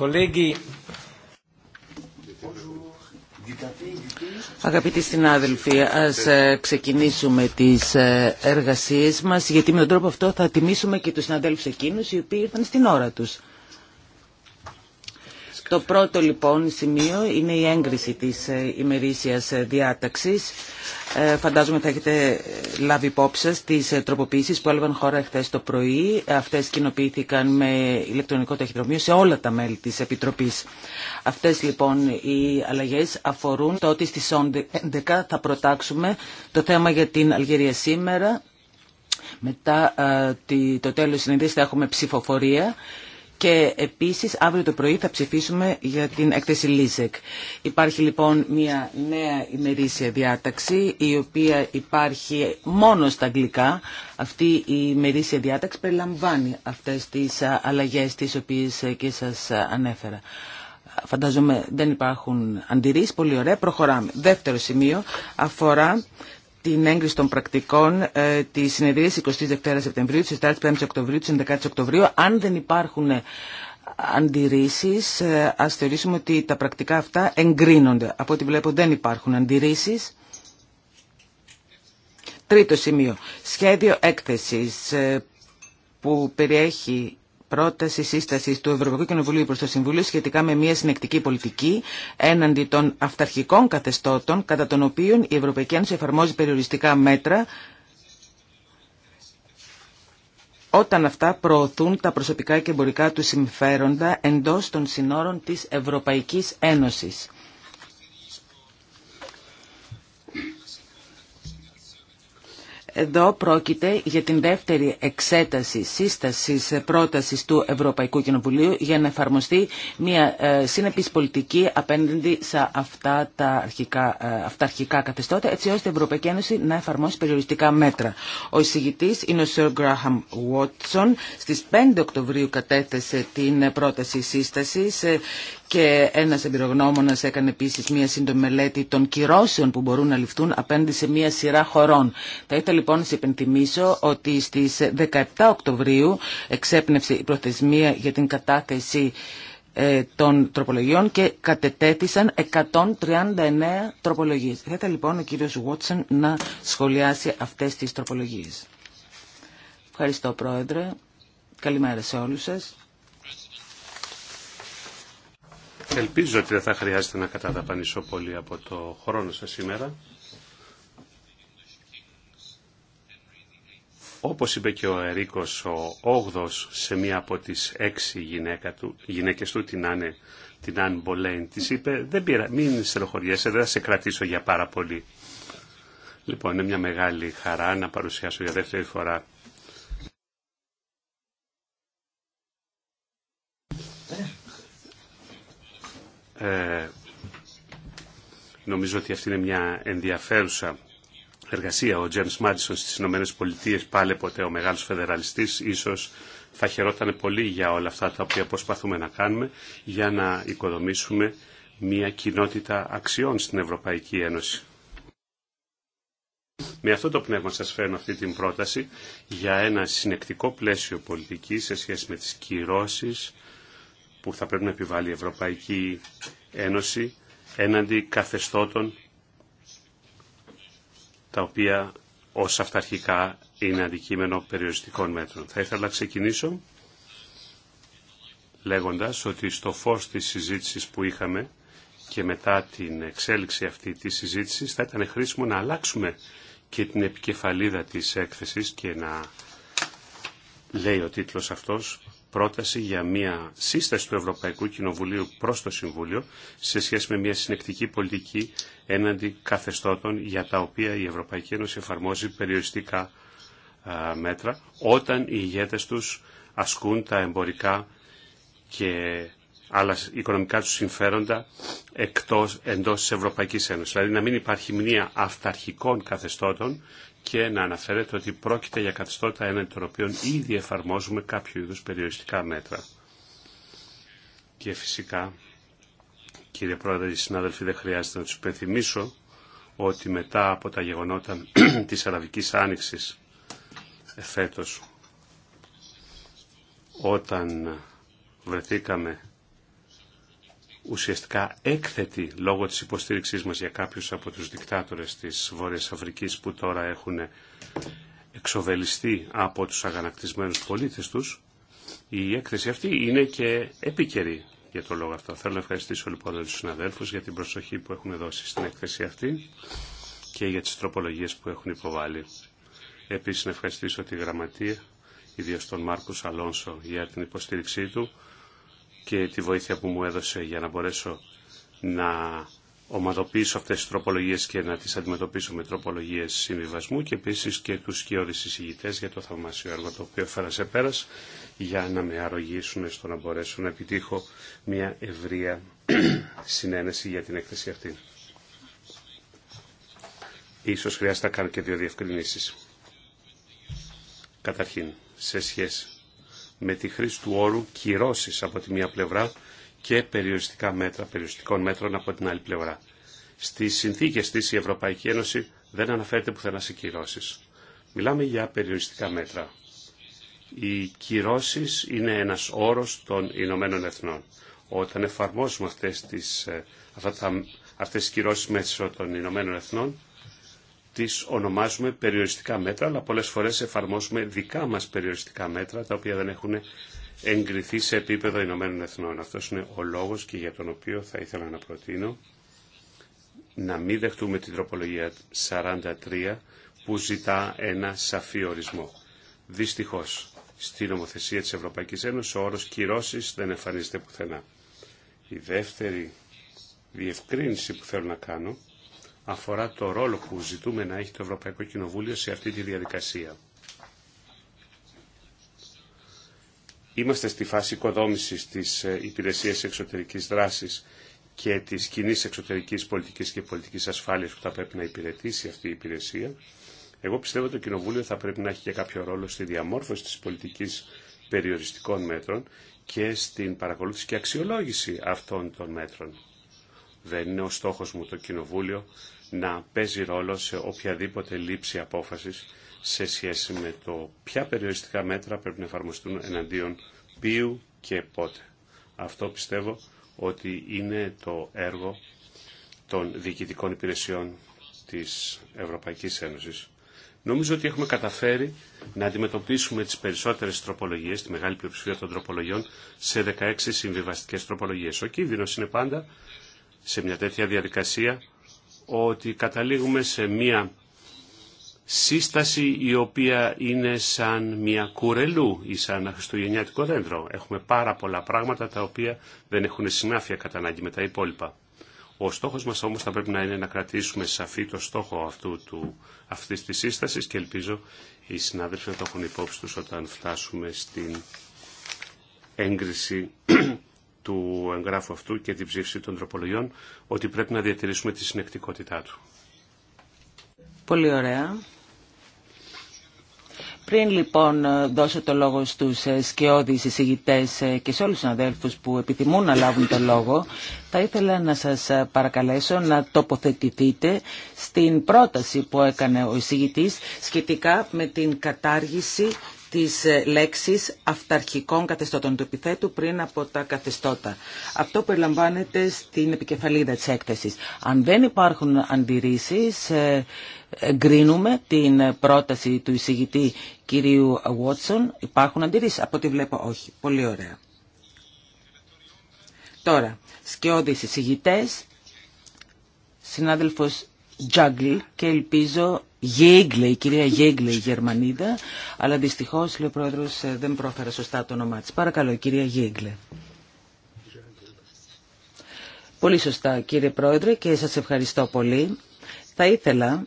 Colleghi. Αγαπητοί συνάδελφοι, ας ε, ξεκινήσουμε τις ε, εργασίες μας, γιατί με τον τρόπο αυτό θα τιμήσουμε και τους συνάδελφου εκείνους οι οποίοι ήρθαν στην ώρα τους. Το πρώτο λοιπόν σημείο είναι η έγκριση της ε, ημερήσιας ε, διάταξης. Ε, φαντάζομαι θα έχετε λάβει υπόψη σας τις τροποποιήσεις που έλαβαν χώρα χθε το πρωί. Αυτές κοινοποιήθηκαν με ηλεκτρονικό ταχυδρομείο σε όλα τα μέλη της Επιτροπής. Αυτές λοιπόν οι αλλαγές αφορούν το ότι στις 11 θα προτάξουμε το θέμα για την Αλγερία σήμερα. Μετά το τέλος συνειδήσης θα έχουμε ψηφοφορία και επίσης αύριο το πρωί θα ψηφίσουμε για την έκθεση Λίζεκ. Υπάρχει λοιπόν μια νέα ημερήσια διάταξη η οποία υπάρχει μόνο στα αγγλικά. Αυτή η ημερήσια διάταξη περιλαμβάνει αυτές τις αλλαγές τις οποίες ε, και σας ανέφερα. Φαντάζομαι δεν υπάρχουν αντιρρήσεις. Πολύ ωραία. Προχωράμε. Δεύτερο σημείο αφορά την έγκριση των πρακτικών ε, τη συνεδρία 22 Σεπτεμβρίου, τη 4η Οκτωβρίου, τη 11η Οκτωβρίου. Αν δεν υπάρχουν αντιρρήσει, ε, α ε, θεωρήσουμε ότι τα πρακτικά αυτά εγκρίνονται. Από ό,τι βλέπω δεν υπάρχουν αντιρρήσει. Τρίτο σημείο. Σχέδιο έκθεσης ε, που περιέχει πρόταση σύσταση του Ευρωπαϊκού Κοινοβουλίου προ το Συμβούλιο σχετικά με μια συνεκτική πολιτική έναντι των αυταρχικών καθεστώτων κατά των οποίων η Ευρωπαϊκή Ένωση εφαρμόζει περιοριστικά μέτρα όταν αυτά προωθούν τα προσωπικά και εμπορικά του συμφέροντα εντός των συνόρων της Ευρωπαϊκής Ένωσης. Εδώ πρόκειται για την δεύτερη εξέταση σύστασης πρότασης του Ευρωπαϊκού Κοινοβουλίου για να εφαρμοστεί μια ε, συνεπής πολιτική απέναντι σε αυτά τα αρχικά, ε, αυταρχικά καθεστώτα έτσι ώστε η Ευρωπαϊκή Ένωση να εφαρμόσει περιοριστικά μέτρα. Ο εισηγητής είναι ο Σερ Γκράχαμ Βότσον. Στις 5 Οκτωβρίου κατέθεσε την πρόταση σύστασης ε, και ένας εμπειρογνώμονας έκανε επίσης μια σύντομη μελέτη των κυρώσεων που μπορούν να ληφθούν απέναντι σε μια σειρά χωρών. Θα ήθελα λοιπόν να σα υπενθυμίσω ότι στις 17 Οκτωβρίου εξέπνευσε η προθεσμία για την κατάθεση ε, των τροπολογιών και κατετέθησαν 139 τροπολογίες. Θα ήθελα λοιπόν ο κύριος Βότσεν να σχολιάσει αυτές τις τροπολογίες. Ευχαριστώ Πρόεδρε. Καλημέρα σε όλους σας. Ελπίζω ότι δεν θα χρειάζεται να καταδαπανίσω πολύ από το χρόνο σας σήμερα. Όπως είπε και ο Ερίκος ο Όγδος σε μία από τις έξι γυναίκα του, γυναίκες του, την Άνε, την Άν Μπολέν, της είπε «Δεν μην στενοχωριέσαι, δεν θα σε κρατήσω για πάρα πολύ». Λοιπόν, είναι μια μεγάλη χαρά να παρουσιάσω για δεύτερη φορά Ε, νομίζω ότι αυτή είναι μια ενδιαφέρουσα εργασία. Ο James Madison στις Ηνωμένες Πολιτείες, πάλι ποτέ ο μεγάλος φεδεραλιστής, ίσως θα χαιρόταν πολύ για όλα αυτά τα οποία προσπαθούμε να κάνουμε για να οικοδομήσουμε μια κοινότητα αξιών στην Ευρωπαϊκή Ένωση. Με αυτό το πνεύμα σας φέρνω αυτή την πρόταση για ένα συνεκτικό πλαίσιο πολιτικής σε σχέση με τις κυρώσεις, που θα πρέπει να επιβάλλει η Ευρωπαϊκή Ένωση έναντι καθεστώτων τα οποία ως αυταρχικά είναι αντικείμενο περιοριστικών μέτρων. Θα ήθελα να ξεκινήσω λέγοντας ότι στο φως της συζήτησης που είχαμε και μετά την εξέλιξη αυτή της συζήτησης θα ήταν χρήσιμο να αλλάξουμε και την επικεφαλίδα της έκθεσης και να λέει ο τίτλος αυτός πρόταση για μια σύσταση του Ευρωπαϊκού Κοινοβουλίου προς το Συμβούλιο σε σχέση με μια συνεκτική πολιτική έναντι καθεστώτων για τα οποία η Ευρωπαϊκή Ένωση εφαρμόζει περιοριστικά μέτρα όταν οι ηγέτες τους ασκούν τα εμπορικά και άλλα οικονομικά τους συμφέροντα εκτός, εντός της Ευρωπαϊκής Ένωσης. Δηλαδή να μην υπάρχει μνήμα αυταρχικών καθεστώτων και να αναφέρεται ότι πρόκειται για καθιστότητα έναν των οποίων ήδη εφαρμόζουμε κάποιο είδους περιοριστικά μέτρα. Και φυσικά, κύριε Πρόεδρε, οι συνάδελφοι δεν χρειάζεται να τους υπενθυμίσω ότι μετά από τα γεγονότα της Αραβικής Άνοιξης φέτος, όταν βρεθήκαμε ουσιαστικά έκθετη λόγω της υποστήριξής μας για κάποιους από τους δικτάτορες της Βόρειας Αφρικής που τώρα έχουν εξοβελιστεί από τους αγανακτισμένους πολίτες τους, η έκθεση αυτή είναι και επίκαιρη για το λόγο αυτό. Θέλω να ευχαριστήσω λοιπόν τους συναδέλφους για την προσοχή που έχουν δώσει στην έκθεση αυτή και για τις τροπολογίες που έχουν υποβάλει. Επίσης να ευχαριστήσω τη γραμματεία, ιδίως τον Μάρκο Αλόνσο για την υποστήριξή του και τη βοήθεια που μου έδωσε για να μπορέσω να ομαδοποιήσω αυτές τις τροπολογίες και να τις αντιμετωπίσω με τροπολογίες συμβιβασμού και επίσης και τους κύριους εισηγητές για το θαυμάσιο έργο το οποίο φέρασε σε πέρας για να με αρρωγήσουν στο να μπορέσω να επιτύχω μια ευρεία συνένεση για την έκθεση αυτή. Ίσως χρειάζεται να κάνω και δύο διευκρινήσεις. Καταρχήν, σε σχέση με τη χρήση του όρου κυρώσεις από τη μία πλευρά και περιοριστικά μέτρα, περιοριστικών μέτρων από την άλλη πλευρά. Στις συνθήκες της η Ευρωπαϊκή Ένωση δεν αναφέρεται πουθενά σε κυρώσεις. Μιλάμε για περιοριστικά μέτρα. Οι κυρώσεις είναι ένας όρος των Ηνωμένων Εθνών. Όταν εφαρμόσουμε αυτές τις, ε, κυρώσει μέσω των Ηνωμένων Εθνών, τις ονομάζουμε περιοριστικά μέτρα, αλλά πολλές φορές εφαρμόσουμε δικά μας περιοριστικά μέτρα, τα οποία δεν έχουν εγκριθεί σε επίπεδο Ηνωμένων Εθνών. Αυτός είναι ο λόγος και για τον οποίο θα ήθελα να προτείνω να μην δεχτούμε την τροπολογία 43 που ζητά ένα σαφή ορισμό. Δυστυχώς, στην νομοθεσία της Ευρωπαϊκής Ένωσης ο όρος κυρώσεις δεν εμφανίζεται πουθενά. Η δεύτερη διευκρίνηση που θέλω να κάνω αφορά το ρόλο που ζητούμε να έχει το Ευρωπαϊκό Κοινοβούλιο σε αυτή τη διαδικασία. Είμαστε στη φάση οικοδόμησης της ε, υπηρεσίας εξωτερικής δράσης και της κοινή εξωτερικής πολιτικής και πολιτικής ασφάλειας που θα πρέπει να υπηρετήσει αυτή η υπηρεσία. Εγώ πιστεύω ότι το Κοινοβούλιο θα πρέπει να έχει και κάποιο ρόλο στη διαμόρφωση της πολιτικής περιοριστικών μέτρων και στην παρακολούθηση και αξιολόγηση αυτών των μέτρων. Δεν είναι ο στόχος μου το Κοινοβούλιο να παίζει ρόλο σε οποιαδήποτε λήψη απόφασης σε σχέση με το ποια περιοριστικά μέτρα πρέπει να εφαρμοστούν εναντίον ποιου και πότε. Αυτό πιστεύω ότι είναι το έργο των διοικητικών υπηρεσιών της Ευρωπαϊκής Ένωσης. Νομίζω ότι έχουμε καταφέρει να αντιμετωπίσουμε τις περισσότερες τροπολογίες, τη μεγάλη πλειοψηφία των τροπολογιών, σε 16 συμβιβαστικές τροπολογίες. Ο κίνδυνος είναι πάντα σε μια τέτοια διαδικασία ότι καταλήγουμε σε μια σύσταση η οποία είναι σαν μια κουρελού ή σαν ένα χριστουγεννιάτικο δέντρο. Έχουμε πάρα πολλά πράγματα τα οποία δεν έχουν συνάφεια κατά ανάγκη με τα υπόλοιπα. Ο στόχος μας όμως θα πρέπει να είναι να κρατήσουμε σαφή το στόχο αυτού του, αυτής της σύστασης και ελπίζω οι συνάδελφοι να το έχουν υπόψη τους όταν φτάσουμε στην έγκριση του εγγράφου αυτού και την ψήφιση των τροπολογιών ότι πρέπει να διατηρήσουμε τη συνεκτικότητά του. Πολύ ωραία. Πριν λοιπόν δώσω το λόγο στους ε, σκιώδεις εισηγητές ε, και σε όλους τους αδέλφους που επιθυμούν να λάβουν το λόγο, θα ήθελα να σας ε, παρακαλέσω να τοποθετηθείτε στην πρόταση που έκανε ο εισηγητής σχετικά με την κατάργηση τις ε, λέξεις αυταρχικών καθεστώτων του επιθέτου πριν από τα καθεστώτα. Αυτό περιλαμβάνεται στην επικεφαλίδα της έκθεσης. Αν δεν υπάρχουν αντιρρήσεις, ε, εγκρίνουμε την πρόταση του εισηγητή κυρίου Βότσον. Υπάρχουν αντιρρήσεις. Από ό,τι βλέπω όχι. Πολύ ωραία. Τώρα, σκιώδεις εισηγητές, συνάδελφος Τζάγκλ και ελπίζω Γέγκλε, η κυρία Γέγκλε, η Γερμανίδα, αλλά δυστυχώ, λέει ο πρόεδρο ε, δεν πρόφερα σωστά το όνομά της. Παρακαλώ, κυρία Γέγκλε. Πολύ σωστά, κύριε Πρόεδρε, και σα ευχαριστώ πολύ. Θα ήθελα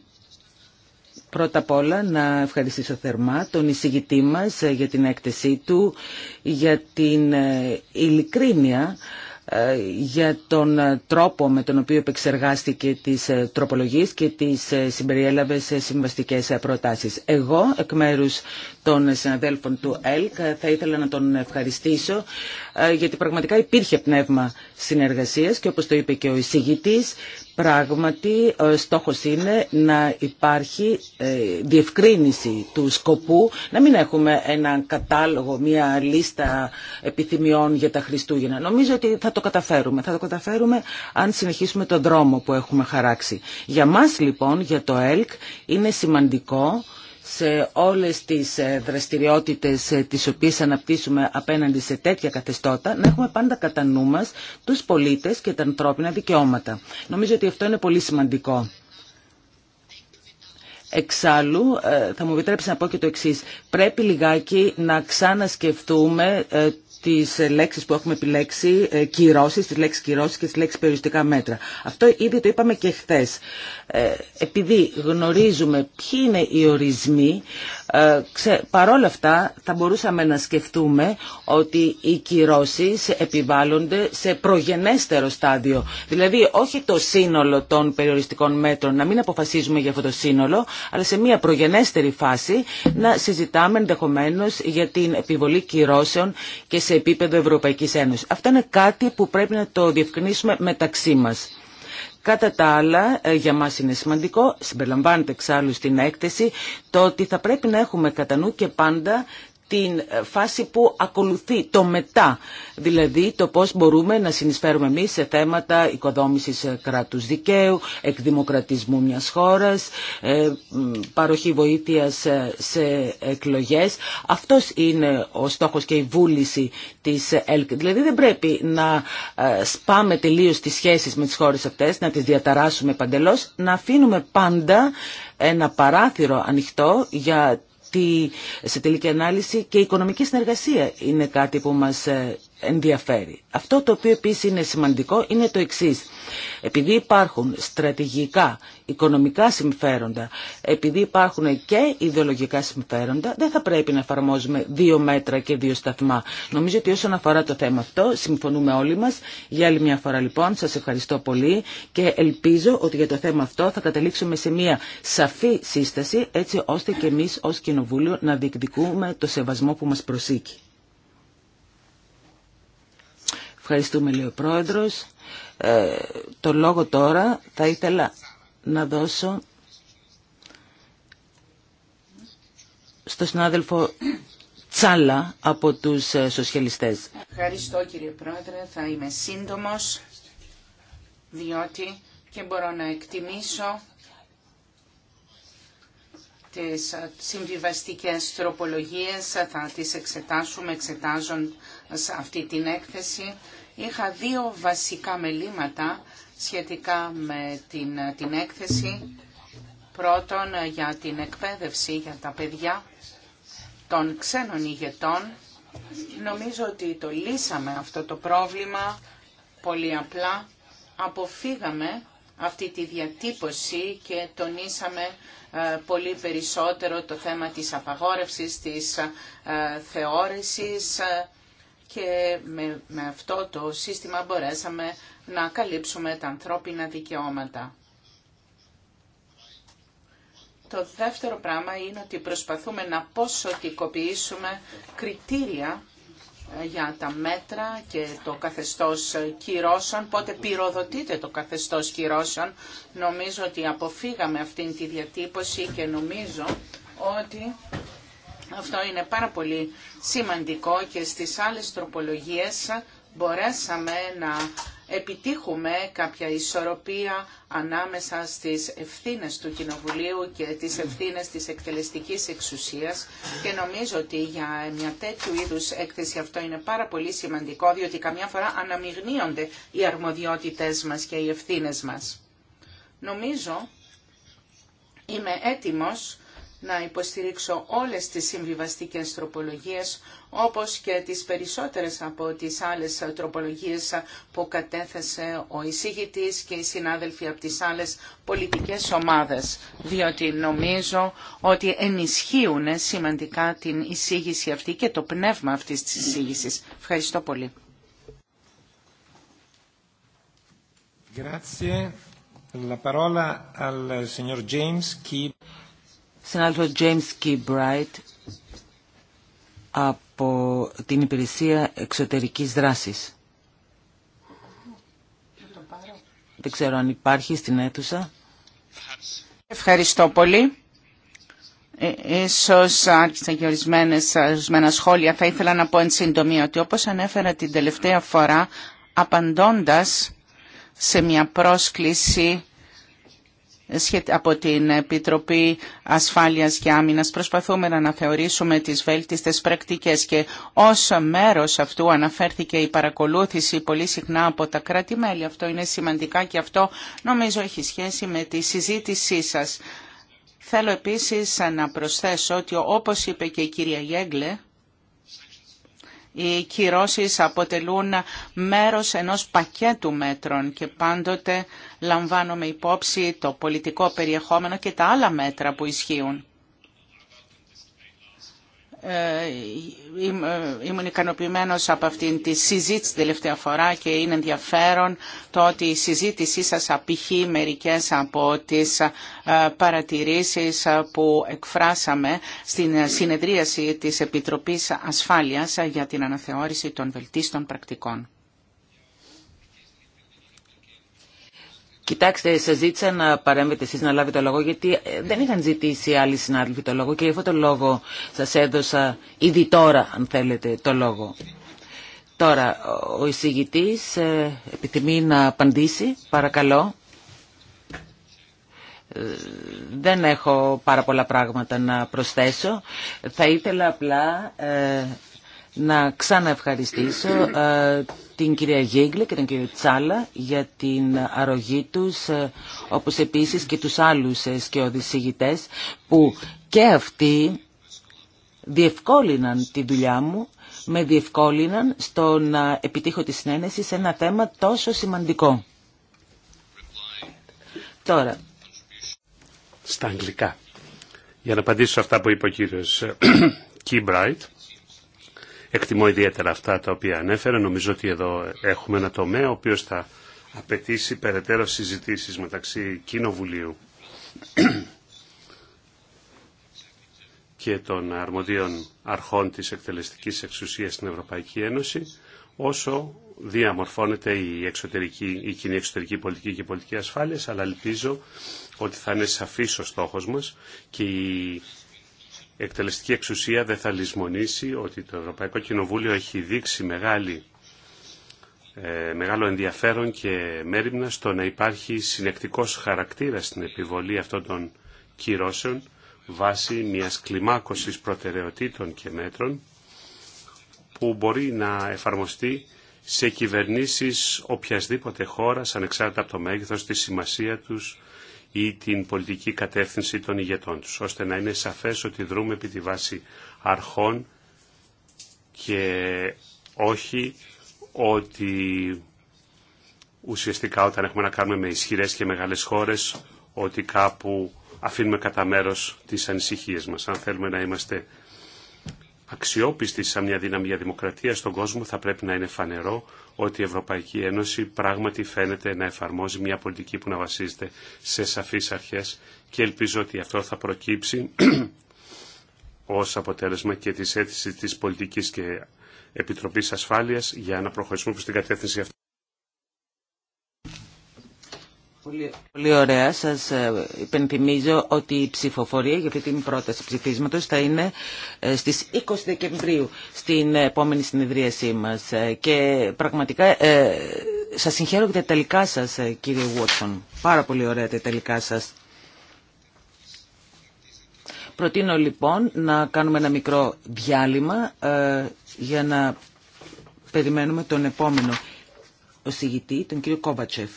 πρώτα απ' όλα να ευχαριστήσω θερμά τον εισηγητή μας ε, για την έκθεσή του, για την ε, ειλικρίνεια ε, για τον ε, τρόπο με τον οποίο επεξεργάστηκε τις ε, τροπολογίες και τις συμπεριέλαβε σε συμβαστικές προτάσεις. Εγώ, εκ μέρους των συναδέλφων του ΕΛΚ. Θα ήθελα να τον ευχαριστήσω ε, γιατί πραγματικά υπήρχε πνεύμα συνεργασίας και όπως το είπε και ο εισηγητής Πράγματι, ο στόχος είναι να υπάρχει ε, διευκρίνηση του σκοπού, να μην έχουμε ένα κατάλογο, μία λίστα επιθυμιών για τα Χριστούγεννα. Νομίζω ότι θα το καταφέρουμε. Θα το καταφέρουμε αν συνεχίσουμε τον δρόμο που έχουμε χαράξει. Για μας λοιπόν, για το ΕΛΚ, είναι σημαντικό σε όλες τις ε, δραστηριότητες ε, τις οποίες αναπτύσσουμε απέναντι σε τέτοια καθεστώτα να έχουμε πάντα κατά νου μας τους πολίτες και τα ανθρώπινα δικαιώματα. Νομίζω ότι αυτό είναι πολύ σημαντικό. Εξάλλου, ε, θα μου επιτρέψει να πω και το εξής. Πρέπει λιγάκι να ξανασκεφτούμε τις λέξεις που έχουμε επιλέξει, ε, κυρώσεις, τις λέξεις κυρώσεις και τις λέξεις περιοριστικά μέτρα. Αυτό ήδη το είπαμε και χθες. Ε, επειδή γνωρίζουμε ποιοι είναι οι ορισμοί, ε, παρόλα αυτά θα μπορούσαμε να σκεφτούμε ότι οι κυρώσεις επιβάλλονται σε προγενέστερο στάδιο. Δηλαδή όχι το σύνολο των περιοριστικών μέτρων, να μην αποφασίζουμε για αυτό το σύνολο, αλλά σε μια προγενέστερη φάση να συζητάμε ενδεχομένω για την επιβολή κυρώσεων και σε επίπεδο Ευρωπαϊκής Ένωσης. Αυτό είναι κάτι που πρέπει να το διευκρινίσουμε μεταξύ μας. Κατά τα άλλα, ε, για μας είναι σημαντικό, συμπεριλαμβάνεται εξάλλου στην έκθεση, το ότι θα πρέπει να έχουμε κατά νου και πάντα την φάση που ακολουθεί, το μετά, δηλαδή το πώς μπορούμε να συνεισφέρουμε εμείς σε θέματα οικοδόμησης κράτους δικαίου, εκδημοκρατισμού μιας χώρας, ε, παροχή βοήθειας ε, σε εκλογές. Αυτός είναι ο στόχος και η βούληση της ΕΛΚ. Δηλαδή δεν πρέπει να ε, σπάμε τελείως τις σχέσεις με τις χώρες αυτές, να τις διαταράσουμε παντελώς, να αφήνουμε πάντα ένα παράθυρο ανοιχτό για σε τελική ανάλυση και η οικονομική συνεργασία είναι κάτι που μας ε, ενδιαφέρει. Αυτό το οποίο επίσης είναι σημαντικό είναι το εξής. Επειδή υπάρχουν στρατηγικά, οικονομικά συμφέροντα, επειδή υπάρχουν και ιδεολογικά συμφέροντα, δεν θα πρέπει να εφαρμόζουμε δύο μέτρα και δύο σταθμά. Νομίζω ότι όσον αφορά το θέμα αυτό, συμφωνούμε όλοι μας. Για άλλη μια φορά λοιπόν, σας ευχαριστώ πολύ και ελπίζω ότι για το θέμα αυτό θα καταλήξουμε σε μια σαφή σύσταση, έτσι ώστε και εμείς ως Κοινοβούλιο να διεκδικούμε το σεβασμό που μας προσήκει. Ευχαριστούμε, λέει ο Πρόεδρος. Ε, το λόγο τώρα θα ήθελα να δώσω στο συνάδελφο Τσάλα από τους ε, σοσιαλιστές. Ευχαριστώ κύριε Πρόεδρε, θα είμαι σύντομος διότι και μπορώ να εκτιμήσω τις συμβιβαστικές τροπολογίες, θα τις εξετάσουμε εξετάζονται σε αυτή την έκθεση είχα δύο βασικά μελήματα σχετικά με την, την έκθεση. Πρώτον, για την εκπαίδευση για τα παιδιά των ξένων ηγετών. Νομίζω ότι το λύσαμε αυτό το πρόβλημα πολύ απλά. Αποφύγαμε αυτή τη διατύπωση και τονίσαμε ε, πολύ περισσότερο το θέμα της απαγόρευσης, της ε, θεώρησης, ε, και με, αυτό το σύστημα μπορέσαμε να καλύψουμε τα ανθρώπινα δικαιώματα. Το δεύτερο πράγμα είναι ότι προσπαθούμε να ποσοτικοποιήσουμε κριτήρια ε, για τα μέτρα και το καθεστώς κυρώσεων, πότε πυροδοτείται το καθεστώς κυρώσεων. Νομίζω ότι αποφύγαμε αυτήν τη διατύπωση και νομίζω ότι αυτό είναι πάρα πολύ σημαντικό και στις άλλες τροπολογίες μπορέσαμε να επιτύχουμε κάποια ισορροπία ανάμεσα στις ευθύνες του Κοινοβουλίου και τις ευθύνες της εκτελεστικής εξουσίας και νομίζω ότι για μια τέτοιου είδους έκθεση αυτό είναι πάρα πολύ σημαντικό διότι καμιά φορά αναμειγνύονται οι αρμοδιότητες μας και οι ευθύνες μας. Νομίζω είμαι έτοιμος να υποστηρίξω όλες τις συμβιβαστικές τροπολογίες, όπως και τις περισσότερες από τις άλλες τροπολογίες που κατέθεσε ο εισήγητης και οι συνάδελφοι από τις άλλες πολιτικές ομάδες, διότι νομίζω ότι ενισχύουν σημαντικά την εισήγηση αυτή και το πνεύμα αυτής της εισήγησης. Ευχαριστώ πολύ. Grazie. La parola al signor James Συνάδελφος James Key Bright από την Υπηρεσία Εξωτερικής Δράσης. Δεν ξέρω αν υπάρχει στην αίθουσα. Ευχαριστώ πολύ. Ε, ίσως άρχισαν και ορισμένα σχόλια. Θα ήθελα να πω εν συντομία ότι όπως ανέφερα την τελευταία φορά, απαντώντας σε μια πρόσκληση από την Επιτροπή Ασφάλειας και Άμυνας. Προσπαθούμε να αναθεωρήσουμε τις βέλτιστες πρακτικές και ως μέρος αυτού αναφέρθηκε η παρακολούθηση πολύ συχνά από τα κράτη-μέλη. Αυτό είναι σημαντικά και αυτό νομίζω έχει σχέση με τη συζήτησή σας. Θέλω επίσης να προσθέσω ότι όπως είπε και η κυρία Γέγλε, οι κυρώσεις αποτελούν μέρος ενός πακέτου μέτρων και πάντοτε λαμβάνουμε υπόψη το πολιτικό περιεχόμενο και τα άλλα μέτρα που ισχύουν. Ε, ε, ήμουν ικανοποιημένο από αυτήν τη συζήτηση τελευταία φορά και είναι ενδιαφέρον το ότι η συζήτησή σας απηχεί μερικές από τις ε, παρατηρήσεις που εκφράσαμε στην συνεδρίαση της Επιτροπής Ασφάλειας για την αναθεώρηση των βελτίστων πρακτικών. Κοιτάξτε, σα ζήτησα να παρέμβετε εσεί να λάβετε το λόγο, γιατί ε, δεν είχαν ζητήσει άλλοι συνάδελφοι το λόγο και γι' αυτό το λόγο σα έδωσα ήδη τώρα, αν θέλετε, το λόγο. Τώρα, ο εισηγητή ε, επιθυμεί να απαντήσει, παρακαλώ. Ε, δεν έχω πάρα πολλά πράγματα να προσθέσω. Θα ήθελα απλά να ξαναευχαριστήσω ε, την κυρία Γίγκλε και τον κύριο Τσάλα για την αρρωγή τους, ε, όπως επίσης και τους άλλους ε, σκιώδης που και αυτοί διευκόλυναν τη δουλειά μου, με διευκόλυναν στο να επιτύχω τη συνένεση σε ένα θέμα τόσο σημαντικό. Τώρα. Στα αγγλικά. Για να απαντήσω αυτά που είπε ο κύριος Κιμπράιτ, Εκτιμώ ιδιαίτερα αυτά τα οποία ανέφερα. Νομίζω ότι εδώ έχουμε ένα τομέα ο οποίος θα απαιτήσει περαιτέρω συζητήσεις μεταξύ Κοινοβουλίου και των αρμοδίων αρχών της εκτελεστικής εξουσίας στην Ευρωπαϊκή Ένωση όσο διαμορφώνεται η, εξωτερική, η κοινή εξωτερική πολιτική και πολιτική ασφάλειας αλλά ελπίζω ότι θα είναι σαφής ο στόχος μας και η εκτελεστική εξουσία δεν θα λησμονήσει ότι το Ευρωπαϊκό Κοινοβούλιο έχει δείξει μεγάλη, ε, μεγάλο ενδιαφέρον και μέρημνα στο να υπάρχει συνεκτικός χαρακτήρας στην επιβολή αυτών των κυρώσεων βάσει μιας κλιμάκωσης προτεραιοτήτων και μέτρων που μπορεί να εφαρμοστεί σε κυβερνήσεις οποιασδήποτε χώρας ανεξάρτητα από το μέγεθος, τη σημασία τους, ή την πολιτική κατεύθυνση των ηγετών τους, ώστε να είναι σαφές ότι δρούμε επί τη βάση αρχών και όχι ότι ουσιαστικά όταν έχουμε να κάνουμε με ισχυρές και μεγάλες χώρες ότι κάπου αφήνουμε κατά μέρο τις ανησυχίες μας. Αν θέλουμε να είμαστε αξιόπιστοι σαν μια δύναμη για δημοκρατία στον κόσμο θα πρέπει να είναι φανερό ότι η Ευρωπαϊκή Ένωση πράγματι φαίνεται να εφαρμόζει μια πολιτική που να βασίζεται σε σαφείς αρχές και ελπίζω ότι αυτό θα προκύψει ως αποτέλεσμα και της αίτησης της πολιτικής και Επιτροπής Ασφάλειας για να προχωρήσουμε προς την κατεύθυνση αυτή. Πολύ, ωραία. Σας ε, υπενθυμίζω ότι η ψηφοφορία για αυτή την πρόταση ψηφίσματος θα είναι ε, στις 20 Δεκεμβρίου στην επόμενη συνεδρίασή μας. Ε, και πραγματικά ε, σας συγχαίρω για τα τελικά σας κύριε Βότσον. Πάρα πολύ ωραία τα τελικά σας. Προτείνω λοιπόν να κάνουμε ένα μικρό διάλειμμα για να περιμένουμε τον επόμενο ο τον κύριο Κόβατσεφ.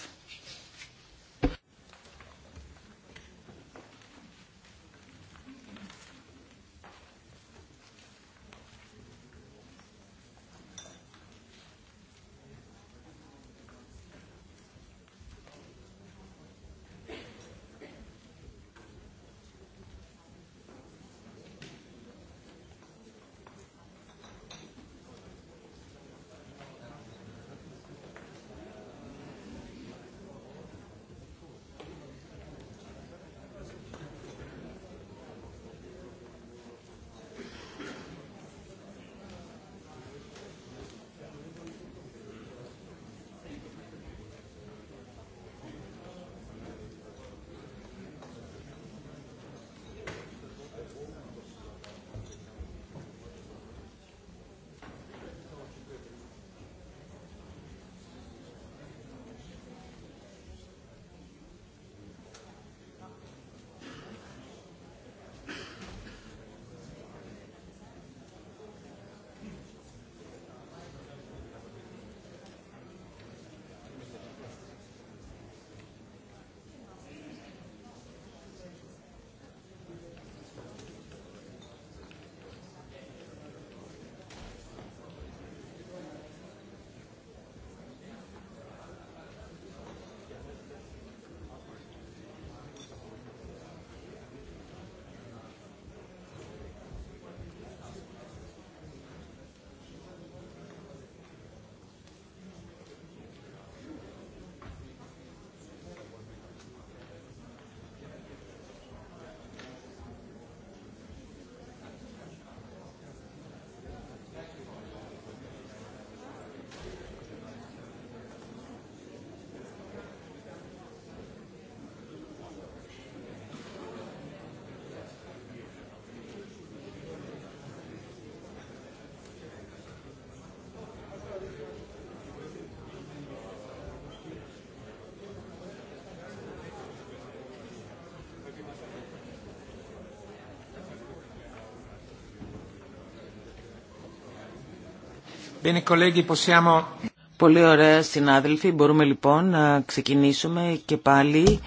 Πολύ ωραία συνάδελφοι, μπορούμε λοιπόν να ξεκινήσουμε και πάλι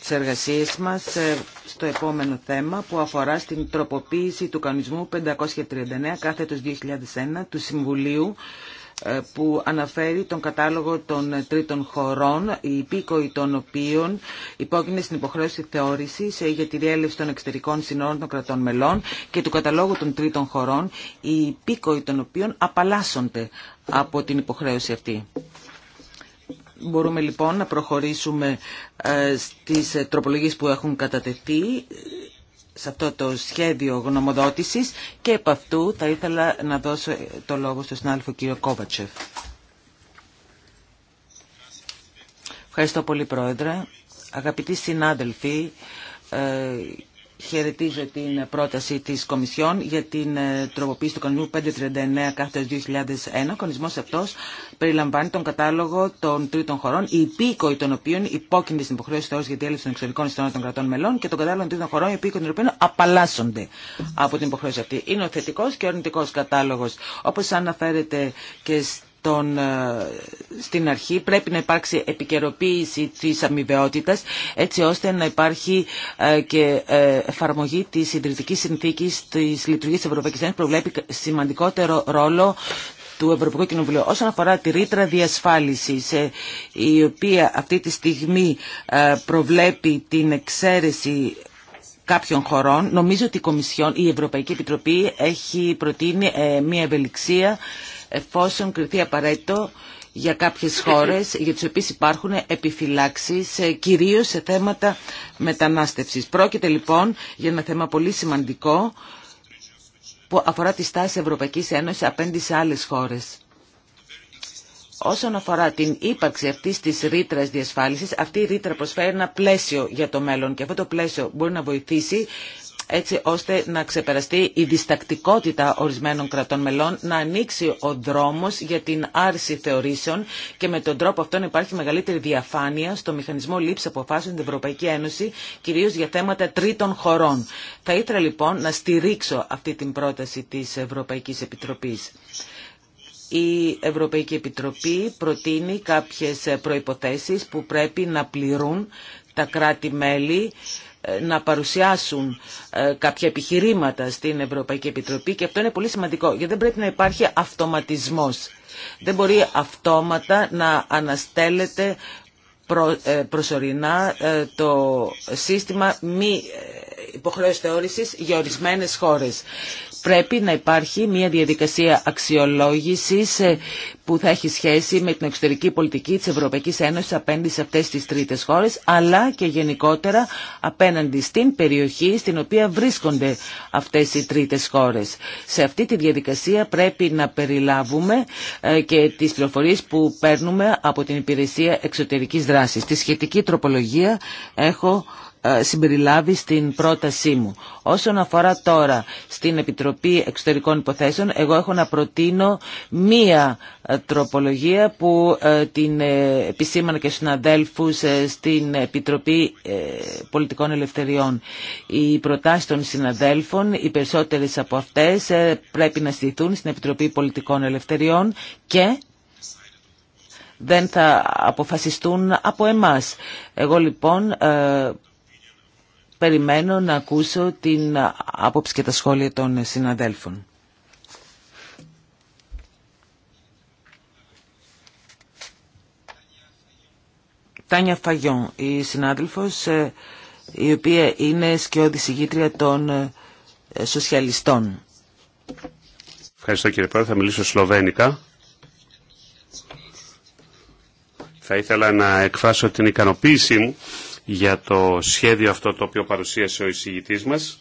τις εργασίες μας ε, στο επόμενο θέμα που αφορά στην τροποποίηση του κανονισμού 539 κάθετος 2001 του Συμβουλίου ε, που αναφέρει τον κατάλογο των τρίτων χωρών, οι υπήκοοι των οποίων υπόκεινε στην υποχρέωση θεώρηση ε, για τη διέλευση των εξωτερικών συνόρων των κρατών μελών και του καταλόγου των τρίτων χωρών, οι υπήκοοι των οποίων απαλλάσσονται από την υποχρέωση αυτή. Μπορούμε λοιπόν να προχωρήσουμε ε, στις τροπολογίες που έχουν κατατεθεί σε αυτό το σχέδιο γνωμοδότησης και επ' αυτού θα ήθελα να δώσω το λόγο στον συνάδελφο κύριο Κόβατσεφ. Ευχαριστώ πολύ Πρόεδρε. Αγαπητοί συνάδελφοι, ε, χαιρετίζω την πρόταση της Κομισιόν για την ε, τροποποίηση του κανονισμού 539 2001. Ο κανονισμός αυτός περιλαμβάνει τον κατάλογο των τρίτων χωρών, οι υπήκοοι των οποίων υπόκεινται στην υποχρέωση θεώρηση για τη έλευση των εξωτερικών ιστορών των κρατών μελών και τον κατάλογο των τρίτων χωρών, οι υπήκοοι των οποίων απαλλάσσονται από την υποχρέωση αυτή. Είναι ο θετικός και ο αρνητικός κατάλογος. Όπως αναφέρεται και τον, ε, στην αρχή πρέπει να υπάρξει επικαιροποίηση της αμοιβαιότητας έτσι ώστε να υπάρχει ε, και ε, εφαρμογή της ιδρυτικής συνθήκης της λειτουργίας της Ευρωπαϊκής Ένωσης προβλέπει σημαντικότερο ρόλο του Ευρωπαϊκού Κοινοβουλίου όσον αφορά τη ρήτρα διασφάλισης η οποία αυτή τη στιγμή προβλέπει την εξαίρεση κάποιων χωρών. Νομίζω ότι η, Κομισιόν, η Ευρωπαϊκή Επιτροπή έχει προτείνει μια ευελιξία εφόσον κριθεί απαραίτητο για κάποιες χώρες για τις οποίες υπάρχουν επιφυλάξεις ε, κυρίως σε θέματα μετανάστευσης. Πρόκειται λοιπόν για ένα θέμα πολύ σημαντικό που αφορά τη στάση Ευρωπαϊκής Ένωσης απέναντι σε άλλες χώρες. Όσον αφορά την ύπαρξη αυτή τη ρήτρα διασφάλισης αυτή η ρήτρα προσφέρει ένα πλαίσιο για το μέλλον και αυτό το πλαίσιο μπορεί να βοηθήσει έτσι ώστε να ξεπεραστεί η διστακτικότητα ορισμένων κρατών μελών, να ανοίξει ο δρόμος για την άρση θεωρήσεων και με τον τρόπο αυτό να υπάρχει μεγαλύτερη διαφάνεια στο μηχανισμό λήψη αποφάσεων της Ευρωπαϊκή Ένωση, κυρίως για θέματα τρίτων χωρών. Θα ήθελα λοιπόν να στηρίξω αυτή την πρόταση της Ευρωπαϊκής Επιτροπής. Η Ευρωπαϊκή Επιτροπή προτείνει κάποιες προϋποθέσεις που πρέπει να πληρούν τα κράτη-μέλη ε, να παρουσιάσουν ε, κάποια επιχειρήματα στην Ευρωπαϊκή Επιτροπή και αυτό είναι πολύ σημαντικό γιατί δεν πρέπει να υπάρχει αυτοματισμός. Δεν μπορεί αυτόματα να αναστέλλεται ε, προσωρινά το σύστημα μη υποχρέωση θεώρησης για ορισμένες χώρες πρέπει να υπάρχει μια διαδικασία αξιολόγησης ε, που θα έχει σχέση με την εξωτερική πολιτική της Ευρωπαϊκής Ένωσης απέναντι σε αυτές τις τρίτες χώρες, αλλά και γενικότερα απέναντι στην περιοχή στην οποία βρίσκονται αυτές οι τρίτες χώρες. Σε αυτή τη διαδικασία πρέπει να περιλάβουμε ε, και τις πληροφορίες που παίρνουμε από την Υπηρεσία Εξωτερικής Δράσης. Τη σχετική τροπολογία έχω ε, συμπεριλάβει στην πρότασή μου. Όσον αφορά τώρα στην Επιτροπή Εξωτερικών Υποθέσεων, εγώ έχω να προτείνω μία ε, τροπολογία που ε, την επισήμανα και στους αδέλφους στην Επιτροπή Πολιτικών Ελευθεριών. Οι προτάσεις των συναδέλφων, οι περισσότερες από αυτές πρέπει να στηθούν στην Επιτροπή Πολιτικών Ελευθεριών και δεν θα αποφασιστούν από εμάς. Εγώ λοιπόν περιμένω να ακούσω την άποψη και τα σχόλια των συναδέλφων. Τάνια Φαγιόν, η συνάδελφος ε, η οποία είναι σκιώδη συγγήτρια των ε, σοσιαλιστών. Ευχαριστώ κύριε Πρόεδρε, θα μιλήσω σλοβένικα. Θα ήθελα να εκφράσω την ικανοποίησή μου για το σχέδιο αυτό το οποίο παρουσίασε ο εισηγητής μας.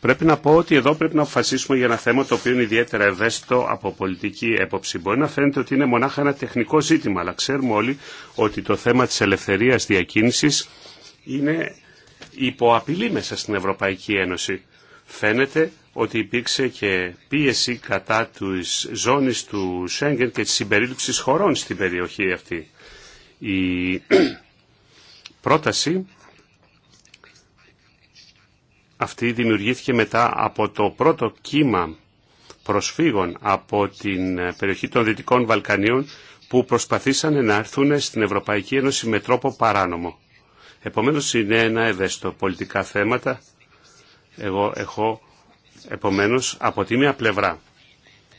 Πρέπει να πω ότι εδώ πρέπει να αποφασίσουμε για ένα θέμα το οποίο είναι ιδιαίτερα ευαίσθητο από πολιτική έποψη. Μπορεί να φαίνεται ότι είναι μονάχα ένα τεχνικό ζήτημα, αλλά ξέρουμε όλοι ότι το θέμα της ελευθερίας διακίνησης είναι υποαπειλή μέσα στην Ευρωπαϊκή Ένωση. Φαίνεται ότι υπήρξε και πίεση κατά της ζώνης του Σέγγεν και της συμπερίληψης χωρών στην περιοχή αυτή. Η πρόταση αυτή δημιουργήθηκε μετά από το πρώτο κύμα προσφύγων από την περιοχή των Δυτικών Βαλκανίων που προσπαθήσαν να έρθουν στην Ευρωπαϊκή Ένωση με τρόπο παράνομο. Επομένως είναι ένα ευαίσθητο πολιτικά θέματα. Εγώ έχω επομένως από τη μία πλευρά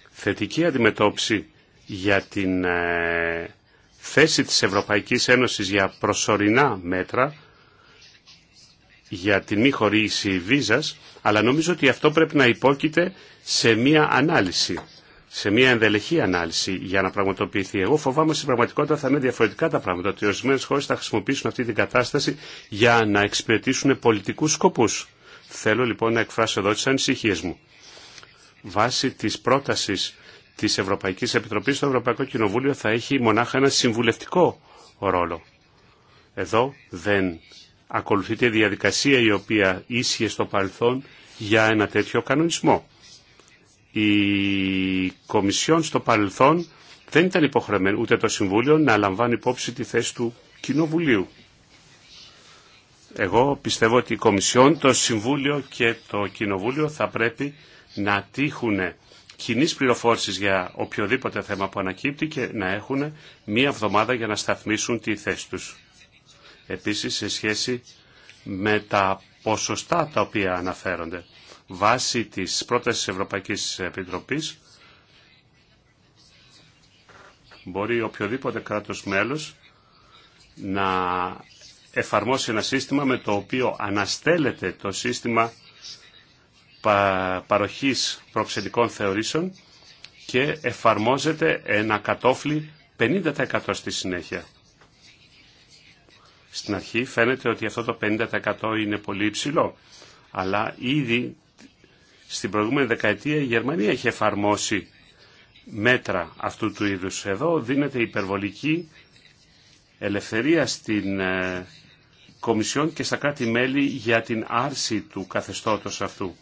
θετική αντιμετώπιση για την ε, θέση της Ευρωπαϊκής Ένωσης για προσωρινά μέτρα για τη μη χορήγηση βίζας, αλλά νομίζω ότι αυτό πρέπει να υπόκειται σε μία ανάλυση, σε μία ενδελεχή ανάλυση για να πραγματοποιηθεί. Εγώ φοβάμαι στην πραγματικότητα θα είναι διαφορετικά τα πράγματα, ότι ορισμένε χώρε θα χρησιμοποιήσουν αυτή την κατάσταση για να εξυπηρετήσουν πολιτικούς σκοπούς. Θέλω λοιπόν να εκφράσω εδώ τι ανησυχίε μου. Βάσει της πρόταση Τη Ευρωπαϊκή Επιτροπή, στο Ευρωπαϊκό Κοινοβούλιο θα έχει μονάχα ένα συμβουλευτικό ρόλο. Εδώ δεν ακολουθείται η διαδικασία η οποία ίσχυε στο παρελθόν για ένα τέτοιο κανονισμό. Η Κομισιόν στο παρελθόν δεν ήταν υποχρεωμένη ούτε το Συμβούλιο να λαμβάνει υπόψη τη θέση του Κοινοβουλίου. Εγώ πιστεύω ότι η Κομισιόν, το Συμβούλιο και το Κοινοβούλιο θα πρέπει να τύχουν κοινή πληροφόρηση για οποιοδήποτε θέμα που ανακύπτει και να έχουν μία εβδομάδα για να σταθμίσουν τη θέση τους. Επίσης, σε σχέση με τα ποσοστά τα οποία αναφέρονται, βάσει της πρότασης Ευρωπαϊκής Επιτροπής, μπορεί οποιοδήποτε κράτος μέλος να εφαρμόσει ένα σύστημα με το οποίο αναστέλλεται το σύστημα παροχής προξενικών θεωρήσεων και εφαρμόζεται ένα κατόφλι 50% στη συνέχεια. Στην αρχή φαίνεται ότι αυτό το 50% είναι πολύ υψηλό, αλλά ήδη στην προηγούμενη δεκαετία η Γερμανία έχει εφαρμόσει μέτρα αυτού του είδους. Εδώ δίνεται υπερβολική ελευθερία στην ε, Κομισιόν και στα κράτη-μέλη για την άρση του καθεστώτος αυτού.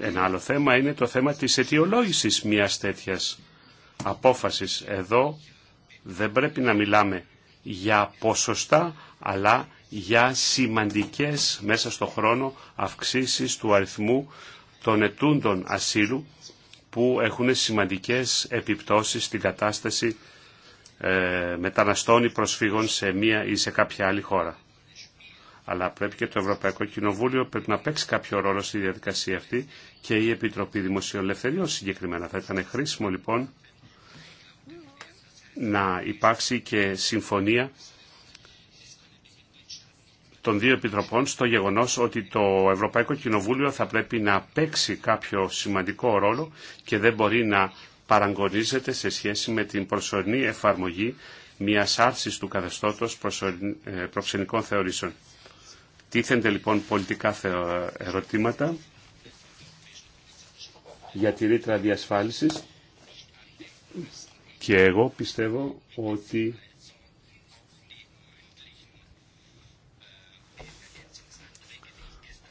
Ένα άλλο θέμα είναι το θέμα της αιτιολόγησης μιας τέτοιας απόφασης. Εδώ δεν πρέπει να μιλάμε για ποσοστά, αλλά για σημαντικές μέσα στο χρόνο αυξήσεις του αριθμού των ετούντων ασύλου που έχουν σημαντικές επιπτώσεις στην κατάσταση ε, μεταναστών ή προσφύγων σε μία ή σε κάποια άλλη χώρα αλλά πρέπει και το Ευρωπαϊκό Κοινοβούλιο πρέπει να παίξει κάποιο ρόλο στη διαδικασία αυτή και η Επιτροπή Δημοσιολευθεριών συγκεκριμένα. Θα ήταν χρήσιμο λοιπόν να υπάρξει και συμφωνία των δύο επιτροπών στο γεγονός ότι το Ευρωπαϊκό Κοινοβούλιο θα πρέπει να παίξει κάποιο σημαντικό ρόλο και δεν μπορεί να παραγωνίζεται σε σχέση με την προσωρινή εφαρμογή μιας άρσης του καθεστώτος ε, προξενικών θεωρήσεων. Τίθενται λοιπόν πολιτικά ερωτήματα για τη ρήτρα διασφάλισης και εγώ πιστεύω ότι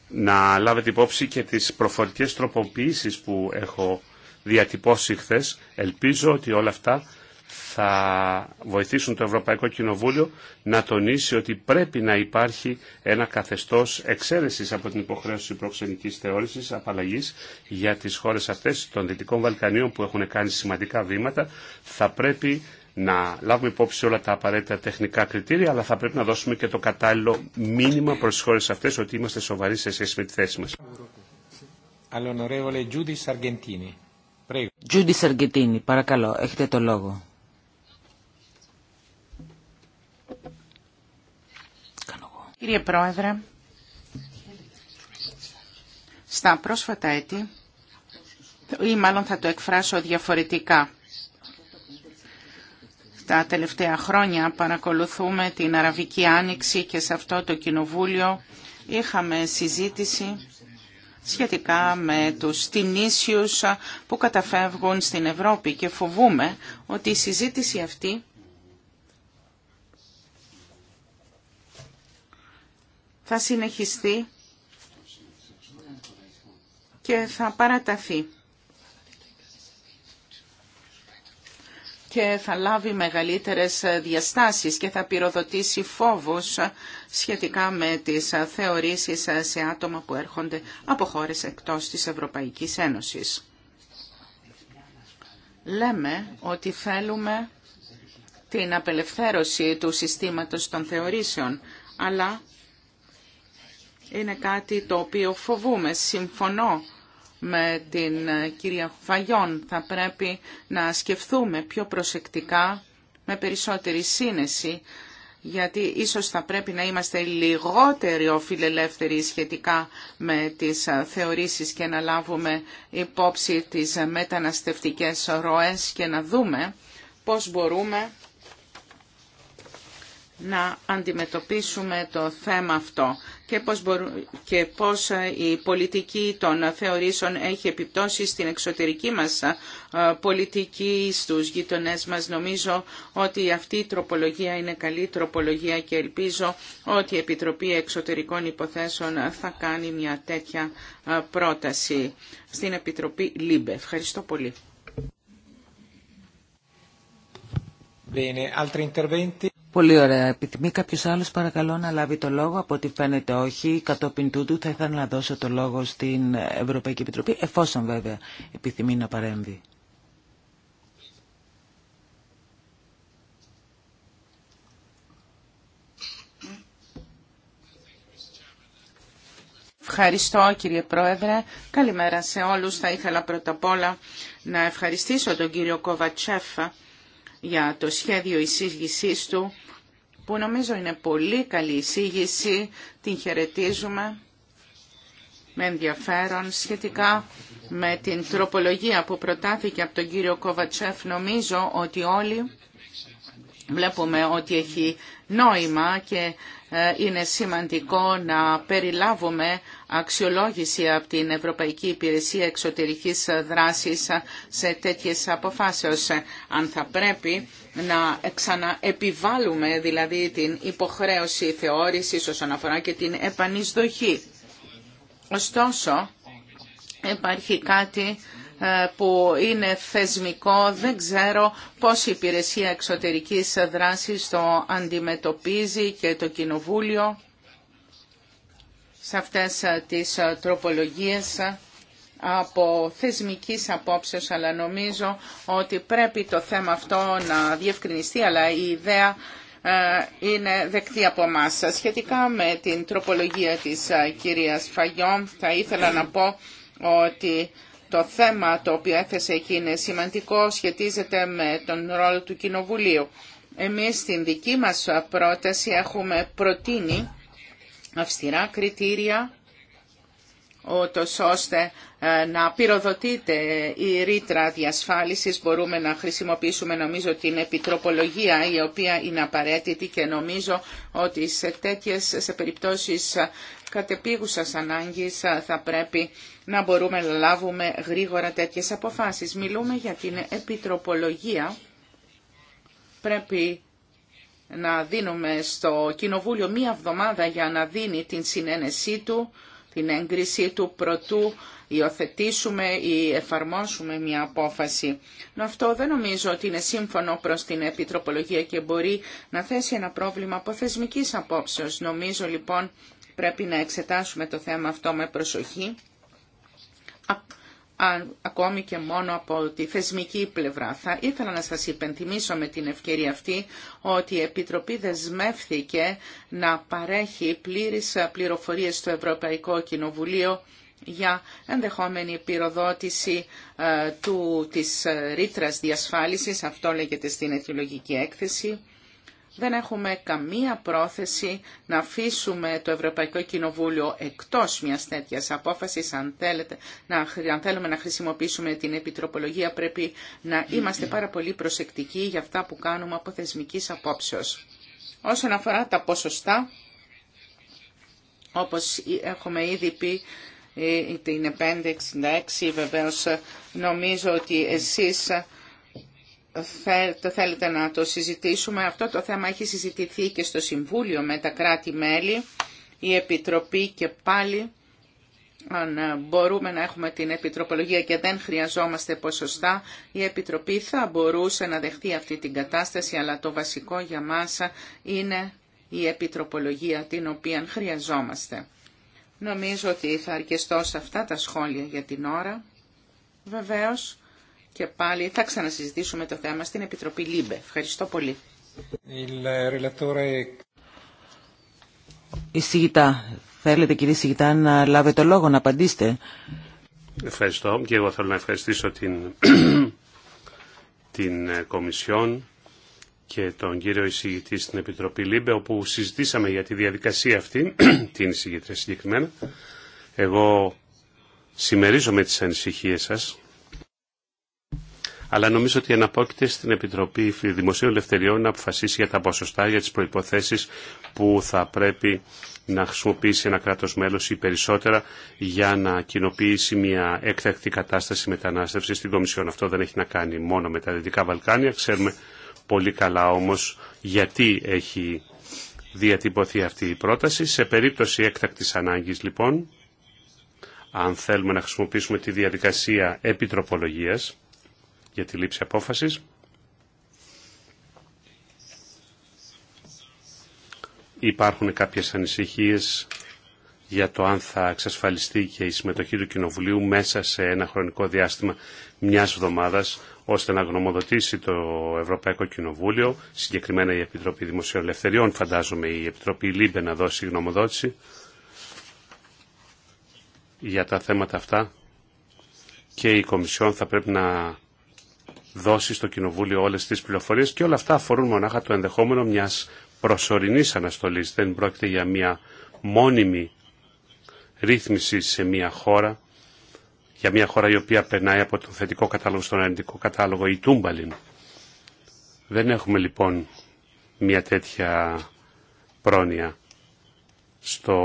να λάβετε υπόψη και τις προφορικές τροποποιήσεις που έχω διατυπώσει χθε. Ελπίζω ότι όλα αυτά θα βοηθήσουν το Ευρωπαϊκό Κοινοβούλιο να τονίσει ότι πρέπει να υπάρχει ένα καθεστώς εξαίρεσης από την υποχρέωση προξενικής θεώρησης απαλλαγής για τις χώρες αυτές των Δυτικών Βαλκανίων που έχουν κάνει σημαντικά βήματα. Θα πρέπει να λάβουμε υπόψη όλα τα απαραίτητα τεχνικά κριτήρια, αλλά θα πρέπει να δώσουμε και το κατάλληλο μήνυμα προς τις χώρες αυτές ότι είμαστε σοβαροί σε σχέση με τη θέση μας. Argentini, παρακαλώ, έχετε το λόγο. Κύριε Πρόεδρε, στα πρόσφατα έτη, ή μάλλον θα το εκφράσω διαφορετικά, τα τελευταία χρόνια παρακολουθούμε την Αραβική Άνοιξη και σε αυτό το Κοινοβούλιο είχαμε συζήτηση σχετικά με τους τινήσιους που καταφεύγουν στην Ευρώπη και φοβούμε ότι η συζήτηση αυτή θα συνεχιστεί και θα παραταθεί. και θα λάβει μεγαλύτερες διαστάσεις και θα πυροδοτήσει φόβους σχετικά με τις θεωρήσεις σε άτομα που έρχονται από χώρες εκτός της Ευρωπαϊκής Ένωσης. Λέμε ότι θέλουμε την απελευθέρωση του συστήματος των θεωρήσεων, αλλά είναι κάτι το οποίο φοβούμε. Συμφωνώ με την ε, κυρία Φαγιόν. Θα πρέπει να σκεφτούμε πιο προσεκτικά, με περισσότερη σύνεση, γιατί ίσως θα πρέπει να είμαστε λιγότερο φιλελεύθεροι σχετικά με τις ε, θεωρήσεις και να λάβουμε υπόψη τις ε, μεταναστευτικές ροές και να δούμε πώς μπορούμε να αντιμετωπίσουμε το θέμα αυτό και πώς, και ε, η πολιτική των θεωρήσεων έχει επιπτώσει στην εξωτερική μας ε, πολιτική, στους γείτονές μας. Νομίζω ότι αυτή η τροπολογία είναι καλή τροπολογία και ελπίζω ότι η Επιτροπή Εξωτερικών Υποθέσεων θα κάνει μια τέτοια ε, πρόταση στην Επιτροπή ΛΥΜΠΕ. Ευχαριστώ πολύ. Bene, altri interventi? Πολύ ωραία. Επιθυμεί κάποιο άλλο παρακαλώ να λάβει το λόγο. Από ό,τι φαίνεται όχι. Κατόπιν τούτου θα ήθελα να δώσω το λόγο στην Ευρωπαϊκή Επιτροπή, εφόσον βέβαια επιθυμεί να παρέμβει. Ευχαριστώ κύριε Πρόεδρε. Καλημέρα σε όλους. Θα ήθελα πρώτα απ' όλα να ευχαριστήσω τον κύριο Κοβατσέφ για το σχέδιο εισήγησής του που νομίζω είναι πολύ καλή εισήγηση, την χαιρετίζουμε με ενδιαφέρον σχετικά με την τροπολογία που προτάθηκε από τον κύριο Κοβατσέφ. Νομίζω ότι όλοι βλέπουμε ότι έχει νόημα και ε, είναι σημαντικό να περιλάβουμε αξιολόγηση από την Ευρωπαϊκή Υπηρεσία Εξωτερικής Δράσης σε τέτοιες αποφάσεις. Αν θα πρέπει να ξαναεπιβάλλουμε δηλαδή την υποχρέωση θεώρησης όσον αφορά και την επανεισδοχή. Ωστόσο, υπάρχει κάτι ε, που είναι θεσμικό. Δεν ξέρω πώς η υπηρεσία εξωτερικής δράσης το αντιμετωπίζει και το Κοινοβούλιο σε αυτές ε, τις ε, τροπολογίες από θεσμικής απόψεως, αλλά νομίζω ότι πρέπει το θέμα αυτό να διευκρινιστεί, αλλά η ιδέα είναι δεκτή από εμά. Σχετικά με την τροπολογία της κυρίας Φαγιόμ, θα ήθελα να πω ότι το θέμα το οποίο έθεσε εκεί είναι σημαντικό, σχετίζεται με τον ρόλο του Κοινοβουλίου. Εμείς στην δική μας πρόταση έχουμε προτείνει αυστηρά κριτήρια ότως ώστε ε, να πυροδοτείται η ρήτρα διασφάλισης. Μπορούμε να χρησιμοποιήσουμε νομίζω την επιτροπολογία η οποία είναι απαραίτητη και νομίζω ότι σε τέτοιες σε περιπτώσεις ε, κατεπίγουσας ανάγκης ε, θα πρέπει να μπορούμε να λάβουμε γρήγορα τέτοιες αποφάσεις. Μιλούμε για την επιτροπολογία. Πρέπει να δίνουμε στο Κοινοβούλιο μία εβδομάδα για να δίνει την συνένεσή του την έγκριση του προτού υιοθετήσουμε ή εφαρμόσουμε μια απόφαση. Αυτό δεν νομίζω ότι είναι σύμφωνο προς την Επιτροπολογία και μπορεί να θέσει ένα πρόβλημα από θεσμικής απόψεως. Νομίζω λοιπόν πρέπει να εξετάσουμε το θέμα αυτό με προσοχή ακόμη και μόνο από τη θεσμική πλευρά. Θα ήθελα να σας υπενθυμίσω με την ευκαιρία αυτή ότι η Επιτροπή δεσμεύθηκε να παρέχει πλήρεις πληροφορίες στο Ευρωπαϊκό Κοινοβουλίο για ενδεχόμενη πυροδότηση ε, του, της ε, ρήτρας διασφάλισης, αυτό λέγεται στην αιτιολογική έκθεση, δεν έχουμε καμία πρόθεση να αφήσουμε το Ευρωπαϊκό Κοινοβούλιο εκτός μιας τέτοιας απόφασης. Αν, να, θέλουμε να χρησιμοποιήσουμε την επιτροπολογία πρέπει να είμαστε πάρα πολύ προσεκτικοί για αυτά που κάνουμε από θεσμικής απόψεως. Όσον αφορά τα ποσοστά, όπως έχουμε ήδη πει, ε, την 66 βεβαίως νομίζω ότι εσείς θέλετε να το συζητήσουμε. Αυτό το θέμα έχει συζητηθεί και στο Συμβούλιο με τα κράτη-μέλη, η Επιτροπή και πάλι. Αν ε, μπορούμε να έχουμε την επιτροπολογία και δεν χρειαζόμαστε ποσοστά, η Επιτροπή θα μπορούσε να δεχτεί αυτή την κατάσταση, αλλά το βασικό για μας είναι η επιτροπολογία την οποία χρειαζόμαστε. Νομίζω ότι θα αρκεστώ σε αυτά τα σχόλια για την ώρα. Βεβαίως, και πάλι θα ξανασυζητήσουμε το θέμα στην Επιτροπή ΛΥΜΠΕ. Ευχαριστώ πολύ. Εισηγητά, θέλετε κύριε Σιγητά να λάβετε το λόγο, να απαντήσετε. Ευχαριστώ και εγώ θέλω να ευχαριστήσω την, την ε, Κομισιόν και τον κύριο εισηγητή στην Επιτροπή ΛΥΜΠΕ όπου συζητήσαμε για τη διαδικασία αυτή, την εισηγητρία συγκεκριμένα. Εγώ συμμερίζομαι τις ανησυχίες σας αλλά νομίζω ότι αναπόκειται στην Επιτροπή Δημοσίου Ελευθεριών να αποφασίσει για τα ποσοστά, για τις προϋποθέσεις που θα πρέπει να χρησιμοποιήσει ένα κράτος μέλος ή περισσότερα για να κοινοποιήσει μια έκτακτη κατάσταση μετανάστευση στην Κομισιόν. Αυτό δεν έχει να κάνει μόνο με τα Δυτικά Βαλκάνια. Ξέρουμε πολύ καλά όμως γιατί έχει διατυπωθεί αυτή η πρόταση. Σε περίπτωση έκτακτης ανάγκης λοιπόν, αν θέλουμε να χρησιμοποιήσουμε τη διαδικασία επιτροπολογίας, για τη λήψη απόφασης. Υπάρχουν κάποιες ανησυχίες για το αν θα εξασφαλιστεί και η συμμετοχή του Κοινοβουλίου μέσα σε ένα χρονικό διάστημα μιας εβδομάδας ώστε να γνωμοδοτήσει το Ευρωπαϊκό Κοινοβούλιο, συγκεκριμένα η Επιτροπή Δημοσίων Ελευθεριών, φαντάζομαι η Επιτροπή Λίμπε να δώσει γνωμοδότηση για τα θέματα αυτά και η Κομισιόν θα πρέπει να δώσει στο Κοινοβούλιο όλες τις πληροφορίες και όλα αυτά αφορούν μονάχα το ενδεχόμενο μιας προσωρινής αναστολής. Δεν πρόκειται για μια μόνιμη ρύθμιση σε μια χώρα, για μια χώρα η οποία περνάει από τον θετικό κατάλογο στον αρνητικό κατάλογο ή τούμπαλιν. Δεν έχουμε λοιπόν μια τέτοια πρόνοια στο...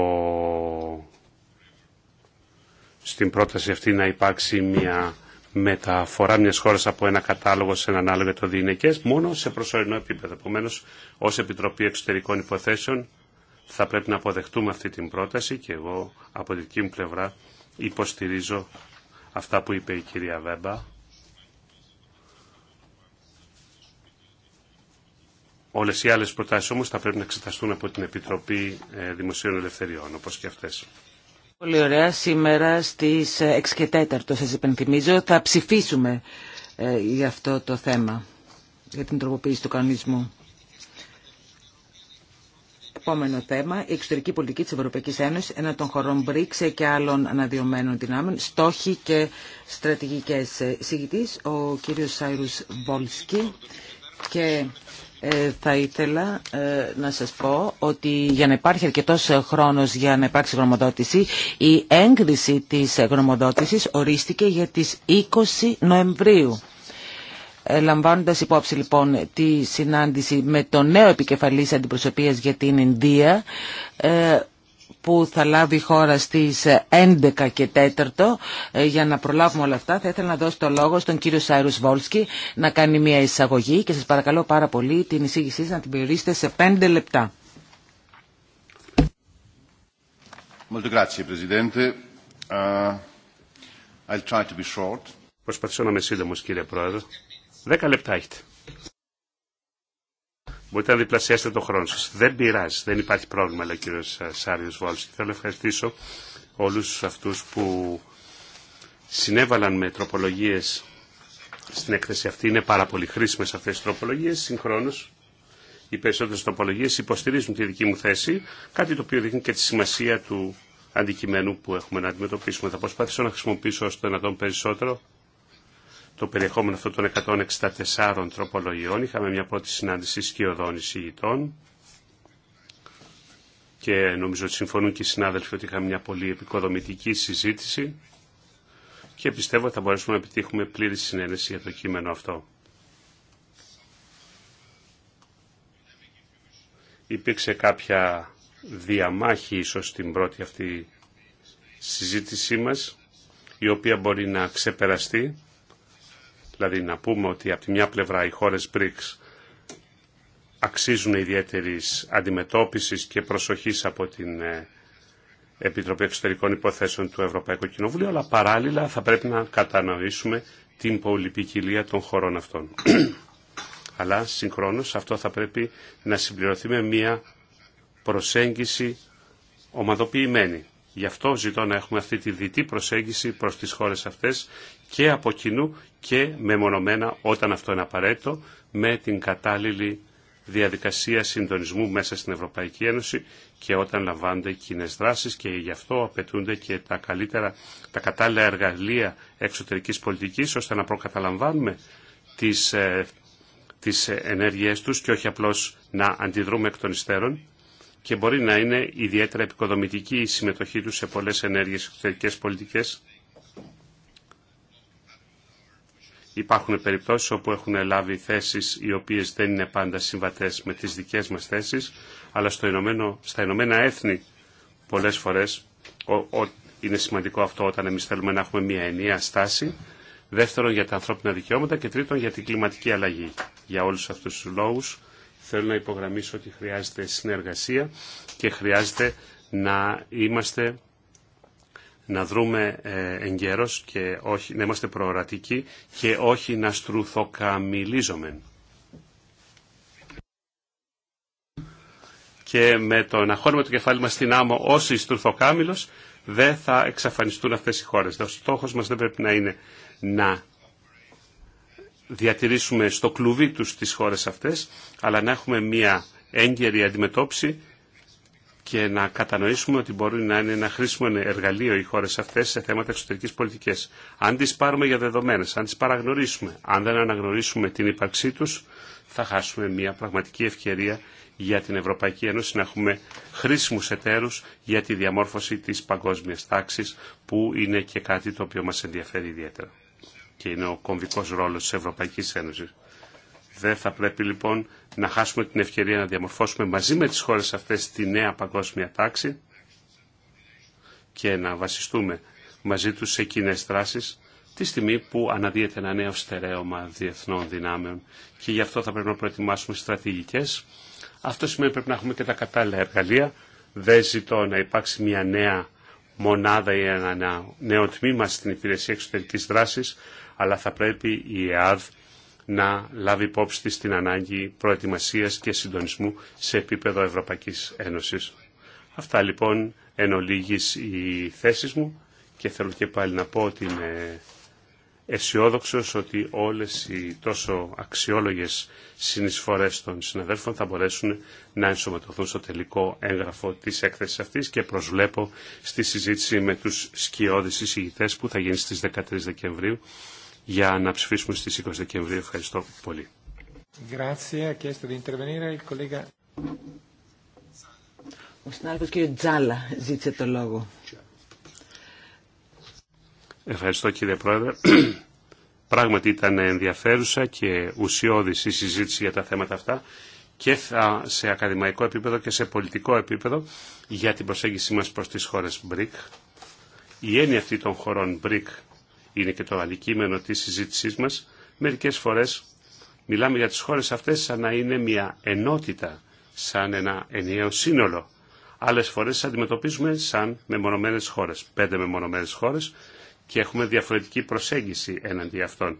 στην πρόταση αυτή να υπάρξει μια μεταφορά μια χώρα από ένα κατάλογο σε έναν άλλο για το διηνεκές, μόνο σε προσωρινό επίπεδο. Επομένω, ω Επιτροπή Εξωτερικών Υποθέσεων θα πρέπει να αποδεχτούμε αυτή την πρόταση και εγώ από την δική μου πλευρά υποστηρίζω αυτά που είπε η κυρία Βέμπα. Όλες οι άλλες προτάσεις όμως θα πρέπει να εξεταστούν από την Επιτροπή ε, Δημοσίων Ελευθεριών, όπως και αυτές. Πολύ ωραία. Σήμερα στις 6 και 4, σας υπενθυμίζω, θα ψηφίσουμε ε, για αυτό το θέμα, για την τροποποίηση του κανονισμού. Επόμενο θέμα, η εξωτερική πολιτική της Ευρωπαϊκής Ένωσης ένα των χωρών BRICS και άλλων αναδειωμένων δυνάμεων, στόχοι και στρατηγικές. Ε, συγκητής, ο κύριος Σάιρους Βόλσκι και ε, θα ήθελα ε, να σας πω ότι για να υπάρχει αρκετός χρόνος για να υπάρξει γνωμοδότηση, η έγκριση της γνωμοδότησης ορίστηκε για τις 20 Νοεμβρίου. Ε, λαμβάνοντας υπόψη λοιπόν τη συνάντηση με τον νέο επικεφαλής αντιπροσωπείας για την Ινδία, που θα λάβει η χώρα στις 11 ε, και 4 ε, για να προλάβουμε όλα αυτά θα ήθελα να δώσω το λόγο στον κύριο Σάιρους Βόλσκι να κάνει μια εισαγωγή και σας παρακαλώ πάρα πολύ την εισήγησή να την περιορίσετε σε 5 λεπτά. Uh, Προσπαθήσω να είμαι σύντομος κύριε Πρόεδρο. 10 λεπτά έχετε. Μπορείτε να διπλασιάσετε τον χρόνο σα. Δεν πειράζει, δεν υπάρχει πρόβλημα, λέει ο κύριο Σάριο Βόλσκι. Θέλω να ευχαριστήσω όλου αυτού που συνέβαλαν με τροπολογίε στην έκθεση αυτή. Είναι πάρα πολύ χρήσιμε αυτέ οι τροπολογίε. Συγχρόνω, οι περισσότερε τροπολογίες υποστηρίζουν τη δική μου θέση, κάτι το οποίο δείχνει και τη σημασία του αντικειμένου που έχουμε να αντιμετωπίσουμε. Θα προσπαθήσω να χρησιμοποιήσω όσο το δυνατόν περισσότερο το περιεχόμενο αυτών των 164 τροπολογιών. Είχαμε μια πρώτη συνάντηση σκιωδών ηγητών. και νομίζω ότι συμφωνούν και οι συνάδελφοι ότι είχαμε μια πολύ επικοδομητική συζήτηση και πιστεύω ότι θα μπορέσουμε να επιτύχουμε πλήρη συνένεση για το κείμενο αυτό. Υπήρξε κάποια διαμάχη ίσως στην πρώτη αυτή συζήτησή μας, η οποία μπορεί να ξεπεραστεί Δηλαδή να πούμε ότι από τη μια πλευρά οι χώρες BRICS αξίζουν ιδιαίτερη αντιμετώπισης και προσοχής από την ε, Επιτροπή Εξωτερικών Υποθέσεων του Ευρωπαϊκού Κοινοβουλίου, αλλά παράλληλα θα πρέπει να κατανοήσουμε την πολυπικιλία των χωρών αυτών. αλλά συγχρόνως αυτό θα πρέπει να συμπληρωθεί με μια προσέγγιση ομαδοποιημένη. Γι' αυτό ζητώ να έχουμε αυτή τη διτή προσέγγιση προς τις χώρες αυτές και από κοινού και μεμονωμένα όταν αυτό είναι απαραίτητο με την κατάλληλη διαδικασία συντονισμού μέσα στην Ευρωπαϊκή Ένωση και όταν λαμβάνονται κοινέ δράσεις και γι' αυτό απαιτούνται και τα, καλύτερα, τα κατάλληλα εργαλεία εξωτερικής πολιτικής ώστε να προκαταλαμβάνουμε τις, ε, τις ενέργειές τους και όχι απλώς να αντιδρούμε εκ των υστέρων και μπορεί να είναι ιδιαίτερα επικοδομητική η συμμετοχή τους σε πολλές ενέργειες εξωτερικές πολιτικές Υπάρχουν περιπτώσεις όπου έχουν λάβει θέσεις οι οποίες δεν είναι πάντα συμβατές με τις δικές μας θέσεις, αλλά στο Ηνωμένο, στα Ηνωμένα Έθνη πολλές φορές είναι σημαντικό αυτό όταν εμείς θέλουμε να έχουμε μια ενιαία στάση. Δεύτερον για τα ανθρώπινα δικαιώματα και τρίτον για την κλιματική αλλαγή. Για όλους αυτούς τους λόγους θέλω να υπογραμμίσω ότι χρειάζεται συνεργασία και χρειάζεται να είμαστε να δρούμε ε, εγκαίρως και όχι, να είμαστε προορατικοί και όχι να στρουθοκαμιλίζομεν. Και με το να χώρουμε το κεφάλι μας στην άμμο όσοι στρουθοκάμιλος δεν θα εξαφανιστούν αυτές οι χώρες. Ο στόχος μας δεν πρέπει να είναι να διατηρήσουμε στο κλουβί τους τις χώρες αυτές, αλλά να έχουμε μια έγκαιρη αντιμετώπιση και να κατανοήσουμε ότι μπορεί να είναι ένα χρήσιμο εργαλείο οι χώρε αυτέ σε θέματα εξωτερική πολιτική. Αν τι πάρουμε για δεδομένε, αν τι παραγνωρίσουμε, αν δεν αναγνωρίσουμε την ύπαρξή του, θα χάσουμε μια πραγματική ευκαιρία για την Ευρωπαϊκή Ένωση να έχουμε χρήσιμους εταίρους για τη διαμόρφωση της παγκόσμιας τάξης που είναι και κάτι το οποίο μας ενδιαφέρει ιδιαίτερα και είναι ο κομβικός ρόλος της Ευρωπαϊκής Ένωσης. Δεν θα πρέπει λοιπόν να χάσουμε την ευκαιρία να διαμορφώσουμε μαζί με τις χώρες αυτές τη νέα παγκόσμια τάξη και να βασιστούμε μαζί τους σε κοινέ δράσεις τη στιγμή που αναδύεται ένα νέο στερέωμα διεθνών δυνάμεων και γι' αυτό θα πρέπει να προετοιμάσουμε στρατηγικές. Αυτό σημαίνει πρέπει να έχουμε και τα κατάλληλα εργαλεία. Δεν ζητώ να υπάρξει μια νέα μονάδα ή ένα νέο τμήμα στην υπηρεσία εξωτερικής δράσης, αλλά θα πρέπει η ΕΑΔ να λάβει υπόψη της την ανάγκη προετοιμασίας και συντονισμού σε επίπεδο Ευρωπαϊκής Ένωσης. Αυτά λοιπόν εν ολίγης οι θέσεις μου και θέλω και πάλι να πω ότι είμαι αισιόδοξο ότι όλες οι τόσο αξιόλογες συνεισφορές των συναδέλφων θα μπορέσουν να ενσωματωθούν στο τελικό έγγραφο της έκθεσης αυτής και προσβλέπω στη συζήτηση με τους σκιώδεις εισηγητές που θα γίνει στις 13 Δεκεμβρίου για να ψηφίσουμε στις 20 Δεκεμβρίου. Ευχαριστώ πολύ. Ο Τζάλα ζήτησε το λόγο. Ευχαριστώ κύριε Πρόεδρε. Πράγματι ήταν ενδιαφέρουσα και ουσιώδη η συζήτηση για τα θέματα αυτά και σε ακαδημαϊκό επίπεδο και σε πολιτικό επίπεδο για την προσέγγιση μας προς τις χώρες BRIC. Η έννοια αυτή των χωρών BRIC είναι και το αντικείμενο της συζήτησής μας, μερικές φορές μιλάμε για τις χώρες αυτές σαν να είναι μια ενότητα, σαν ένα ενιαίο σύνολο. Άλλες φορές αντιμετωπίζουμε σαν μεμονωμένες χώρες, πέντε μεμονωμένες χώρες και έχουμε διαφορετική προσέγγιση έναντι αυτών.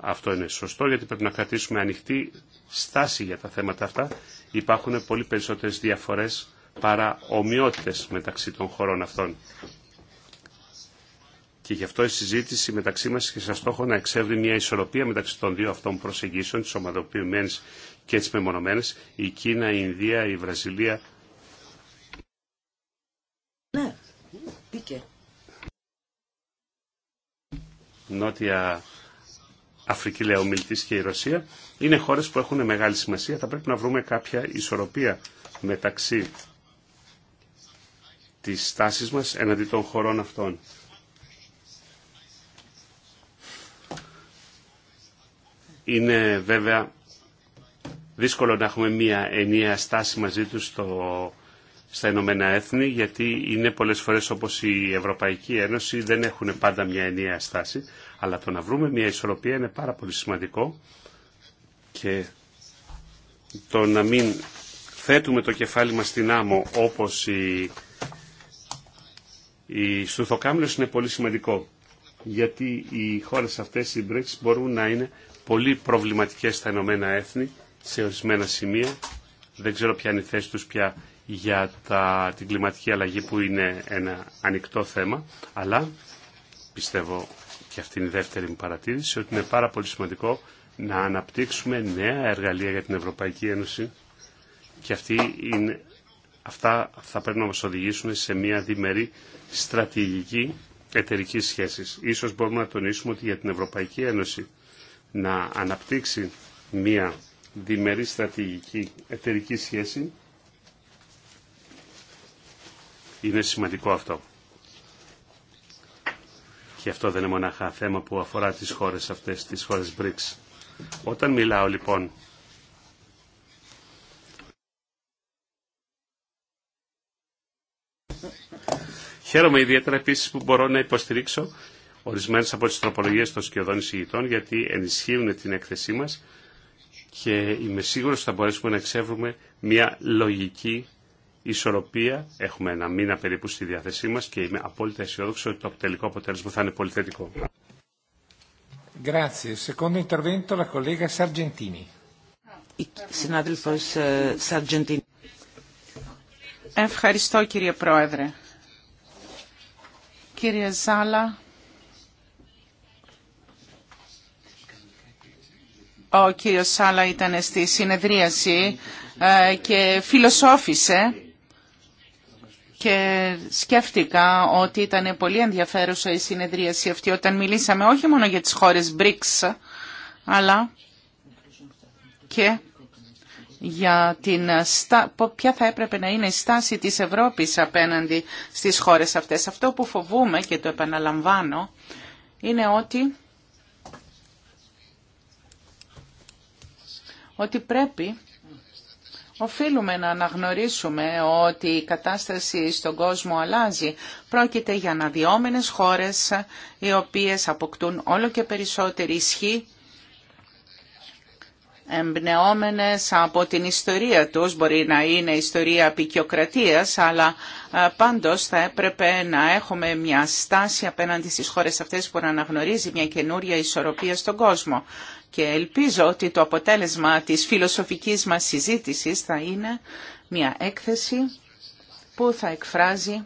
Αυτό είναι σωστό γιατί πρέπει να κρατήσουμε ανοιχτή στάση για τα θέματα αυτά. Υπάρχουν πολύ περισσότερες διαφορές παρά ομοιότητες μεταξύ των χωρών αυτών. Και γι' αυτό η συζήτηση μεταξύ μας και σας στόχο να εξεύρει μια ισορροπία μεταξύ των δύο αυτών προσεγγίσεων, τι ομαδοποιημένες και τις μεμονωμένες, η Κίνα, η Ινδία, η Βραζιλία. Ναι, Νότια Αφρική λέω, ο και η Ρωσία. Είναι χώρες που έχουν μεγάλη σημασία. Θα πρέπει να βρούμε κάποια ισορροπία μεταξύ τη στάση μα εναντί των χωρών αυτών. Είναι βέβαια δύσκολο να έχουμε μία ενιαία στάση μαζί τους στα Ηνωμένα Έθνη, γιατί είναι πολλές φορές όπως η Ευρωπαϊκή Ένωση δεν έχουν πάντα μία ενιαία στάση, αλλά το να βρούμε μία ισορροπία είναι πάρα πολύ σημαντικό και το να μην θέτουμε το κεφάλι μας στην άμμο όπως η, η είναι πολύ σημαντικό γιατί οι χώρες αυτές οι BRICS μπορούν να είναι πολύ προβληματικές στα Ηνωμένα Έθνη σε ορισμένα σημεία. Δεν ξέρω ποια είναι η θέση τους πια για τα, την κλιματική αλλαγή που είναι ένα ανοιχτό θέμα, αλλά πιστεύω και αυτή είναι η δεύτερη μου παρατήρηση, ότι είναι πάρα πολύ σημαντικό να αναπτύξουμε νέα εργαλεία για την Ευρωπαϊκή Ένωση και είναι, αυτά θα πρέπει να μας οδηγήσουν σε μια διμερή στρατηγική εταιρική σχέση. Ίσως μπορούμε να τονίσουμε ότι για την Ευρωπαϊκή Ένωση να αναπτύξει μια διμερή στρατηγική εταιρική σχέση. Είναι σημαντικό αυτό. Και αυτό δεν είναι μονάχα θέμα που αφορά τις χώρες αυτές, τις χώρες BRICS. Όταν μιλάω λοιπόν Χαίρομαι ιδιαίτερα επίσης που μπορώ να υποστηρίξω ορισμένες από τις τροπολογίες των σκιωδών εισηγητών γιατί ενισχύουν την έκθεσή μας και είμαι σίγουρος ότι θα μπορέσουμε να εξεύρουμε μια λογική ισορροπία. Έχουμε ένα μήνα περίπου στη διάθεσή μας και είμαι απόλυτα αισιόδοξο ότι το τελικό αποτέλεσμα θα είναι πολυθετικό. Ε, Ευχαριστώ κύριε Πρόεδρε. Κύριε Ζάλα, Ο κύριος Σάλα ήταν στη συνεδρίαση ε, και φιλοσόφησε και σκέφτηκα ότι ήταν πολύ ενδιαφέρουσα η συνεδρίαση αυτή όταν μιλήσαμε όχι μόνο για τις χώρες BRICS αλλά και για την ποια θα έπρεπε να είναι η στάση της Ευρώπης απέναντι στις χώρες αυτές. Αυτό που φοβούμε και το επαναλαμβάνω είναι ότι ότι πρέπει Οφείλουμε να αναγνωρίσουμε ότι η κατάσταση στον κόσμο αλλάζει. Πρόκειται για αναδυόμενες χώρες οι οποίες αποκτούν όλο και περισσότερη ισχύ εμπνεόμενες από την ιστορία τους, μπορεί να είναι ιστορία απεικιοκρατίας, αλλά πάντως θα έπρεπε να έχουμε μια στάση απέναντι στις χώρες αυτές που να αναγνωρίζει μια καινούρια ισορροπία στον κόσμο και ελπίζω ότι το αποτέλεσμα της φιλοσοφικής μας συζήτησης θα είναι μια έκθεση που θα εκφράζει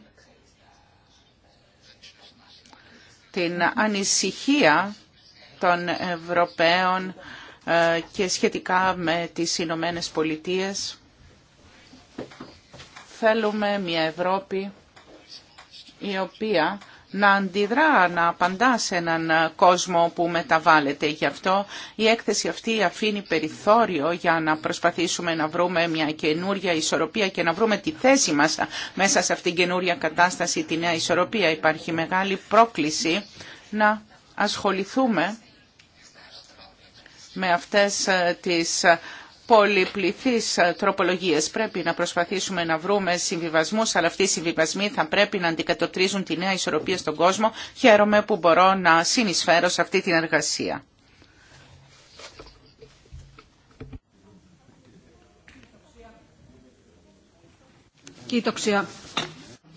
την ανησυχία των Ευρωπαίων ε, και σχετικά με τις Ηνωμένε Πολιτείες. Θέλουμε μια Ευρώπη η οποία να αντιδρά, να απαντά σε έναν κόσμο που μεταβάλλεται. Γι' αυτό η έκθεση αυτή αφήνει περιθώριο για να προσπαθήσουμε να βρούμε μια καινούρια ισορροπία και να βρούμε τη θέση μας μέσα σε αυτήν την καινούρια κατάσταση, τη νέα ισορροπία. Υπάρχει μεγάλη πρόκληση να ασχοληθούμε με αυτές ε, τις πολυπληθείς ε, τροπολογίες. Πρέπει να προσπαθήσουμε να βρούμε συμβιβασμούς, αλλά αυτοί οι συμβιβασμοί θα πρέπει να αντικατοπτρίζουν τη νέα ισορροπία στον κόσμο. Χαίρομαι που μπορώ να συνεισφέρω σε αυτή την εργασία.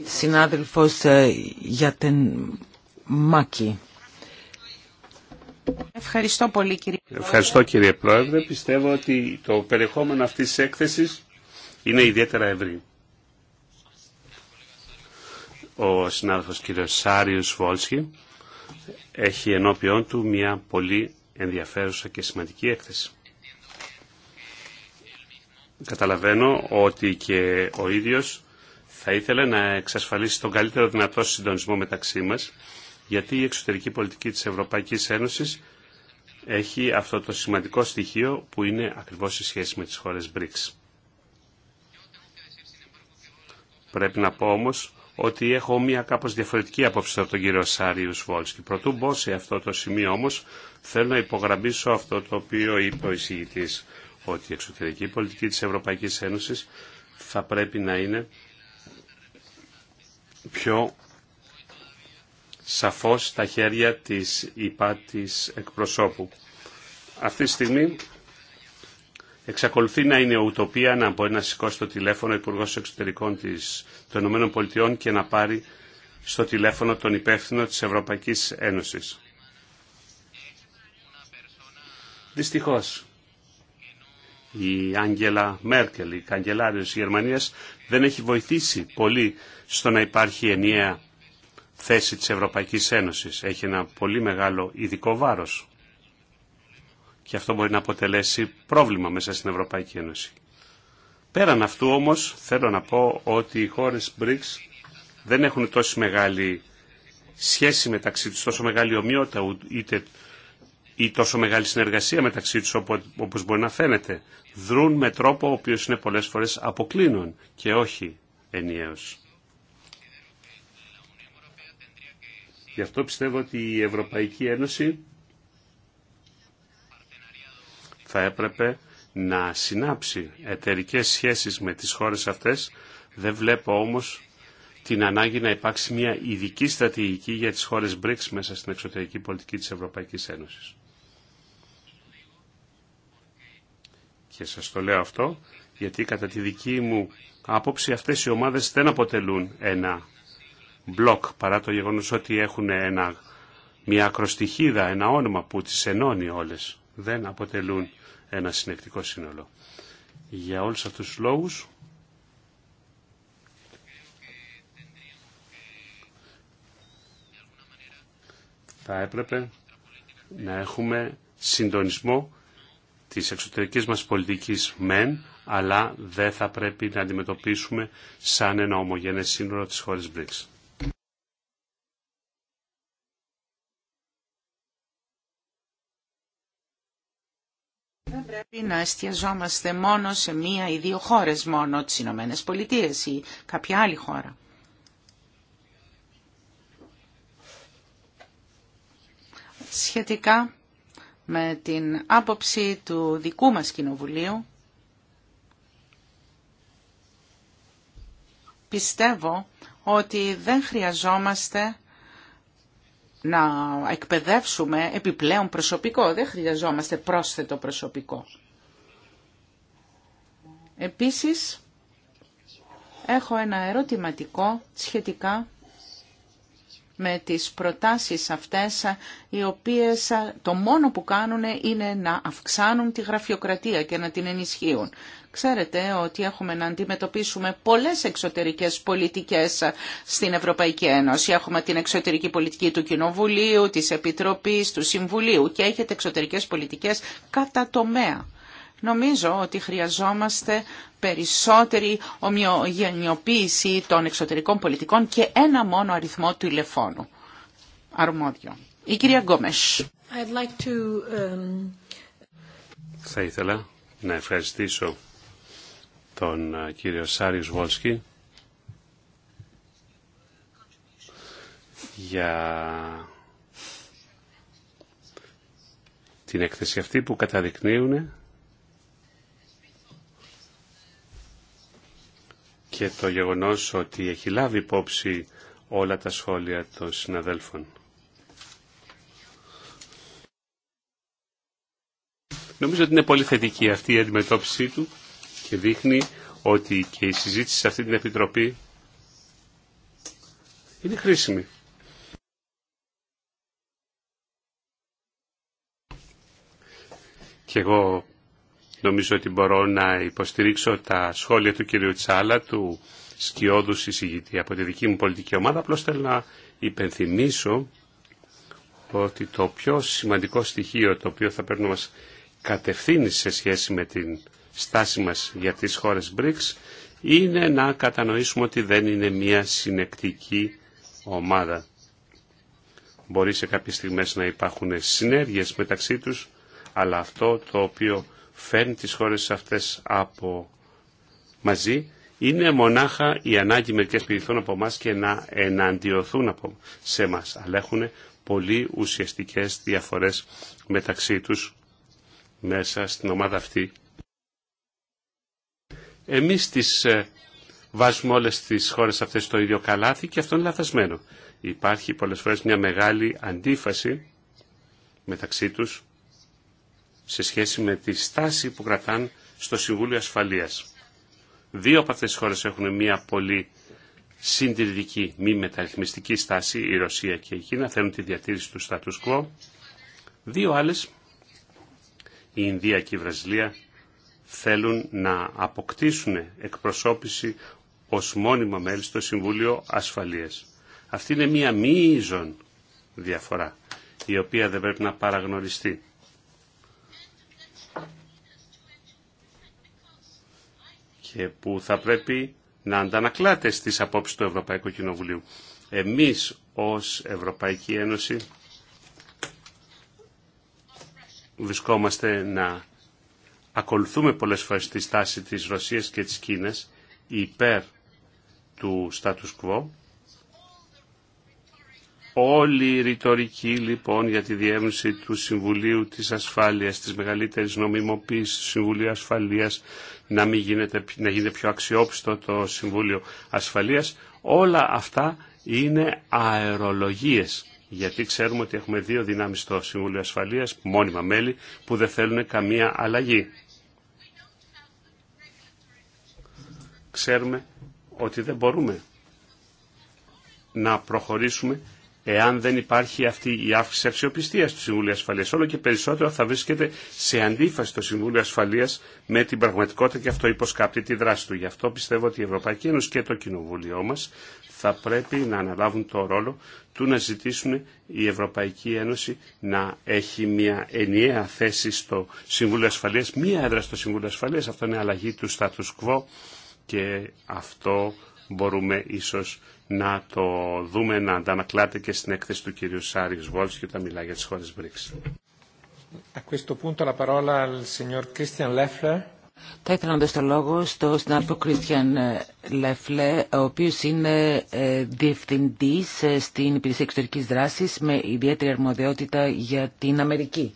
Συνάδελφος ε, για την Μάκη. Ευχαριστώ πολύ κύριε Πρόεδρε. Ευχαριστώ κύριε Πρόεδρε. Πιστεύω ότι το περιεχόμενο αυτής της έκθεσης είναι ιδιαίτερα ευρύ. Ο συνάδελφος κύριος Σάριος Βόλσκι έχει ενώπιόν του μια πολύ ενδιαφέρουσα και σημαντική έκθεση. Καταλαβαίνω ότι και ο ίδιος θα ήθελε να εξασφαλίσει τον καλύτερο δυνατό συντονισμό μεταξύ μας γιατί η εξωτερική πολιτική της Ευρωπαϊκής Ένωσης έχει αυτό το σημαντικό στοιχείο που είναι ακριβώς η σχέση με τις χώρες BRICS. Πρέπει να πω όμως ότι έχω μία κάπως διαφορετική άποψη από τον κύριο Σάριους Βόλσκι. προτού μπω σε αυτό το σημείο όμως θέλω να υπογραμμίσω αυτό το οποίο είπε ο εισηγητής ότι η εξωτερική πολιτική της Ευρωπαϊκής Ένωσης θα πρέπει να είναι πιο σαφώς τα χέρια της υπάτης εκπροσώπου. Αυτή τη στιγμή εξακολουθεί να είναι ουτοπία να μπορεί να σηκώσει το τηλέφωνο ο Υπουργός Εξωτερικών της, των ΗΠΑ και να πάρει στο τηλέφωνο τον υπεύθυνο της Ευρωπαϊκής Ένωσης. Δυστυχώς, η Άγγελα Μέρκελ, η καγκελάριος της Γερμανίας, δεν έχει βοηθήσει πολύ στο να υπάρχει ενιαία θέση της Ευρωπαϊκής Ένωσης. Έχει ένα πολύ μεγάλο ειδικό βάρος και αυτό μπορεί να αποτελέσει πρόβλημα μέσα στην Ευρωπαϊκή Ένωση. Πέραν αυτού όμως θέλω να πω ότι οι χώρες BRICS δεν έχουν τόσο μεγάλη σχέση μεταξύ τους, τόσο μεγάλη ομοιότητα είτε, ή τόσο μεγάλη συνεργασία μεταξύ τους όπως μπορεί να φαίνεται. Δρούν με τρόπο ο οποίος είναι πολλές φορές αποκλίνων και όχι ενιαίος. Γι' αυτό πιστεύω ότι η Ευρωπαϊκή Ένωση θα έπρεπε να συνάψει εταιρικές σχέσεις με τις χώρες αυτές. Δεν βλέπω όμως την ανάγκη να υπάρξει μια ειδική στρατηγική για τις χώρες BRICS μέσα στην εξωτερική πολιτική της Ευρωπαϊκής Ένωσης. Και σας το λέω αυτό, γιατί κατά τη δική μου άποψη αυτές οι ομάδες δεν αποτελούν ένα μπλοκ παρά το γεγονός ότι έχουν ένα, μια ακροστοιχίδα, ένα όνομα που τις ενώνει όλες. Δεν αποτελούν ένα συνεκτικό σύνολο. Για όλους αυτούς τους λόγους θα έπρεπε να έχουμε συντονισμό της εξωτερικής μας πολιτικής μεν, αλλά δεν θα πρέπει να αντιμετωπίσουμε σαν ένα ομογενές σύνολο της χώρας BRICS. να εστιαζόμαστε μόνο σε μία ή δύο χώρες μόνο, τις Ηνωμένε Πολιτείε ή κάποια άλλη χώρα. Σχετικά με την άποψη του δικού μας Κοινοβουλίου, πιστεύω ότι δεν χρειαζόμαστε να εκπαιδεύσουμε επιπλέον προσωπικό. Δεν χρειαζόμαστε πρόσθετο προσωπικό. Επίσης, έχω ένα ερωτηματικό σχετικά με τις προτάσεις αυτές, οι οποίες το μόνο που κάνουν είναι να αυξάνουν τη γραφειοκρατία και να την ενισχύουν. Ξέρετε ότι έχουμε να αντιμετωπίσουμε πολλές εξωτερικές πολιτικές στην Ευρωπαϊκή Ένωση. Έχουμε την εξωτερική πολιτική του Κοινοβουλίου, της Επιτροπής, του Συμβουλίου και έχετε εξωτερικές πολιτικές κατά τομέα. Νομίζω ότι χρειαζόμαστε περισσότερη ομοιογενειοποίηση των εξωτερικών πολιτικών και ένα μόνο αριθμό του τηλεφώνου. Αρμόδιο. Η κυρία Γκόμες. Um, Θα ήθελα να ευχαριστήσω τον κύριο Σάριος Βόλσκι για την έκθεση αυτή που καταδεικνύουν και το γεγονός ότι έχει λάβει υπόψη όλα τα σχόλια των συναδέλφων. Νομίζω ότι είναι πολύ θετική αυτή η αντιμετώπιση του και δείχνει ότι και η συζήτηση σε αυτή την Επιτροπή είναι χρήσιμη. Και εγώ Νομίζω ότι μπορώ να υποστηρίξω τα σχόλια του κυρίου Τσάλα, του σκιώδου συζητητή από τη δική μου πολιτική ομάδα. Απλώς θέλω να υπενθυμίσω ότι το πιο σημαντικό στοιχείο το οποίο θα πρέπει να μας κατευθύνει σε σχέση με την στάση μας για τις χώρες BRICS είναι να κατανοήσουμε ότι δεν είναι μια συνεκτική ομάδα. Μπορεί σε κάποιες στιγμές να υπάρχουν συνέργειες μεταξύ τους, αλλά αυτό το οποίο φέρνει τις χώρες αυτές από μαζί είναι μονάχα η ανάγκη μερικέ πληθών από εμά και να εναντιωθούν από σε εμά. Αλλά έχουν πολύ ουσιαστικέ διαφορέ μεταξύ του μέσα στην ομάδα αυτή. Εμεί τι ε, βάζουμε όλε τι χώρε αυτέ στο ίδιο καλάθι και αυτό είναι λαθασμένο. Υπάρχει πολλέ φορέ μια μεγάλη αντίφαση μεταξύ τους σε σχέση με τη στάση που κρατάνε στο Συμβούλιο Ασφαλείας. Δύο από αυτές τις χώρες έχουν μια πολύ συντηρητική, μη μεταρρυθμιστική στάση, η Ρωσία και η Κίνα, θέλουν τη διατήρηση του status quo. Δύο άλλες, η Ινδία και η Βραζιλία, θέλουν να αποκτήσουν εκπροσώπηση ως μόνιμα μέλη στο Συμβούλιο Ασφαλείας. Αυτή είναι μία μείζον διαφορά, η οποία δεν πρέπει να παραγνωριστεί. και που θα πρέπει να αντανακλάται στις απόψεις του Ευρωπαϊκού Κοινοβουλίου. Εμείς ως Ευρωπαϊκή Ένωση βρισκόμαστε να ακολουθούμε πολλές φορές τη στάση της Ρωσίας και της Κίνας υπέρ του status quo Όλη η ρητορική λοιπόν για τη διεύνηση του Συμβουλίου της Ασφάλειας, της μεγαλύτερης νομιμοποίησης του Συμβουλίου Ασφαλείας, να, μην γίνεται, να γίνεται πιο αξιόπιστο το Συμβούλιο Ασφαλείας, όλα αυτά είναι αερολογίες. Γιατί ξέρουμε ότι έχουμε δύο δυνάμεις στο Συμβούλιο Ασφαλείας, μόνιμα μέλη, που δεν θέλουν καμία αλλαγή. Ξέρουμε ότι δεν μπορούμε να προχωρήσουμε εάν δεν υπάρχει αυτή η αύξηση αξιοπιστία του Συμβουλίου Ασφαλεία. Όλο και περισσότερο θα βρίσκεται σε αντίφαση το Συμβούλιο Ασφαλεία με την πραγματικότητα και αυτό υποσκάπτει τη δράση του. Γι' αυτό πιστεύω ότι η Ευρωπαϊκή Ένωση και το Κοινοβούλιο μα θα πρέπει να αναλάβουν το ρόλο του να ζητήσουν η Ευρωπαϊκή Ένωση να έχει μια ενιαία θέση στο Συμβούλιο ασφαλεία, μια έδρα στο Συμβούλιο Ασφαλείας. Αυτό είναι αλλαγή του status quo και αυτό μπορούμε ίσως να το δούμε να αντανακλάται και στην έκθεση του κυρίου Σάριου Βόλφ και όταν μιλάει για τι χώρε BRICS. Θα ήθελα να δώσω το λόγο στον συνάδελφο Κρίστιαν Λεφλέ, ο οποίο είναι ε, διευθυντή ε, στην Υπηρεσία Εξωτερική Δράση με ιδιαίτερη αρμοδιότητα για την Αμερική.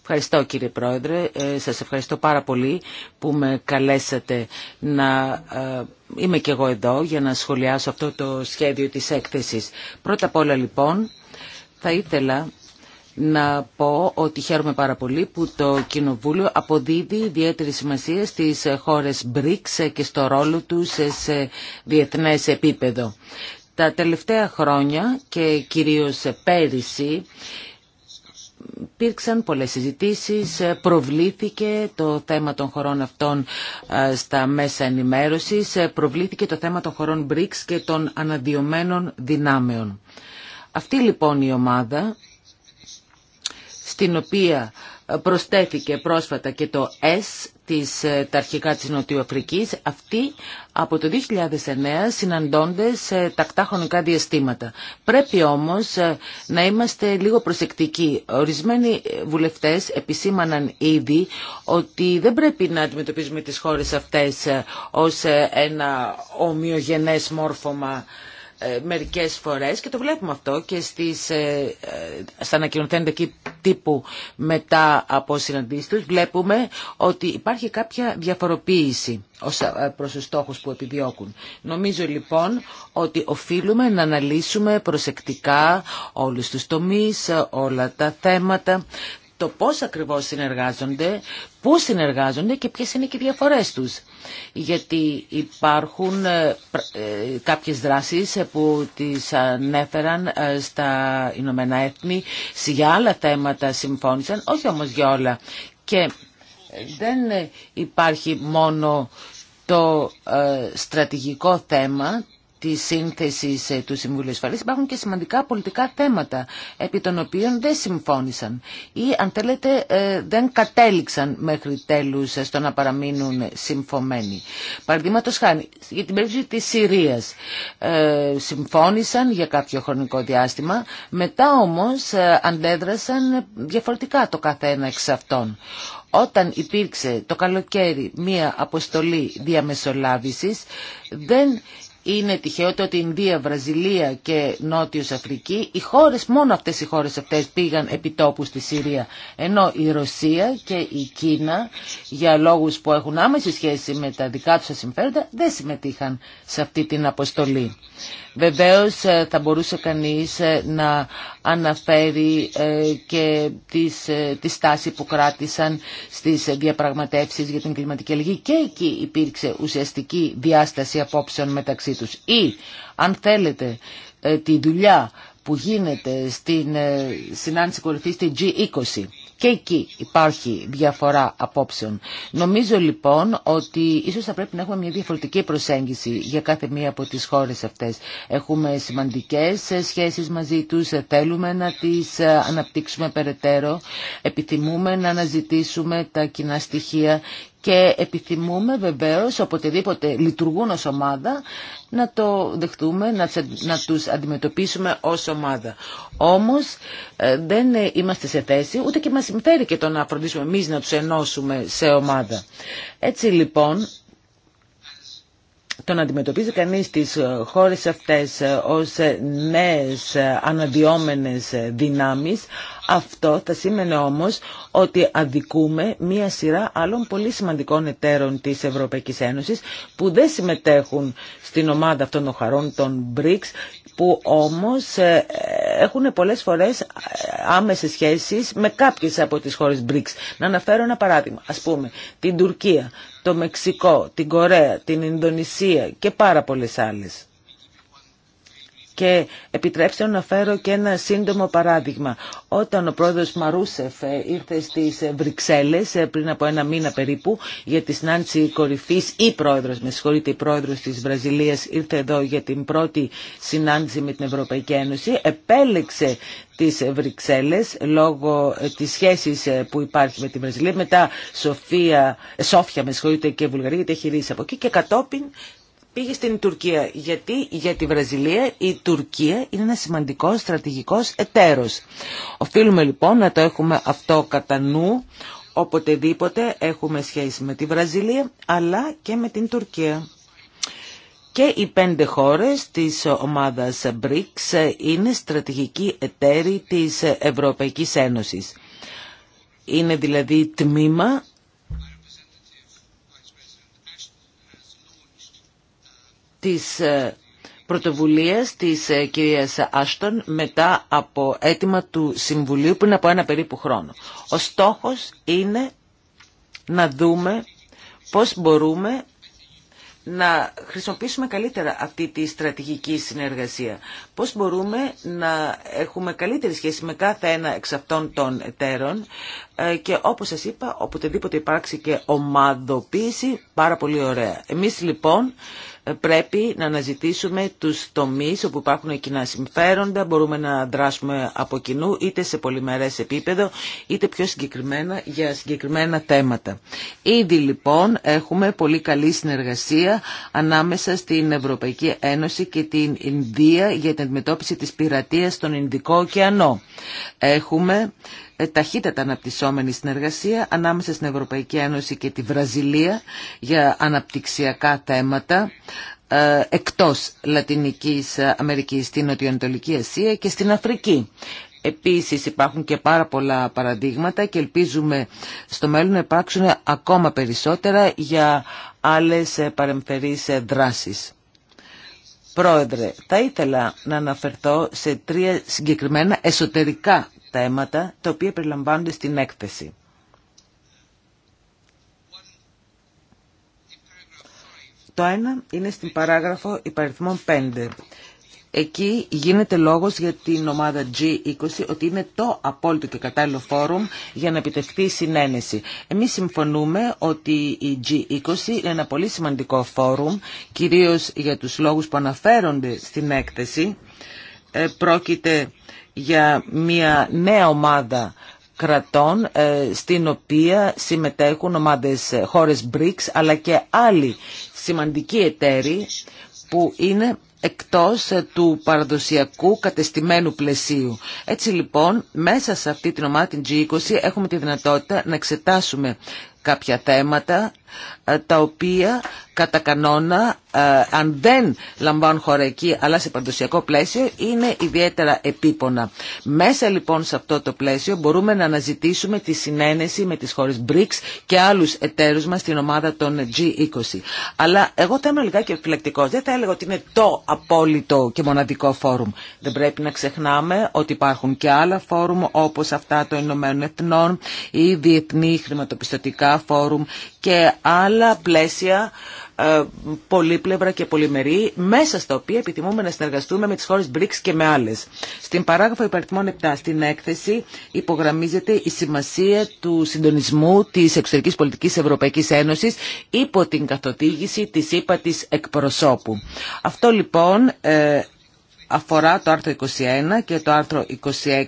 Ευχαριστώ κύριε Πρόεδρε, ε, σας ευχαριστώ πάρα πολύ που με καλέσατε να είμαι και εγώ εδώ για να σχολιάσω αυτό το σχέδιο της έκθεσης. Πρώτα απ' όλα λοιπόν θα ήθελα να πω ότι χαίρομαι πάρα πολύ που το Κοινοβούλιο αποδίδει ιδιαίτερη σημασία στις χώρες BRICS και στο ρόλο τους σε διεθνές επίπεδο. Τα τελευταία χρόνια και κυρίως πέρυσι υπήρξαν πολλές συζητήσεις, ε, προβλήθηκε το θέμα των χωρών αυτών ε, στα μέσα ενημέρωσης, ε, προβλήθηκε το θέμα των χωρών BRICS και των αναδειωμένων δυνάμεων. Αυτή λοιπόν η ομάδα, στην οποία προστέθηκε πρόσφατα και το S της, ε, τα αρχικά της Νοτιοαφρικής, αυτοί από το 2009 συναντώνται σε τακτά χρονικά διαστήματα. Πρέπει όμως ε, να είμαστε λίγο προσεκτικοί. Ορισμένοι ε, βουλευτές επισήμαναν ήδη ότι δεν πρέπει να αντιμετωπίζουμε τις χώρες αυτές ως ένα ομοιογενές μόρφωμα ε, μερικές φορές και το βλέπουμε αυτό και στις, ε, ε, στα ανακοινωθέντα τύπου μετά από συναντήσεις τους βλέπουμε ότι υπάρχει κάποια διαφοροποίηση ως προς τους στόχους που επιδιώκουν. Νομίζω λοιπόν ότι οφείλουμε να αναλύσουμε προσεκτικά όλους τους τομείς, όλα τα θέματα το πώς ακριβώς συνεργάζονται, πού συνεργάζονται και ποιες είναι και οι διαφορές τους. Γιατί υπάρχουν ε, ε, κάποιες δράσεις ε, που τις ανέφεραν στα Ηνωμένα Έθνη, για άλλα θέματα συμφώνησαν, όχι όμως για όλα. Και δεν υπάρχει μόνο το στρατηγικό θέμα τη σύνθεση του Συμβουλίου ασφαλή. υπάρχουν και σημαντικά πολιτικά θέματα επί των οποίων δεν συμφώνησαν ή αν θέλετε ε, δεν κατέληξαν μέχρι τέλους στο να παραμείνουν συμφωμένοι. Παραδείγματο χάνει, για την περίπτωση τη Συρίας ε, συμφώνησαν για κάποιο χρονικό διάστημα μετά όμως ε, αντέδρασαν διαφορετικά το καθένα εξ αυτών όταν υπήρξε το καλοκαίρι μία αποστολή διαμεσολάβησης δεν είναι τυχαίο το ότι η Ινδία, Βραζιλία και Νότιος Αφρική, οι χώρες, μόνο αυτές οι χώρες αυτές πήγαν επιτόπου στη Συρία. Ενώ η Ρωσία και η Κίνα, για λόγους που έχουν άμεση σχέση με τα δικά τους συμφέροντα, δεν συμμετείχαν σε αυτή την αποστολή. Βεβαίως ε, θα μπορούσε κανείς ε, να αναφέρει ε, και τις, ε, τη στάση που κράτησαν στις διαπραγματεύσεις για την κλιματική αλλαγή και εκεί υπήρξε ουσιαστική διάσταση απόψεων μεταξύ τους. Ή, αν θέλετε, ε, τη δουλειά που γίνεται στην συνάντηση κορυφή στην G20 και εκεί υπάρχει διαφορά απόψεων. Νομίζω λοιπόν ότι ίσως θα πρέπει να έχουμε μια διαφορετική προσέγγιση για κάθε μία από τις χώρες αυτές. Έχουμε σημαντικές σχέσεις μαζί τους, θέλουμε να τις αναπτύξουμε περαιτέρω, επιθυμούμε να αναζητήσουμε τα κοινά στοιχεία και επιθυμούμε βεβαίως οποτεδήποτε λειτουργούν ως ομάδα να το δεχτούμε, να, να τους αντιμετωπίσουμε ως ομάδα. Όμως ε, δεν ε, είμαστε σε θέση, ούτε και μας συμφέρει και το να φροντίσουμε εμείς να τους ενώσουμε σε ομάδα. Έτσι λοιπόν, το να αντιμετωπίζει κανείς τις ε, χώρες αυτές ως νέες αναδυόμενες δυνάμεις αυτό θα σήμαινε όμως ότι αδικούμε μία σειρά άλλων πολύ σημαντικών εταίρων της Ευρωπαϊκής Ένωσης που δεν συμμετέχουν στην ομάδα αυτών των χαρών των BRICS που όμως ε, έχουν πολλές φορές ε, άμεσες σχέσεις με κάποιες από τις χώρες BRICS. Να αναφέρω ένα παράδειγμα, ας πούμε, την Τουρκία, το Μεξικό, την Κορέα, την Ινδονησία και πάρα πολλές άλλες. Και επιτρέψτε να φέρω και ένα σύντομο παράδειγμα. Όταν ο πρόεδρος Μαρούσεφ ε, ήρθε στις ε, Βρυξέλλες ε, πριν από ένα μήνα περίπου για τη συνάντηση κορυφής ή πρόεδρος, με συγχωρείτε, η πρόεδρος της Βραζιλίας ήρθε εδώ για την πρώτη συνάντηση με την Ευρωπαϊκή Ένωση, επέλεξε τις Βρυξέλλες λόγω της σχέσης που υπάρχει με τη Βραζιλία, μετά Σοφία, Σόφια με και Βουλγαρία, γιατί έχει ρίσει από εκεί και κατόπιν πήγε στην Τουρκία. Γιατί για τη Βραζιλία η Τουρκία είναι ένα σημαντικό στρατηγικός εταίρος. Οφείλουμε λοιπόν να το έχουμε αυτό κατά νου οποτεδήποτε έχουμε σχέση με τη Βραζιλία αλλά και με την Τουρκία. Και οι πέντε χώρες της ομάδας BRICS είναι στρατηγικοί εταίροι της Ευρωπαϊκής Ένωσης. Είναι δηλαδή τμήμα Ε, της πρωτοβουλίας ε, της κυρίας Άστον μετά από αίτημα του Συμβουλίου πριν από ένα περίπου χρόνο. Ο στόχος είναι να δούμε πώς μπορούμε να χρησιμοποιήσουμε καλύτερα αυτή τη στρατηγική συνεργασία. Πώς μπορούμε να έχουμε καλύτερη σχέση με κάθε ένα εξ αυτών των εταίρων ε, και όπως σας είπα, οποτεδήποτε υπάρξει και ομαδοποίηση, πάρα πολύ ωραία. Εμείς λοιπόν πρέπει να αναζητήσουμε τους τομείς όπου υπάρχουν κοινά συμφέροντα, μπορούμε να δράσουμε από κοινού είτε σε πολυμερές επίπεδο είτε πιο συγκεκριμένα για συγκεκριμένα θέματα. Ήδη λοιπόν έχουμε πολύ καλή συνεργασία ανάμεσα στην Ευρωπαϊκή Ένωση και την Ινδία για την αντιμετώπιση της πειρατείας στον Ινδικό ωκεανό. Έχουμε ε, ταχύτατα αναπτυσσόμενη συνεργασία ανάμεσα στην Ευρωπαϊκή Ένωση και τη Βραζιλία για αναπτυξιακά θέματα ε, εκτός Λατινικής Αμερικής, στην Νοτιοανατολική Ασία και στην Αφρική. Επίσης υπάρχουν και πάρα πολλά παραδείγματα και ελπίζουμε στο μέλλον να υπάρξουν ακόμα περισσότερα για άλλες παρεμφερείς δράσεις. Πρόεδρε, θα ήθελα να αναφερθώ σε τρία συγκεκριμένα εσωτερικά θέματα τα οποία περιλαμβάνονται στην έκθεση. Το ένα είναι στην παράγραφο υπαριθμών 5. Εκεί γίνεται λόγος για την ομάδα G20 ότι είναι το απόλυτο και κατάλληλο φόρουμ για να επιτευχθεί η συνένεση. Εμείς συμφωνούμε ότι η G20 είναι ένα πολύ σημαντικό φόρουμ, κυρίως για τους λόγους που αναφέρονται στην έκθεση. Ε, πρόκειται για μια νέα ομάδα κρατών ε, στην οποία συμμετέχουν ομάδες ε, χώρες BRICS αλλά και άλλοι σημαντικοί εταίροι που είναι εκτός ε, του παραδοσιακού κατεστημένου πλαισίου. Έτσι λοιπόν, μέσα σε αυτή την ομάδα, την G20, έχουμε τη δυνατότητα να εξετάσουμε κάποια θέματα ε, τα οποία κατά κανόνα ε, αν δεν λαμβάνουν χώρα εκεί αλλά σε παντοσιακό πλαίσιο είναι ιδιαίτερα επίπονα. Μέσα λοιπόν σε αυτό το πλαίσιο μπορούμε να αναζητήσουμε τη συνένεση με τις χώρες BRICS και άλλους εταίρους μας στην ομάδα των G20. Αλλά εγώ θα είμαι λιγάκι επιφυλακτικός. Δεν θα έλεγα ότι είναι το απόλυτο και μοναδικό φόρουμ. Δεν πρέπει να ξεχνάμε ότι υπάρχουν και άλλα φόρουμ όπως αυτά των Ηνωμένων Εθνών ή διεθνή χρηματοπιστωτικά φόρουμ και άλλα πλαίσια ε, πολύπλευρα και πολυμερή μέσα στα οποία επιθυμούμε να συνεργαστούμε με τις χώρες BRICS και με άλλες. Στην παράγραφο υπαριθμών 7 στην έκθεση υπογραμμίζεται η σημασία του συντονισμού της εξωτερικής πολιτικής Ευρωπαϊκής Ένωσης υπό την καθοδήγηση της ύπα εκπροσώπου. Αυτό λοιπόν ε, αφορά το άρθρο 21 και το άρθρο 26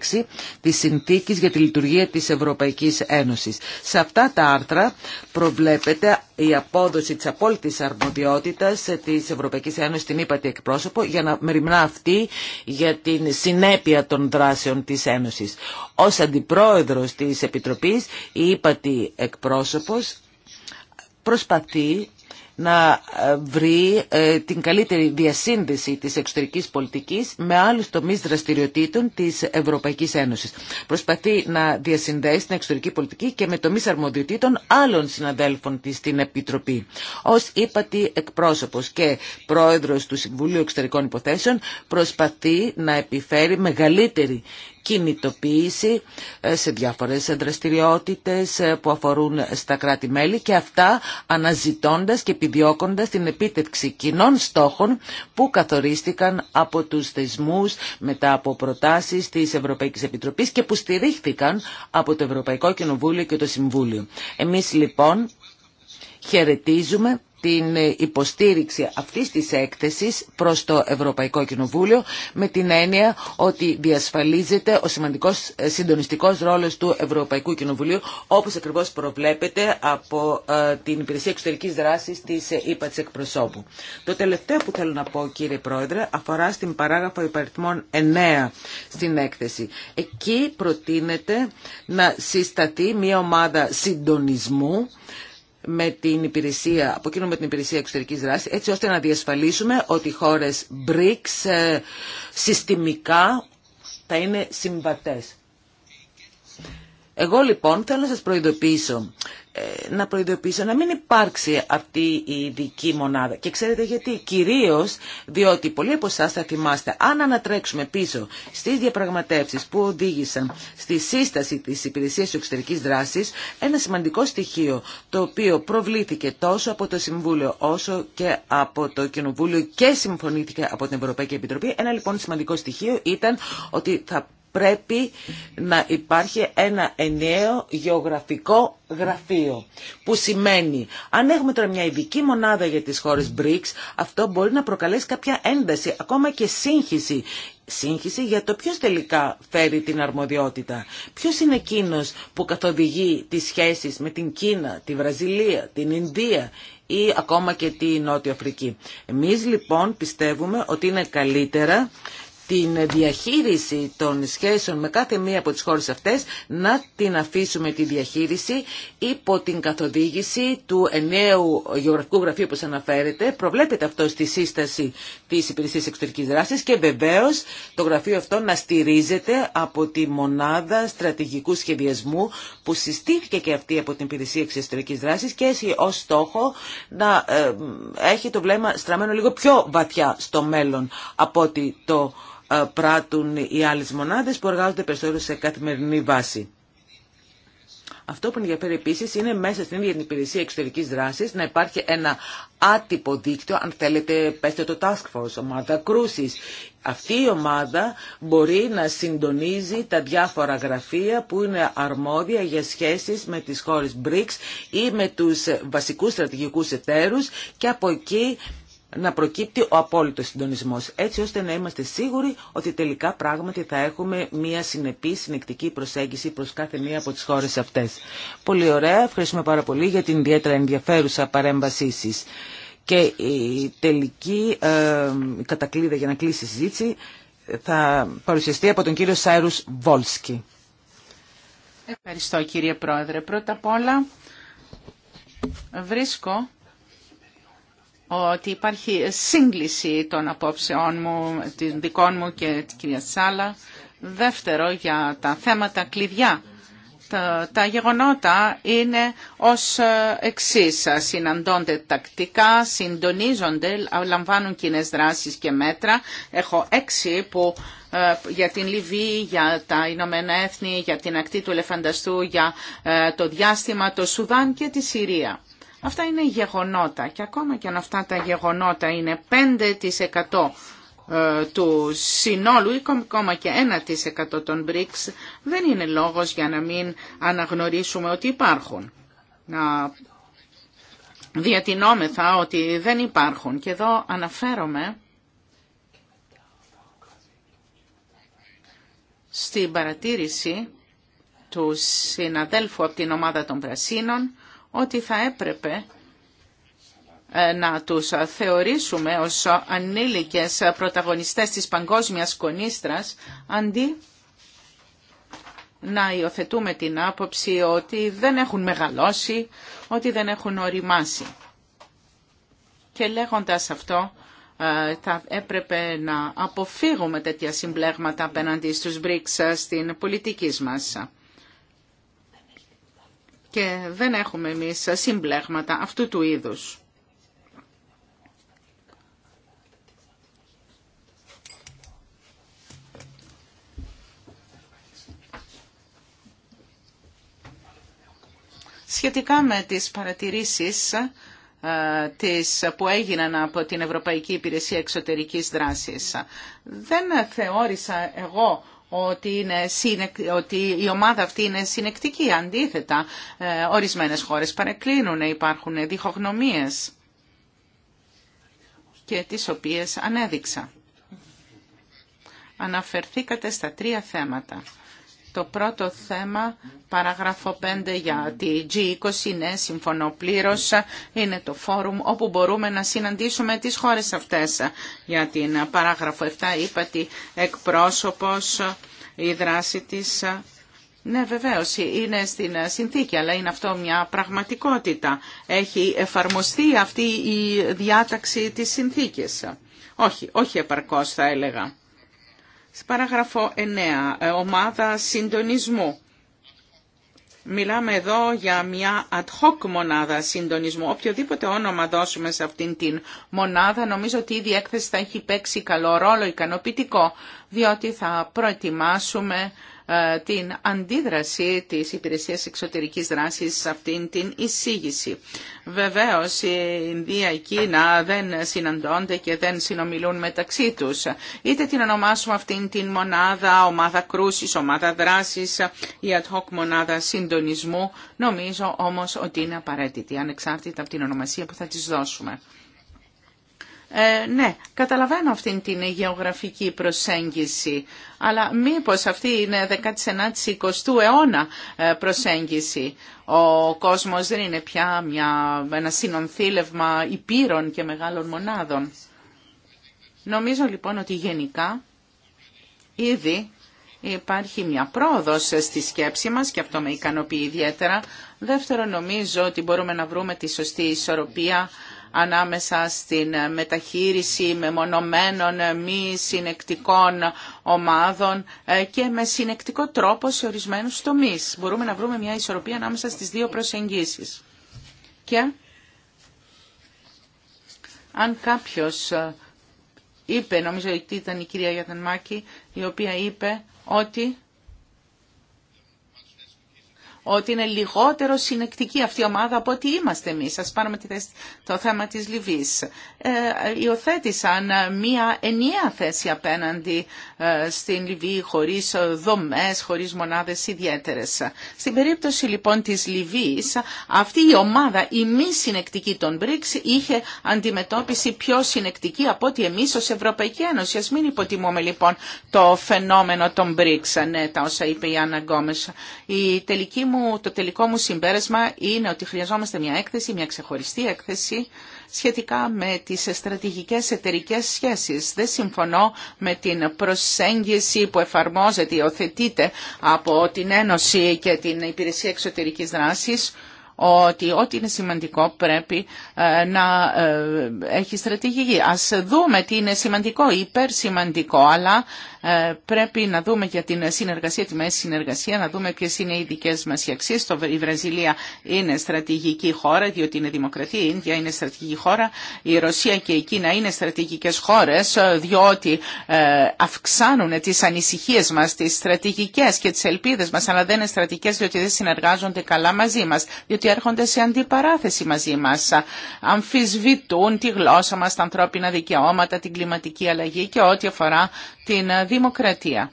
της Συνθήκης για τη Λειτουργία της Ευρωπαϊκής Ένωσης. Σε αυτά τα άρθρα προβλέπεται η απόδοση της απόλυτης αρμοδιότητας της Ευρωπαϊκής Ένωσης στην ύπατη εκπρόσωπο για να μεριμνά αυτή για την συνέπεια των δράσεων της Ένωσης. Ως αντιπρόεδρος της Επιτροπής η ύπατη εκπρόσωπος προσπαθεί να ε, βρει ε, την καλύτερη διασύνδεση της εξωτερικής πολιτικής με άλλους τομείς δραστηριοτήτων της Ευρωπαϊκής Ένωσης. Προσπαθεί να διασυνδέσει την εξωτερική πολιτική και με τομείς αρμοδιοτήτων άλλων συναδέλφων της στην Επιτροπή. Ως είπατη εκπρόσωπος και πρόεδρος του Συμβουλίου Εξωτερικών Υποθέσεων προσπαθεί να επιφέρει μεγαλύτερη κινητοποίηση ε, σε διάφορες δραστηριότητες ε, που αφορούν στα κράτη-μέλη και αυτά αναζητώντας και επιδιώκοντας την επίτευξη κοινών στόχων που καθορίστηκαν από τους θεσμούς μετά από προτάσεις της Ευρωπαϊκής Επιτροπής και που στηρίχθηκαν από το Ευρωπαϊκό Κοινοβούλιο και το Συμβούλιο. Εμείς λοιπόν Χαιρετίζουμε την υποστήριξη αυτής της έκθεσης προς το Ευρωπαϊκό Κοινοβούλιο με την έννοια ότι διασφαλίζεται ο σημαντικός ε, συντονιστικός ρόλος του Ευρωπαϊκού Κοινοβουλίου όπως ακριβώς προβλέπεται από ε, την Υπηρεσία Εξωτερικής Δράσης της ε, ΥΠΑ της Εκπροσώπου. Το τελευταίο που θέλω να πω κύριε Πρόεδρε αφορά στην παράγραφο υπαριθμών 9 στην έκθεση. Εκεί προτείνεται να συσταθεί μια ομάδα συντονισμού με την υπηρεσία, από εκείνο με την υπηρεσία εξωτερικής δράσης, έτσι ώστε να διασφαλίσουμε ότι οι χώρες BRICS ε, συστημικά θα είναι συμβατές. Εγώ λοιπόν θέλω να σας προειδοποιήσω, ε, να προειδοποιήσω να μην υπάρξει αυτή η ειδική μονάδα. Και ξέρετε γιατί, κυρίως διότι πολλοί από εσάς θα θυμάστε, αν ανατρέξουμε πίσω στις διαπραγματεύσεις που οδήγησαν στη σύσταση της υπηρεσίας εξωτερικής δράσης, ένα σημαντικό στοιχείο το οποίο προβλήθηκε τόσο από το Συμβούλιο όσο και από το Κοινοβούλιο και συμφωνήθηκε από την Ευρωπαϊκή Επιτροπή, ένα λοιπόν σημαντικό στοιχείο ήταν ότι θα πρέπει να υπάρχει ένα ενιαίο γεωγραφικό γραφείο. Που σημαίνει, αν έχουμε τώρα μια ειδική μονάδα για τις χώρες BRICS, αυτό μπορεί να προκαλέσει κάποια ένταση, ακόμα και σύγχυση. Σύγχυση για το ποιος τελικά φέρει την αρμοδιότητα. Ποιος είναι εκείνο που καθοδηγεί τις σχέσεις με την Κίνα, τη Βραζιλία, την Ινδία ή ακόμα και τη Νότια Αφρική. Εμείς λοιπόν πιστεύουμε ότι είναι καλύτερα την διαχείριση των σχέσεων με κάθε μία από τις χώρες αυτές να την αφήσουμε τη διαχείριση υπό την καθοδήγηση του εννέου γεωγραφικού γραφείου όπως αναφέρεται. Προβλέπεται αυτό στη σύσταση της Υπηρεσίας Εξωτερικής Δράσης και βεβαίως το γραφείο αυτό να στηρίζεται από τη μονάδα στρατηγικού σχεδιασμού που συστήθηκε και αυτή από την Υπηρεσία Εξωτερικής Δράσης και έχει ως στόχο να ε, έχει το βλέμμα στραμμένο λίγο πιο βαθιά στο μέλλον από ότι το ε, πράττουν οι άλλες μονάδες που εργάζονται περισσότερο σε καθημερινή βάση. Αυτό που ενδιαφέρει επίση είναι μέσα στην ίδια την υπηρεσία εξωτερική δράση να υπάρχει ένα άτυπο δίκτυο, αν θέλετε, πέστε το Task Force, ομάδα κρούση. Αυτή η ομάδα μπορεί να συντονίζει τα διάφορα γραφεία που είναι αρμόδια για σχέσεις με τις χώρες BRICS ή με τους βασικούς στρατηγικούς εταίρους και από εκεί να προκύπτει ο απόλυτος συντονισμό, έτσι ώστε να είμαστε σίγουροι ότι τελικά πράγματι θα έχουμε μια συνεπή, συνεκτική προσέγγιση προς κάθε μία από τις χώρες αυτές. Πολύ ωραία, ευχαριστούμε πάρα πολύ για την ιδιαίτερα ενδιαφέρουσα παρέμβασή σας. Και η τελική ε, κατακλείδα για να κλείσει η συζήτηση θα παρουσιαστεί από τον κύριο Σάιρου Βόλσκι. Ευχαριστώ κύριε Πρόεδρε. Πρώτα απ' όλα βρίσκω ότι υπάρχει σύγκληση των απόψεών μου, των δικών μου και της κυρία Σάλα. Δεύτερο, για τα θέματα κλειδιά. Τα, τα γεγονότα είναι ως ε, εξής. Συναντώνται τακτικά, συντονίζονται, λαμβάνουν κοινέ δράσεις και μέτρα. Έχω έξι που ε, για την Λιβύη, για τα Ηνωμένα Έθνη, για την ακτή του Ελεφανταστού, για ε, το διάστημα, το Σουδάν και τη Συρία. Αυτά είναι γεγονότα και ακόμα και αν αυτά τα γεγονότα είναι 5% ε, του συνόλου ή ακόμα και 1% των BRICS δεν είναι λόγος για να μην αναγνωρίσουμε ότι υπάρχουν. Να διατηνόμεθα ότι δεν υπάρχουν. Και εδώ αναφέρομαι στην παρατήρηση του συναδέλφου από την ομάδα των Πρασίνων ότι θα έπρεπε ε, να τους θεωρήσουμε ως ανήλικες πρωταγωνιστές της παγκόσμιας κονίστρας, αντί να υιοθετούμε την άποψη ότι δεν έχουν μεγαλώσει, ότι δεν έχουν οριμάσει. Και λέγοντας αυτό, ε, θα έπρεπε να αποφύγουμε τέτοια συμπλέγματα απέναντι στους BRICS στην πολιτική μας και δεν έχουμε εμείς συμπλέγματα αυτού του είδους. Σχετικά με τις παρατηρήσεις ε, της, που έγιναν από την Ευρωπαϊκή Υπηρεσία Εξωτερικής Δράσης. Δεν θεώρησα εγώ ότι, είναι η ομάδα αυτή είναι συνεκτική. Αντίθετα, ε, ορισμένες χώρες παρεκκλίνουν, υπάρχουν διχογνωμίες και τις οποίες ανέδειξα. Αναφερθήκατε στα τρία θέματα. Το πρώτο θέμα, παραγράφο 5 για τη G20, ναι, συμφωνώ πλήρω. είναι το φόρουμ όπου μπορούμε να συναντήσουμε τις χώρες αυτές. Για την παράγραφο 7 είπα ότι εκπρόσωπος, η δράση της ναι, βεβαίω, είναι στην συνθήκη, αλλά είναι αυτό μια πραγματικότητα. Έχει εφαρμοστεί αυτή η διάταξη της συνθήκης. Όχι, όχι επαρκώς θα έλεγα. Παραγραφό 9. Ε, ομάδα συντονισμού. Μιλάμε εδώ για μια ad hoc μονάδα συντονισμού. Οποιοδήποτε όνομα δώσουμε σε αυτήν την μονάδα, νομίζω ότι ήδη η έκθεση θα έχει παίξει καλό ρόλο ικανοποιητικό, διότι θα προετοιμάσουμε ε, την αντίδραση της Υπηρεσίας Εξωτερικής Δράσης σε αυτήν την εισήγηση. Βεβαίως η Ινδία, η Κίνα δεν συναντώνται και δεν συνομιλούν μεταξύ τους. Είτε την ονομάσουμε αυτήν την μονάδα, ομάδα κρούσης, ομάδα δράσης ή ad hoc μονάδα συντονισμού, νομίζω όμως ότι είναι απαραίτητη, ανεξάρτητα από την ονομασία που θα της δώσουμε. Ε, ναι, καταλαβαίνω αυτήν την γεωγραφική προσέγγιση, αλλά μήπως αυτή είναι 19-20ου αιώνα ε, προσέγγιση. Ο κόσμος δεν είναι πια μια, ένα συνονθήλευμα υπήρων και μεγάλων μονάδων. Νομίζω λοιπόν ότι γενικά ήδη υπάρχει μια πρόοδος στη σκέψη μας και αυτό με ικανοποιεί ιδιαίτερα. Δεύτερον, νομίζω ότι μπορούμε να βρούμε τη σωστή ισορροπία ανάμεσα στην μεταχείριση μεμονωμένων μη συνεκτικών ομάδων ε, και με συνεκτικό τρόπο σε ορισμένους τομείς. Μπορούμε να βρούμε μια ισορροπία ανάμεσα στις δύο προσεγγίσεις. Και αν κάποιος ε, είπε, νομίζω ότι ήταν η κυρία Γιατανμάκη, η οποία είπε ότι ότι είναι λιγότερο συνεκτική αυτή η ομάδα από ό,τι είμαστε εμείς. Ας πάρουμε το θέμα της Λιβύης. Ε, υιοθέτησαν μία ενιαία θέση απέναντι ε, στην Λιβύη χωρίς δομές, χωρίς μονάδες ιδιαίτερες. Στην περίπτωση λοιπόν της Λιβύης, αυτή η ομάδα, η μη συνεκτική των BRICS, είχε αντιμετώπιση πιο συνεκτική από ό,τι εμείς ως Ευρωπαϊκή Ένωση. Ας μην υποτιμούμε λοιπόν το φαινόμενο των BRICS, ναι, τα όσα είπε η Άννα Γκόμες. Η τελική μου το τελικό μου συμπέρασμα είναι ότι χρειαζόμαστε μια έκθεση, μια ξεχωριστή έκθεση σχετικά με τις στρατηγικές εταιρικέ σχέσεις. Δεν συμφωνώ με την προσέγγιση που εφαρμόζεται, υιοθετείται από την Ένωση και την Υπηρεσία Εξωτερικής Δράσης ότι ό,τι είναι σημαντικό πρέπει ε, να ε, έχει στρατηγική. Ας δούμε τι είναι σημαντικό, υπερσημαντικό, αλλά ε, πρέπει να δούμε για την συνεργασία, τη μέση συνεργασία, να δούμε ποιε είναι οι δικέ μα οι αξίε. Η Βραζιλία είναι στρατηγική χώρα, διότι είναι δημοκρατία. Η Ινδία είναι στρατηγική χώρα. Η Ρωσία και η Κίνα είναι στρατηγικέ χώρε, ε, διότι ε, αυξάνουν τι ανησυχίε μα, τι στρατηγικέ και τι ελπίδε μα, αλλά δεν είναι στρατηγικέ διότι δεν συνεργάζονται καλά μαζί μα, διότι έρχονται σε αντιπαράθεση μαζί μα. Αμφισβητούν τη γλώσσα μα, τα ανθρώπινα δικαιώματα, την κλιματική αλλαγή και ό,τι αφορά την δημοκρατία.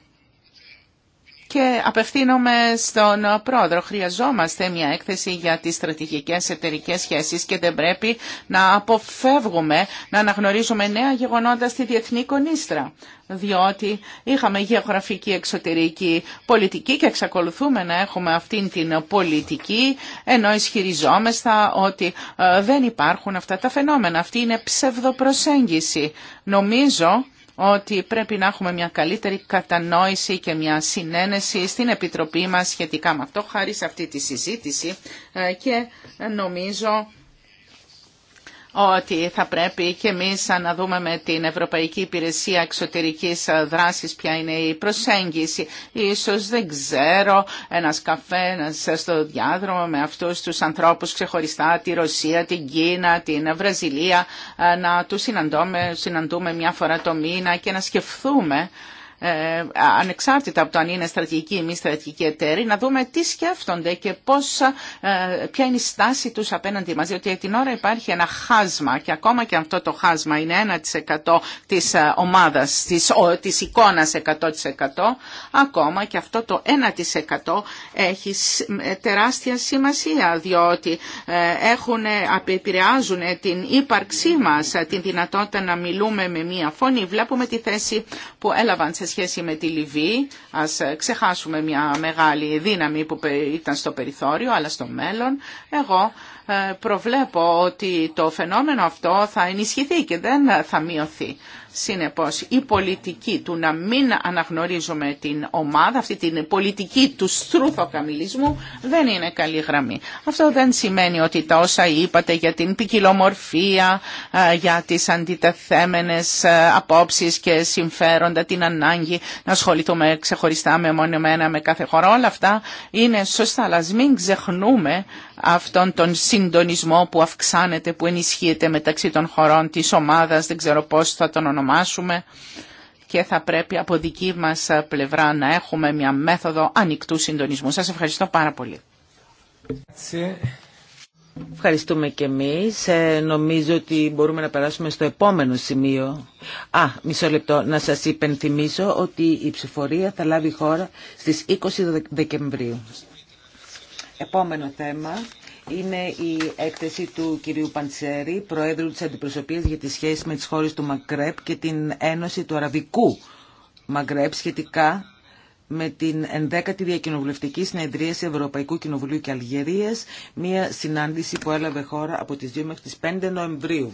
Και απευθύνομαι στον πρόεδρο. Χρειαζόμαστε μια έκθεση για τις στρατηγικές εταιρικές σχέσεις και δεν πρέπει να αποφεύγουμε να αναγνωρίζουμε νέα γεγονότα στη διεθνή κονίστρα. Διότι είχαμε γεωγραφική εξωτερική πολιτική και εξακολουθούμε να έχουμε αυτήν την πολιτική ενώ ισχυριζόμεστα ότι ε, δεν υπάρχουν αυτά τα φαινόμενα. Αυτή είναι ψευδοπροσέγγιση. Νομίζω ότι πρέπει να έχουμε μια καλύτερη κατανόηση και μια συνένεση στην Επιτροπή μας σχετικά με αυτό, χάρη σε αυτή τη συζήτηση ε, και νομίζω ότι θα πρέπει και εμείς να δούμε με την Ευρωπαϊκή Υπηρεσία Εξωτερικής Δράσης ποια είναι η προσέγγιση. Ίσως δεν ξέρω ένας καφέ στο διάδρομο με αυτούς τους ανθρώπους ξεχωριστά, τη Ρωσία, την Κίνα, την Βραζιλία, να τους συναντούμε, συναντούμε μια φορά το μήνα και να σκεφτούμε ε, ανεξάρτητα από το αν είναι στρατηγική ή μη στρατηγική εταίροι, να δούμε τι σκέφτονται και πώς, ε, ποια είναι η στάση τους απέναντι μας. Διότι την ώρα υπάρχει ένα χάσμα και ακόμα και αυτό το χάσμα είναι 1% της ε, ομάδας, της, της εικόνας 100%, ακόμα και αυτό το 1% έχει τεράστια σημασία, διότι έχουν, επηρεάζουν την ύπαρξή μας, την δυνατότητα να μιλούμε με μία φωνή. Βλέπουμε τη θέση που έλαβαν σε σε σχέση με τη Λιβύη. Ας ε, ξεχάσουμε μια μεγάλη δύναμη που ήταν στο περιθώριο, αλλά στο μέλλον. Εγώ ε, προβλέπω ότι το φαινόμενο αυτό θα ενισχυθεί και δεν θα μειωθεί. Συνεπώς, η πολιτική του να μην αναγνωρίζουμε την ομάδα, αυτή την πολιτική του στρούθοκαμιλισμού, δεν είναι καλή γραμμή. Αυτό δεν σημαίνει ότι τα όσα είπατε για την ποικιλομορφία, για τις αντιτεθέμενες απόψεις και συμφέροντα, την ανάγκη να ασχοληθούμε ξεχωριστά με μονεμένα με κάθε χώρο, όλα αυτά είναι σωστά, αλλά μην ξεχνούμε αυτόν τον συντονισμό που αυξάνεται, που ενισχύεται μεταξύ των χωρών της ομάδας, δεν ξέρω πώς θα τον ονομάσουμε ονομάσουμε και θα πρέπει από δική μας πλευρά να έχουμε μια μέθοδο ανοιχτού συντονισμού. Σας ευχαριστώ πάρα πολύ. Ευχαριστούμε και εμείς. Ε, νομίζω ότι μπορούμε να περάσουμε στο επόμενο σημείο. Α, μισό λεπτό. Να σας υπενθυμίσω ότι η ψηφορία θα λάβει χώρα στις 20 Δεκεμβρίου. Επόμενο θέμα είναι η έκθεση του κυρίου Παντσέρη, Προέδρου της Αντιπροσωπείας για τις σχέσεις με τις χώρες του Μαγκρέπ και την Ένωση του Αραβικού Μαγκρέπ σχετικά με την 11η Διακοινοβουλευτική Συνεδρίαση Ευρωπαϊκού Κοινοβουλίου και Αλγερίας, μια συνάντηση που έλαβε χώρα από τις 2 μέχρι τις 5 Νοεμβρίου.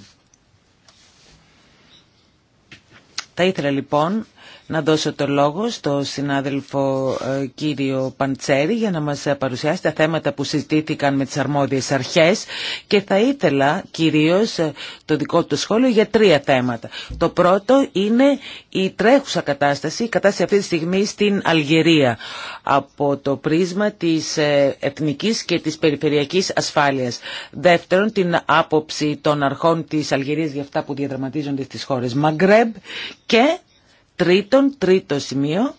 Θα ήθελα λοιπόν να δώσω το λόγο στο συνάδελφο ε, κύριο Παντσέρη για να μας ε, παρουσιάσει τα θέματα που συζητήθηκαν με τις αρμόδιες αρχές και θα ήθελα κυρίως ε, το δικό του σχόλιο για τρία θέματα. Το πρώτο είναι η τρέχουσα κατάσταση, η κατάσταση αυτή τη στιγμή στην Αλγερία από το πρίσμα της εθνικής και της περιφερειακής ασφάλειας. Δεύτερον, την άποψη των αρχών της Αλγερίας για αυτά που διαδραματίζονται στις χώρες Μαγκρέμπ και Τρίτον, τρίτο σημείο,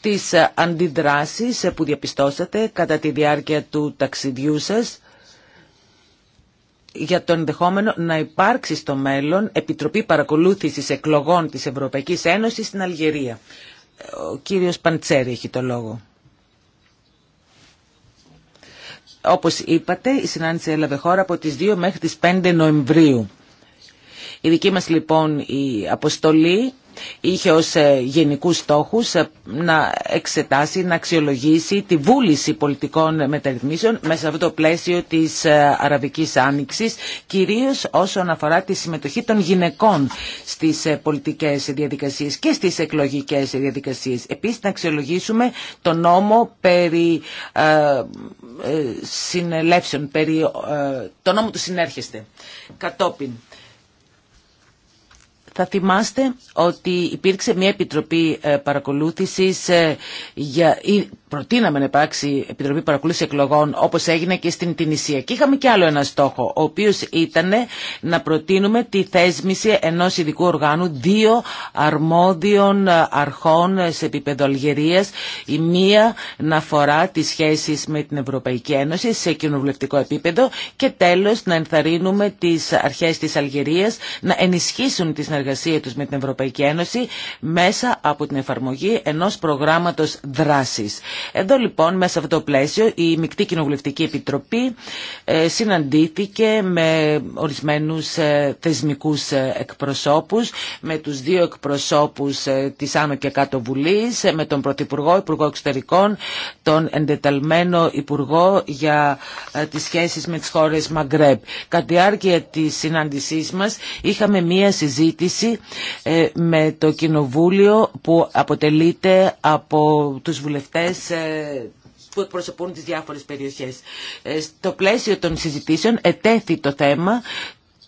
τις ε, αντιδράσεις ε, που διαπιστώσατε κατά τη διάρκεια του ταξιδιού σας για το ενδεχόμενο να υπάρξει στο μέλλον Επιτροπή Παρακολούθησης Εκλογών της Ευρωπαϊκής Ένωσης στην Αλγερία. Ο κύριος Παντσέρη έχει το λόγο. Όπως είπατε, η συνάντηση έλαβε χώρα από τις 2 μέχρι τις 5 Νοεμβρίου. Η δική μας λοιπόν η αποστολή είχε ως ε, γενικούς στόχους ε, να εξετάσει, να αξιολογήσει τη βούληση πολιτικών μεταρρυθμίσεων μέσα σε αυτό το πλαίσιο της ε, Αραβικής Άνοιξης, κυρίως όσον αφορά τη συμμετοχή των γυναικών στις πολιτικές διαδικασίες και στις εκλογικές διαδικασίες. Επίσης, να αξιολογήσουμε το νόμο περί ε, συνελεύσεων, περί, το νόμο του συνέρχεστε. Κατόπιν, θα θυμάστε ότι υπήρξε μια επιτροπή ε, παρακολούθησης ε, προτείναμε να υπάρξει Επιτροπή Παρακολούθηση Εκλογών όπως έγινε και στην Τινησία. Και είχαμε και άλλο ένα στόχο, ο οποίος ήταν να προτείνουμε τη θέσμηση ενός ειδικού οργάνου δύο αρμόδιων αρχών σε επίπεδο Αλγερίας. Η μία να αφορά τις σχέσεις με την Ευρωπαϊκή Ένωση σε κοινοβουλευτικό επίπεδο και τέλος να ενθαρρύνουμε τις αρχές της Αλγερίας να ενισχύσουν τη συνεργασία τους με την Ευρωπαϊκή Ένωση μέσα από την εφαρμογή ενός προγράμματος δράσης. Εδώ λοιπόν μέσα σε αυτό το πλαίσιο η Μικτή Κοινοβουλευτική Επιτροπή ε, συναντήθηκε με ορισμένους ε, θεσμικούς ε, εκπροσώπους, με τους δύο εκπροσώπους της Άνω και Κάτω Βουλής, με τον Πρωθυπουργό, Υπουργό Εξωτερικών, τον εντεταλμένο Υπουργό για τις σχέσεις με τις χώρες Μαγκρέπ. Κατά τη διάρκεια της συνάντησής μας είχαμε μία συζήτηση με το Κοινοβούλιο που αποτελείται από τους βουλευτές ε, που εκπροσωπούν τις διάφορες περιοχές. Ε, στο πλαίσιο των συζητήσεων ετέθη το θέμα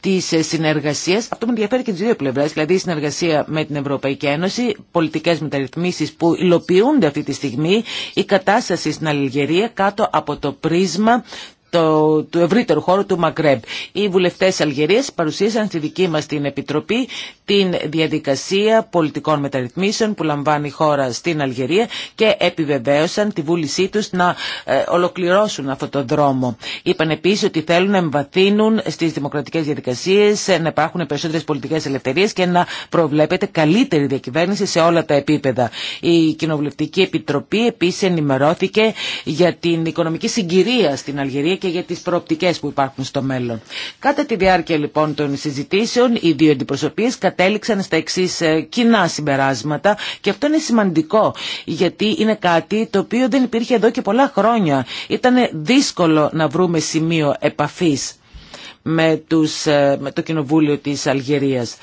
τη συνεργασία. Αυτό με ενδιαφέρει και τι δύο πλευρέ, δηλαδή η συνεργασία με την Ευρωπαϊκή Ένωση, πολιτικέ μεταρρυθμίσει που υλοποιούνται αυτή τη στιγμή, η κατάσταση στην Αλγερία κάτω από το πρίσμα το, του ευρύτερου χώρου του Μαγκρέμπ. Οι βουλευτές Αλγερίας παρουσίασαν στη δική μας την Επιτροπή την διαδικασία πολιτικών μεταρρυθμίσεων που λαμβάνει η χώρα στην Αλγερία και επιβεβαίωσαν τη βούλησή τους να ε, ολοκληρώσουν αυτό το δρόμο. Είπαν επίσης ότι θέλουν να εμβαθύνουν στις δημοκρατικές διαδικασίες, να υπάρχουν περισσότερες πολιτικές ελευθερίες και να προβλέπεται καλύτερη διακυβέρνηση σε όλα τα επίπεδα. Η Κοινοβουλευτική Επιτροπή επίσης ενημερώθηκε για την οικονομική συγκυρία στην Αλγερία και για τις προοπτικές που υπάρχουν στο μέλλον. Κατά τη διάρκεια λοιπόν των συζητήσεων, οι δύο αντιπροσωπείες κατέληξαν στα εξή ε, κοινά συμπεράσματα και αυτό είναι σημαντικό γιατί είναι κάτι το οποίο δεν υπήρχε εδώ και πολλά χρόνια. Ήταν δύσκολο να βρούμε σημείο επαφής με, τους, ε, με το Κοινοβούλιο της Αλγερίας.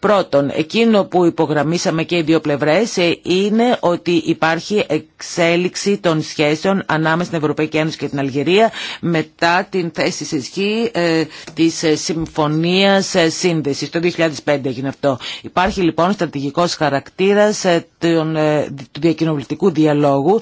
Πρώτον, εκείνο που υπογραμμίσαμε και οι δύο πλευρές ε, είναι ότι υπάρχει εξέλιξη των σχέσεων ανάμεσα στην Ευρωπαϊκή Ένωση και την Αλγερία μετά την θέση σε ισχύ ε, της ε, Συμφωνίας σύνδεση. Το 2005 έγινε αυτό. Υπάρχει λοιπόν στρατηγικός χαρακτήρας του διακοινοβουλευτικού διαλόγου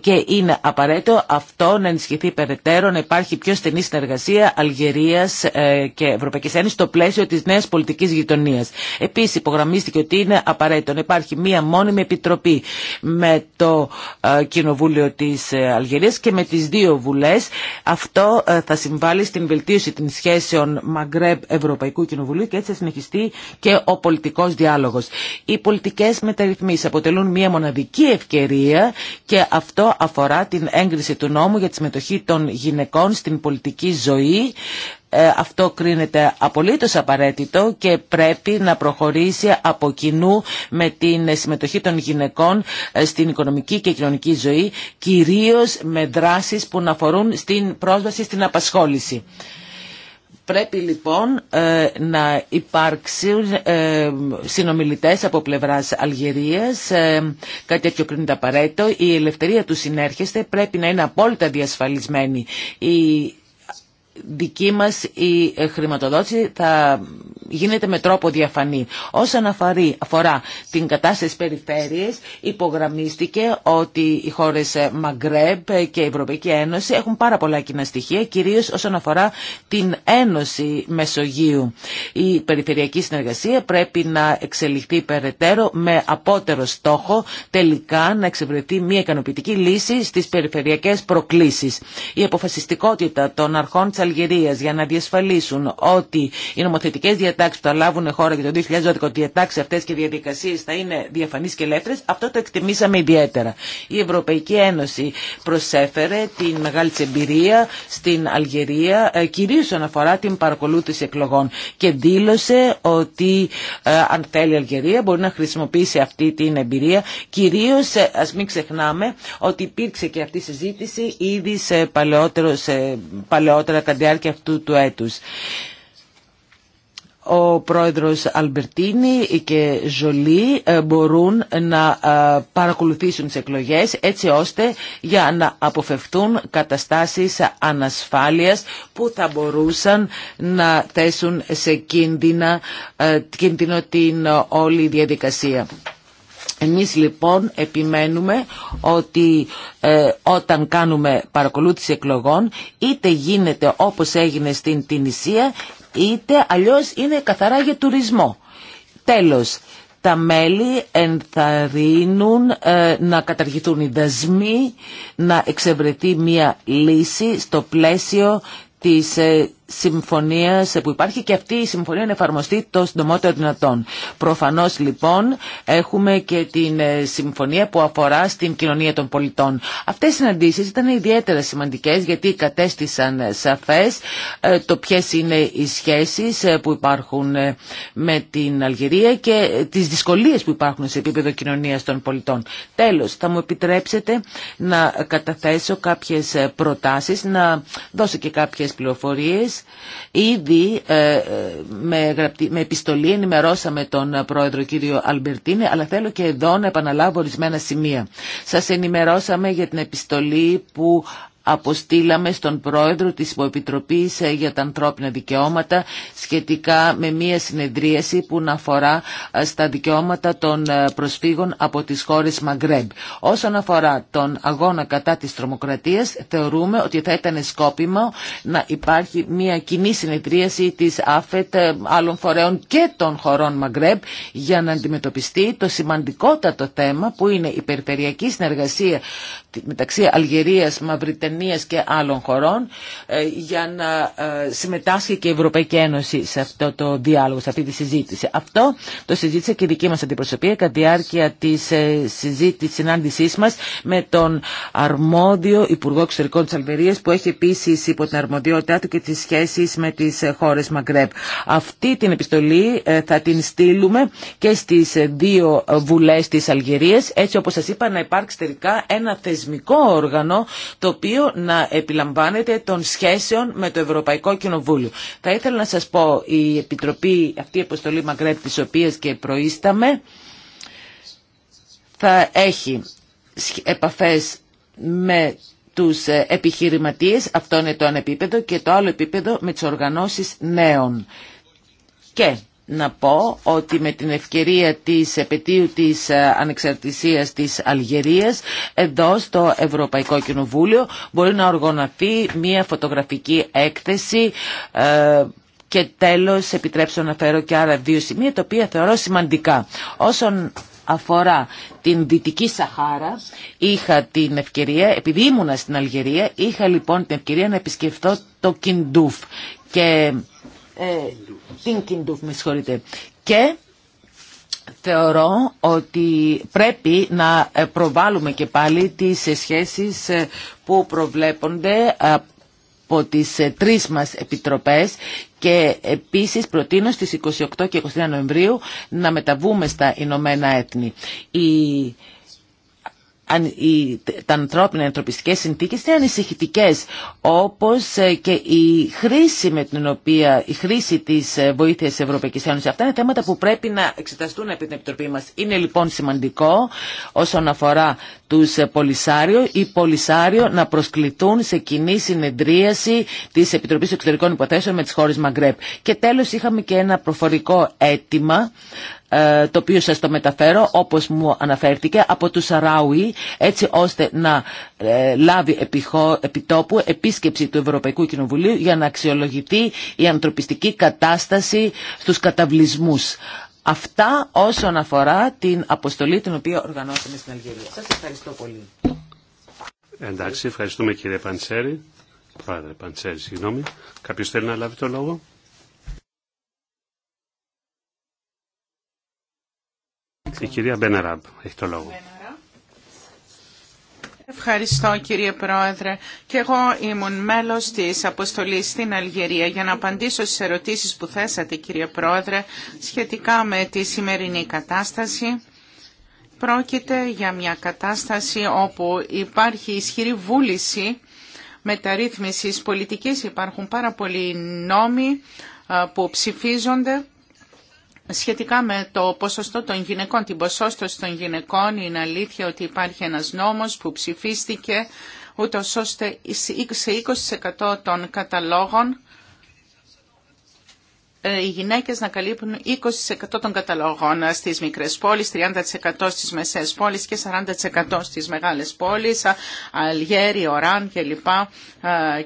και είναι απαραίτητο αυτό να ενισχυθεί περαιτέρω, να υπάρχει πιο στενή συνεργασία Αλγερίας ε, και Ευρωπαϊκής Ένωσης στο πλαίσιο της νέας πολιτικής γειτονίας. Επίσης υπογραμμίστηκε ότι είναι απαραίτητο να υπάρχει μία μόνιμη επιτροπή με το ε, Κοινοβούλιο της ε, Αλγερίας και με τις δύο βουλές. Αυτό θα συμβάλλει στην βελτίωση των σχέσεων Μαγκρέμπ Ευρωπαϊκού Κοινοβουλίου και έτσι θα συνεχιστεί και ο πολιτικός διάλογος. Οι πολιτικέ μεταρρυθμίσεις αποτελούν μία μοναδική ευκαιρία και αυτό αυτό αφορά την έγκριση του νόμου για τη συμμετοχή των γυναικών στην πολιτική ζωή. Ε, αυτό κρίνεται απολύτως απαραίτητο και πρέπει να προχωρήσει από κοινού με την συμμετοχή των γυναικών ε, στην οικονομική και κοινωνική ζωή, κυρίως με δράσεις που να αφορούν στην πρόσβαση στην απασχόληση. Πρέπει λοιπόν ε, να υπάρξουν ε, συνομιλητές από πλευράς Αλγερίας, ε, κάτι τέτοιο κρίνεται απαραίτητο. Η ελευθερία του συνέρχεται πρέπει να είναι απόλυτα διασφαλισμένη δική μας η ε, χρηματοδότηση θα γίνεται με τρόπο διαφανή. Όσον αφορά την κατάσταση περιφέρειας υπογραμμίστηκε ότι οι χώρες ε, Μαγκρέμπ και η Ευρωπαϊκή Ένωση έχουν πάρα πολλά κοινά στοιχεία, κυρίως όσον αφορά την Ένωση Μεσογείου. Η περιφερειακή συνεργασία πρέπει να εξελιχθεί περαιτέρω με απότερο στόχο τελικά να εξευρεθεί μια ικανοποιητική λύση στις περιφερειακές προκλήσεις. Η αποφασιστικότητα των αρχών Αλγερίας για να διασφαλίσουν ότι οι νομοθετικές διατάξεις που θα λάβουν χώρα για το 2012, ότι οι διατάξεις αυτές και οι διαδικασίες θα είναι διαφανείς και ελεύθερες, αυτό το εκτιμήσαμε ιδιαίτερα. Η Ευρωπαϊκή Ένωση προσέφερε την μεγάλη της εμπειρία στην Αλγερία, ε, κυρίως όσον αφορά την παρακολούθηση εκλογών και δήλωσε ότι ε, αν θέλει η Αλγερία μπορεί να χρησιμοποιήσει αυτή την εμπειρία, κυρίως ε, ας μην ξεχνάμε ότι υπήρξε και αυτή η συζήτηση ήδη σε, παλαιότερα σε διάρκεια αυτού του έτους. Ο πρόεδρος Αλμπερτίνη και Ζολή ε, μπορούν να ε, παρακολουθήσουν τις εκλογές έτσι ώστε για να αποφευθούν καταστάσεις ανασφάλειας που θα μπορούσαν να θέσουν σε ε, κίνδυνο την όλη διαδικασία. Εμείς λοιπόν επιμένουμε ότι ε, όταν κάνουμε παρακολούθηση εκλογών είτε γίνεται όπως έγινε στην Τινησία είτε αλλιώς είναι καθαρά για τουρισμό. Τέλος, τα μέλη ενθαρρύνουν ε, να καταργηθούν οι δασμοί, να εξευρεθεί μια λύση στο πλαίσιο της ε, συμφωνία που υπάρχει και αυτή η συμφωνία είναι εφαρμοστεί το συντομότερο δυνατόν. Προφανώ λοιπόν έχουμε και την ε, συμφωνία που αφορά στην κοινωνία των πολιτών. Αυτέ οι συναντήσει ήταν ιδιαίτερα σημαντικέ γιατί κατέστησαν ε, σαφέ ε, το ποιε είναι οι σχέσει που υπάρχουν με την Αλγερία και τι δυσκολίε που υπάρχουν σε επίπεδο κοινωνία των πολιτών. Τέλο, θα μου επιτρέψετε να καταθέσω κάποιε προτάσει να δώσω και κάποιε πληροφορίε ήδη ε, ε, με, με επιστολή ενημερώσαμε τον πρόεδρο κύριο Αλμπερτίνη αλλά θέλω και εδώ να επαναλάβω ορισμένα σημεία. Σας ενημερώσαμε για την επιστολή που αποστήλαμε στον πρόεδρο της Υποεπιτροπής ε, για τα ανθρώπινα δικαιώματα σχετικά με μια συνεδρίαση που να αφορά ε, στα δικαιώματα των ε, προσφύγων από τις χώρες Μαγκρέμπ. Όσον αφορά τον αγώνα κατά της τρομοκρατίας, θεωρούμε ότι θα ήταν σκόπιμο να υπάρχει μια κοινή συνεδρίαση της ΑΦΕΤ άλλων φορέων και των χωρών Μαγκρέμπ για να αντιμετωπιστεί το σημαντικότατο θέμα που είναι η περιφερειακή συνεργασία μεταξύ Αλγερίας, και άλλων χωρών ε, για να ε, συμμετάσχει και η Ευρωπαϊκή Ένωση σε αυτό το διάλογο, σε αυτή τη συζήτηση. Αυτό το συζήτησε και η δική μας αντιπροσωπεία κατά τη διάρκεια της ε, συζήτησης, συνάντησής μας με τον αρμόδιο Υπουργό Εξωτερικών της Αλβερίας που έχει επίσης υπό την αρμοδιότητά του και τις σχέσεις με τις χώρες Μαγκρέπ. Αυτή την επιστολή θα την στείλουμε και στις δύο βουλές της Αλγερίας έτσι όπως σας είπα να υπάρξει τελικά ένα θεσμικό όργανο το οποίο να επιλαμβάνετε των σχέσεων με το Ευρωπαϊκό Κοινοβούλιο. Θα ήθελα να σας πω, η Επιτροπή, αυτή η αποστολή Μαγκρέπ της οποίας και προείσταμε, θα έχει επαφές με τους ε, επιχειρηματίες, αυτό είναι το ανεπίπεδο και το άλλο επίπεδο με τις οργανώσεις νέων. Και να πω ότι με την ευκαιρία της επαιτίου της ε, ανεξαρτησίας της Αλγερίας εδώ στο Ευρωπαϊκό Κοινοβούλιο μπορεί να οργανωθεί μια φωτογραφική έκθεση ε, και τέλος επιτρέψω να φέρω και άρα δύο σημεία τα οποία θεωρώ σημαντικά. Όσον αφορά την Δυτική Σαχάρα είχα την ευκαιρία, επειδή ήμουνα στην Αλγερία, είχα λοιπόν την ευκαιρία να επισκεφθώ το Κιντούφ και ε, με συγχωρείτε. Και θεωρώ ότι πρέπει να ε, προβάλλουμε και πάλι τις σχέσεις ε, που προβλέπονται από τις τρεις μας επιτροπές και επίσης προτείνω στις 28 και 29 Νοεμβρίου να μεταβούμε στα Ηνωμένα Έθνη. Η τα ανθρώπινα ανθρωπιστικέ συνθήκες είναι ανησυχητικέ, όπως ε, και η χρήση με την οποία, η χρήση της ε, βοήθειας Ευρωπαϊκής Ένωσης. Αυτά είναι θέματα που πρέπει να εξεταστούν από την Επιτροπή μας. Είναι λοιπόν σημαντικό όσον αφορά του ε, Πολυσάριο ή Πολυσάριο να προσκληθούν σε κοινή συνεδρίαση της Επιτροπής Εξωτερικών Υποθέσεων με τις χώρες Μαγκρέπ. Και τέλος είχαμε και ένα προφορικό αίτημα ε, το οποίο σας το μεταφέρω όπως μου αναφέρθηκε από τους Σαράουι έτσι ώστε να ε, λάβει επιτόπου επίσκεψη του Ευρωπαϊκού Κοινοβουλίου για να αξιολογηθεί η ανθρωπιστική κατάσταση στους καταβλισμούς. Αυτά όσον αφορά την αποστολή την οποία οργανώσαμε στην Αλγερία. Σας ευχαριστώ πολύ. Εντάξει, ευχαριστούμε κύριε Παντσέρη. Πρόεδρε Παντσέρη, συγγνώμη. Κάποιος θέλει να λάβει το λόγο. Η κυρία Μπέναραμπ έχει το λόγο. Ευχαριστώ κύριε Πρόεδρε. Και εγώ ήμουν μέλος της αποστολής στην Αλγερία για να απαντήσω στις ερωτήσεις που θέσατε κύριε Πρόεδρε σχετικά με τη σημερινή κατάσταση. Πρόκειται για μια κατάσταση όπου υπάρχει ισχυρή βούληση μεταρρύθμισης πολιτικής. Υπάρχουν πάρα πολλοί νόμοι που ψηφίζονται Σχετικά με το ποσοστό των γυναικών, την ποσόστοση των γυναικών, είναι αλήθεια ότι υπάρχει ένας νόμος που ψηφίστηκε ούτως ώστε σε 20% των καταλόγων ε, οι γυναίκες να καλύπτουν 20% των καταλογών στις μικρές πόλεις, 30% στις μεσαίες πόλεις και 40% στις μεγάλες πόλεις, Αλγέρι, Οράν κλπ.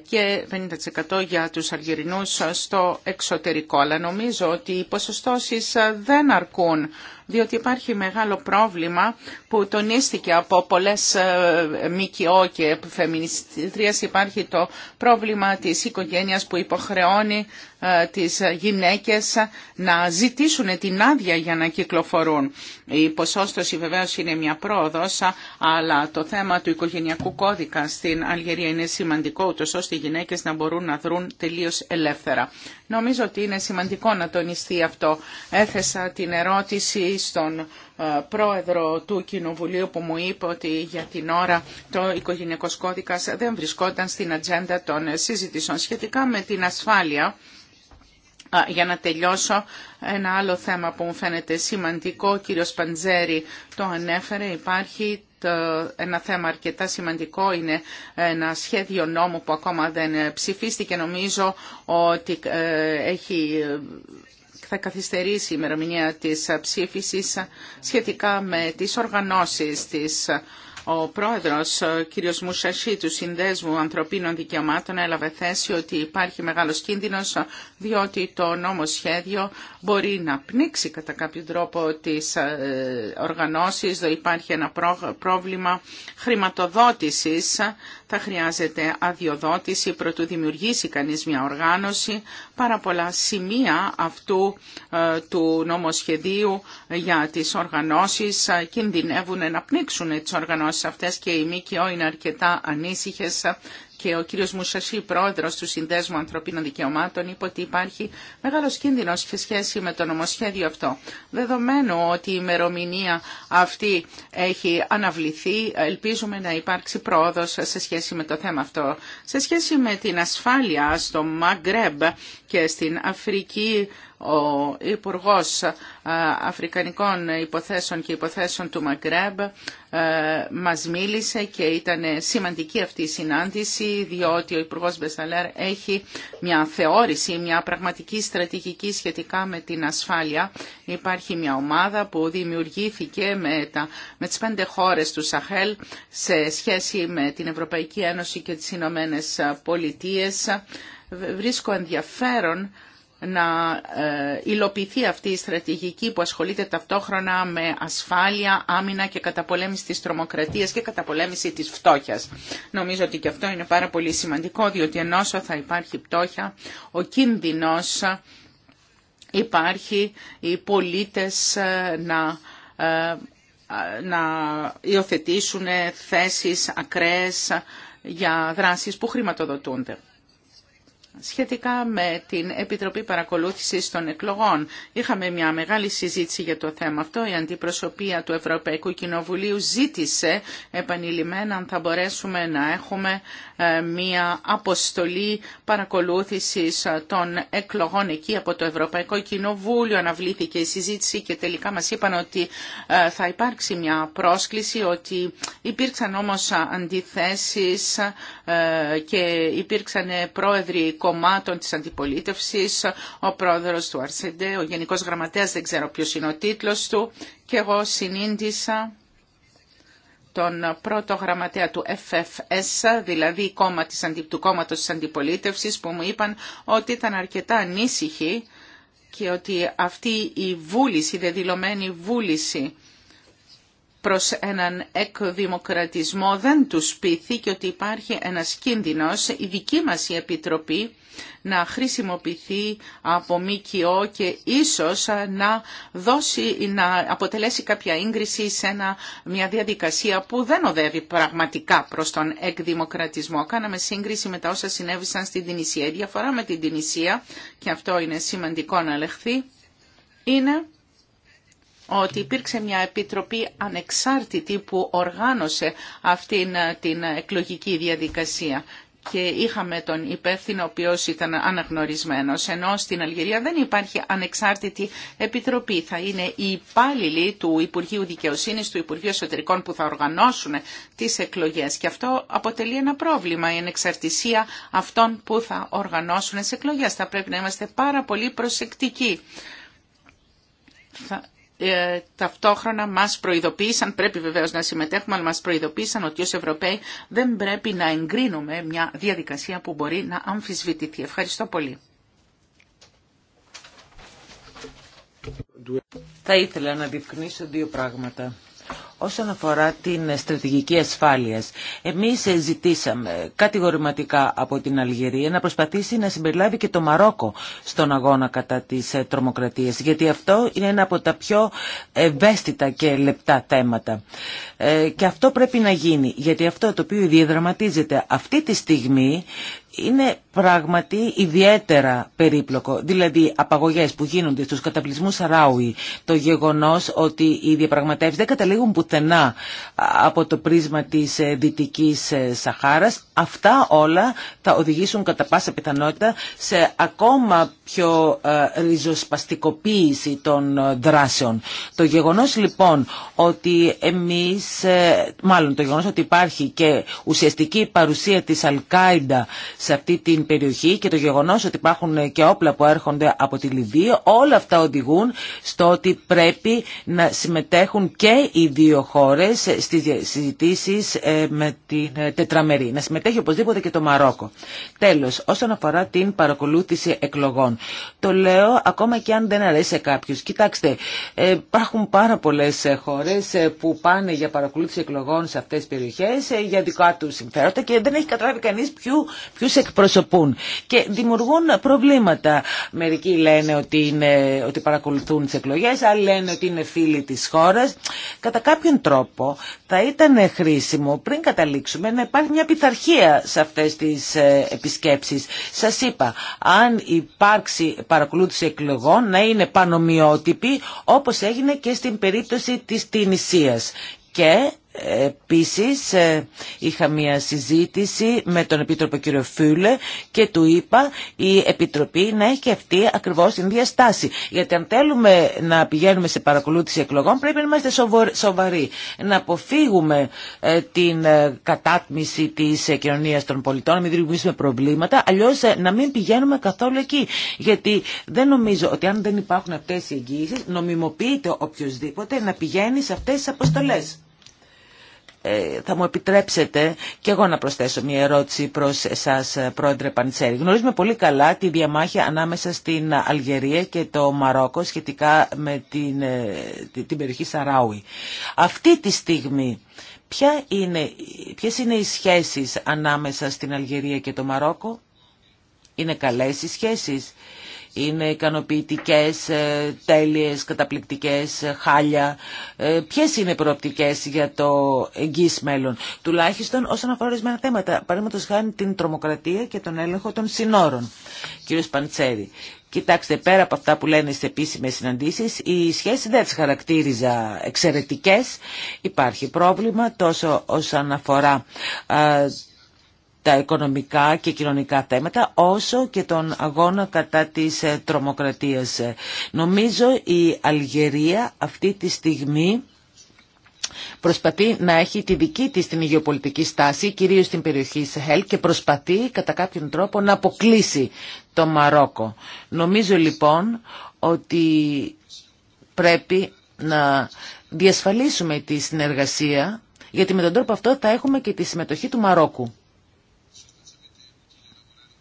και 50% για τους Αλγερινούς στο εξωτερικό. Αλλά νομίζω ότι οι ποσοστώσεις δεν αρκούν διότι υπάρχει μεγάλο πρόβλημα που τονίστηκε από πολλές ε, ΜΚΟ και φεμινιστρίες. Υπάρχει το πρόβλημα της οικογένειας που υποχρεώνει ε, τις γυναίκες να ζητήσουν την άδεια για να κυκλοφορούν. Η ποσόστοση βεβαίως είναι μια πρόοδος, αλλά το θέμα του οικογενειακού κώδικα στην Αλγερία είναι σημαντικό, ούτως ώστε οι γυναίκες να μπορούν να δρουν τελείως ελεύθερα. Νομίζω ότι είναι σημαντικό να τονιστεί αυτό. Έθεσα την ερώτηση στον ε, πρόεδρο του Κοινοβουλίου που μου είπε ότι για την ώρα το οικογενειακό κώδικα δεν βρισκόταν στην ατζέντα των συζητήσεων σχετικά με την ασφάλεια. Για να τελειώσω, ένα άλλο θέμα που μου φαίνεται σημαντικό, ο κύριος Παντζέρη το ανέφερε, υπάρχει ε, ένα θέμα αρκετά σημαντικό είναι ένα σχέδιο νόμου που ακόμα δεν ψηφίστηκε. Νομίζω ότι ε, έχει ε, θα καθυστερήσει η ημερομηνία της ψήφισης σχετικά με τις οργανώσεις της ο πρόεδρος, κ. Μουσασί, του Συνδέσμου Ανθρωπίνων Δικαιωμάτων έλαβε θέση ότι υπάρχει μεγάλος κίνδυνος διότι το νόμο σχέδιο μπορεί να πνίξει κατά κάποιο τρόπο τις ε, οργανώσεις. δεν υπάρχει ένα πρόβλημα χρηματοδότησης. Θα χρειάζεται αδειοδότηση προτού δημιουργήσει κανείς μια οργάνωση. Πάρα πολλά σημεία αυτού ε, του νομοσχεδίου για τις οργανώσεις ε, κινδυνεύουν να πνίξουν τις οργανώσεις αυτές και οι ΜΚΟ είναι αρκετά ανήσυχες και ο κύριος Μουσασί, πρόεδρος του Συνδέσμου Ανθρωπίνων Δικαιωμάτων, είπε ότι υπάρχει μεγάλος κίνδυνος σε σχέση με το νομοσχέδιο αυτό. Δεδομένου ότι η ημερομηνία αυτή έχει αναβληθεί, ελπίζουμε να υπάρξει πρόοδος σε σχέση με το θέμα αυτό. Σε σχέση με την ασφάλεια στο Μαγκρέμπ και στην Αφρική, ο Υπουργός ε, Αφρικανικών Υποθέσεων και Υποθέσεων του Μαγκρέμπ ε, μας μίλησε και ήταν σημαντική αυτή η συνάντηση διότι ο Υπουργός Μπεσαλέρ έχει μια θεώρηση, μια πραγματική στρατηγική σχετικά με την ασφάλεια. Υπάρχει μια ομάδα που δημιουργήθηκε με, τα, με τις πέντε χώρες του Σαχέλ σε σχέση με την Ευρωπαϊκή Ένωση και τις Ηνωμένε Πολιτείες. Βρίσκω ενδιαφέρον να ε, υλοποιηθεί αυτή η στρατηγική που ασχολείται ταυτόχρονα με ασφάλεια, άμυνα και καταπολέμηση της τρομοκρατίας και καταπολέμηση της φτώχειας. Νομίζω ότι και αυτό είναι πάρα πολύ σημαντικό, διότι ενώ θα υπάρχει πτώχεια, ο κίνδυνος ε, υπάρχει οι πολίτες ε, να να υιοθετήσουν θέσεις ακραίες για δράσεις που χρηματοδοτούνται σχετικά με την Επιτροπή Παρακολούθησης των Εκλογών. Είχαμε μια μεγάλη συζήτηση για το θέμα αυτό. Η αντιπροσωπεία του Ευρωπαϊκού Κοινοβουλίου ζήτησε επανειλημμένα αν θα μπορέσουμε να έχουμε ε, μία αποστολή παρακολούθησης ε, των εκλογών εκεί από το Ευρωπαϊκό Κοινοβούλιο. Αναβλήθηκε η συζήτηση και τελικά μας είπαν ότι ε, θα υπάρξει μια πρόσκληση, ότι υπήρξαν όμως αντιθέσεις και υπήρξαν πρόεδροι κομμάτων της αντιπολίτευσης, ο πρόεδρος του Αρσεντέ, ο Γενικός Γραμματέας, δεν ξέρω ποιος είναι ο τίτλος του, και εγώ συνήντησα τον πρώτο γραμματέα του FFS, δηλαδή του κόμματος της αντιπολίτευσης, που μου είπαν ότι ήταν αρκετά ανήσυχοι και ότι αυτή η βούληση, η δεδηλωμένη βούληση προς έναν εκδημοκρατισμό δεν τους πείθει και ότι υπάρχει ένας κίνδυνος η δική μας η Επιτροπή να χρησιμοποιηθεί από ΜΚΟ και ίσως να, δώσει, να αποτελέσει κάποια ίγκριση σε μια διαδικασία που δεν οδεύει πραγματικά προς τον εκδημοκρατισμό. Κάναμε σύγκριση με τα όσα συνέβησαν στην Τινησία. Η διαφορά με την Τινησία, και αυτό είναι σημαντικό να λεχθεί, είναι ότι υπήρξε μια επιτροπή ανεξάρτητη που οργάνωσε αυτήν την εκλογική διαδικασία και είχαμε τον υπεύθυνο ο οποίο ήταν αναγνωρισμένο, ενώ στην Αλγερία δεν υπάρχει ανεξάρτητη επιτροπή. Θα είναι οι υπάλληλοι του Υπουργείου Δικαιοσύνη, του Υπουργείου Εσωτερικών που θα οργανώσουν τι εκλογέ. και αυτό αποτελεί ένα πρόβλημα, η ανεξαρτησία αυτών που θα οργανώσουν τι εκλογέ. Θα πρέπει να είμαστε πάρα πολύ προσεκτικοί. Θα ε, ταυτόχρονα μας προειδοποίησαν, πρέπει βεβαίως να συμμετέχουμε, αλλά μας προειδοποίησαν ότι ως Ευρωπαίοι δεν πρέπει να εγκρίνουμε μια διαδικασία που μπορεί να αμφισβητηθεί. Ευχαριστώ πολύ. Θα ήθελα να διευκνήσω δύο πράγματα. Όσον αφορά την στρατηγική ασφάλειας, εμείς ζητήσαμε κατηγορηματικά από την Αλγερία να προσπαθήσει να συμπεριλάβει και το Μαρόκο στον αγώνα κατά της ε, τρομοκρατίας, γιατί αυτό είναι ένα από τα πιο ευαίσθητα και λεπτά θέματα. Ε, και αυτό πρέπει να γίνει, γιατί αυτό το οποίο διαδραματίζεται αυτή τη στιγμή είναι πράγματι ιδιαίτερα περίπλοκο. Δηλαδή, απαγωγές που γίνονται στους καταπλησμούς Σαράουι, το γεγονός ότι οι διαπραγματεύσεις δεν καταλήγουν πουθενά από το πρίσμα της ε, Δυτικής ε, Σαχάρας, αυτά όλα θα οδηγήσουν κατά πάσα πιθανότητα σε ακόμα πιο ε, ριζοσπαστικοποίηση των δράσεων. Το γεγονός λοιπόν ότι εμείς, μάλλον το ότι υπάρχει και ουσιαστική παρουσία της Αλκάιντα σε αυτή την περιοχή και το γεγονός ότι υπάρχουν και όπλα που έρχονται από τη Λιβύη, όλα αυτά οδηγούν στο ότι πρέπει να συμμετέχουν και οι δύο χώρες στις συζητήσεις ε, με την τετραμερή. Να συμμετέχει οπωσδήποτε και το Μαρόκο. Τέλος, όσον αφορά την παρακολούθηση εκλογών. Το λέω ακόμα και αν δεν αρέσει σε κάποιους. Κοιτάξτε, ε, υπάρχουν πάρα πολλές χώρες ε, που πάνε για παρακολούθηση εκλογών σε αυτές τις περιοχές για δικά του συμφέροντα και δεν έχει καταλάβει κανείς εκπροσωπούν και δημιουργούν προβλήματα. Μερικοί λένε ότι, είναι, ότι παρακολουθούν τις εκλογές, άλλοι λένε ότι είναι φίλοι της χώρας. Κατά κάποιον τρόπο θα ήταν χρήσιμο πριν καταλήξουμε να υπάρχει μια πειθαρχία σε αυτές τις ε, επισκέψεις. Σας είπα, αν υπάρξει παρακολούθηση εκλογών να είναι πανομοιότυπη όπως έγινε και στην περίπτωση της Τινησίας. Και Επίσης ε, είχα μια συζήτηση με τον Επίτροπο κ. Φούλε και του είπα η Επιτροπή να έχει αυτή ακριβώς την διαστάση. Γιατί αν θέλουμε να πηγαίνουμε σε παρακολούθηση εκλογών πρέπει να είμαστε σοβαροί. Να αποφύγουμε ε, την ε, κατάτμιση της κοινωνία των πολιτών, να μην δημιουργήσουμε προβλήματα, αλλιώς να μην πηγαίνουμε καθόλου εκεί. Γιατί δεν νομίζω ότι αν δεν υπάρχουν αυτές οι εγγύησεις νομιμοποιείται οποιοδήποτε να πηγαίνει σε αυτές τις αποστολές. Ε, θα μου επιτρέψετε και εγώ να προσθέσω μια ερώτηση προς εσάς πρόεδρε Παντσέρη. Γνωρίζουμε πολύ καλά τη διαμάχη ανάμεσα στην Αλγερία και το Μαρόκο σχετικά με την, ε, την περιοχή Σαράουι. Αυτή τη στιγμή ποια είναι, ποιες είναι οι σχέσεις ανάμεσα στην Αλγερία και το Μαρόκο. Είναι καλές οι σχέσεις είναι ικανοποιητικές, ε, τέλειες, καταπληκτικές, ε, χάλια. Ε, ποιες είναι οι προοπτικές για το εγγύς μέλλον, τουλάχιστον όσον αφορά ορισμένα θέματα, παραδείγματος χάνει την τρομοκρατία και τον έλεγχο των συνόρων. Κύριος Παντσέρη, Κοιτάξτε, πέρα από αυτά που λένε στι επίσημε συναντήσει, οι σχέσει δεν τι χαρακτήριζα εξαιρετικέ. Υπάρχει πρόβλημα τόσο όσον αφορά τα οικονομικά και κοινωνικά θέματα όσο και τον αγώνα κατά της ε, τρομοκρατίας. Νομίζω η Αλγερία αυτή τη στιγμή προσπαθεί να έχει τη δική της την υγειοπολιτική στάση, κυρίως στην περιοχή Σεχέλ και προσπαθεί κατά κάποιον τρόπο να αποκλείσει το Μαρόκο. Νομίζω λοιπόν ότι πρέπει να διασφαλίσουμε τη συνεργασία γιατί με τον τρόπο αυτό θα έχουμε και τη συμμετοχή του Μαρόκου.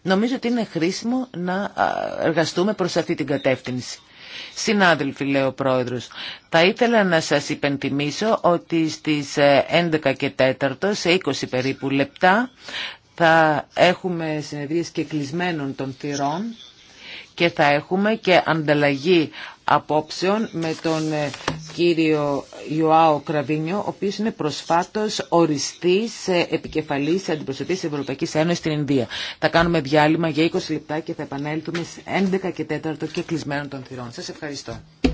Νομίζω ότι είναι χρήσιμο να εργαστούμε προς αυτή την κατεύθυνση. Συνάδελφοι, λέει ο Πρόεδρος, θα ήθελα να σας υπενθυμίσω ότι στις 11 ε, και 4, σε 20 περίπου λεπτά, θα έχουμε συνεδρίες και κλεισμένων των θυρών και θα έχουμε και ανταλλαγή απόψεων με τον ε, κύριο Ιωάο Κραβίνιο, ο οποίος είναι προσφάτως οριστής σε επικεφαλής αντιπροσωπής Ευρωπαϊκής Ένωσης στην Ινδία. Θα κάνουμε διάλειμμα για 20 λεπτά και θα επανέλθουμε στις 11 και 4 και κλεισμένο των θυρών. Σας ευχαριστώ.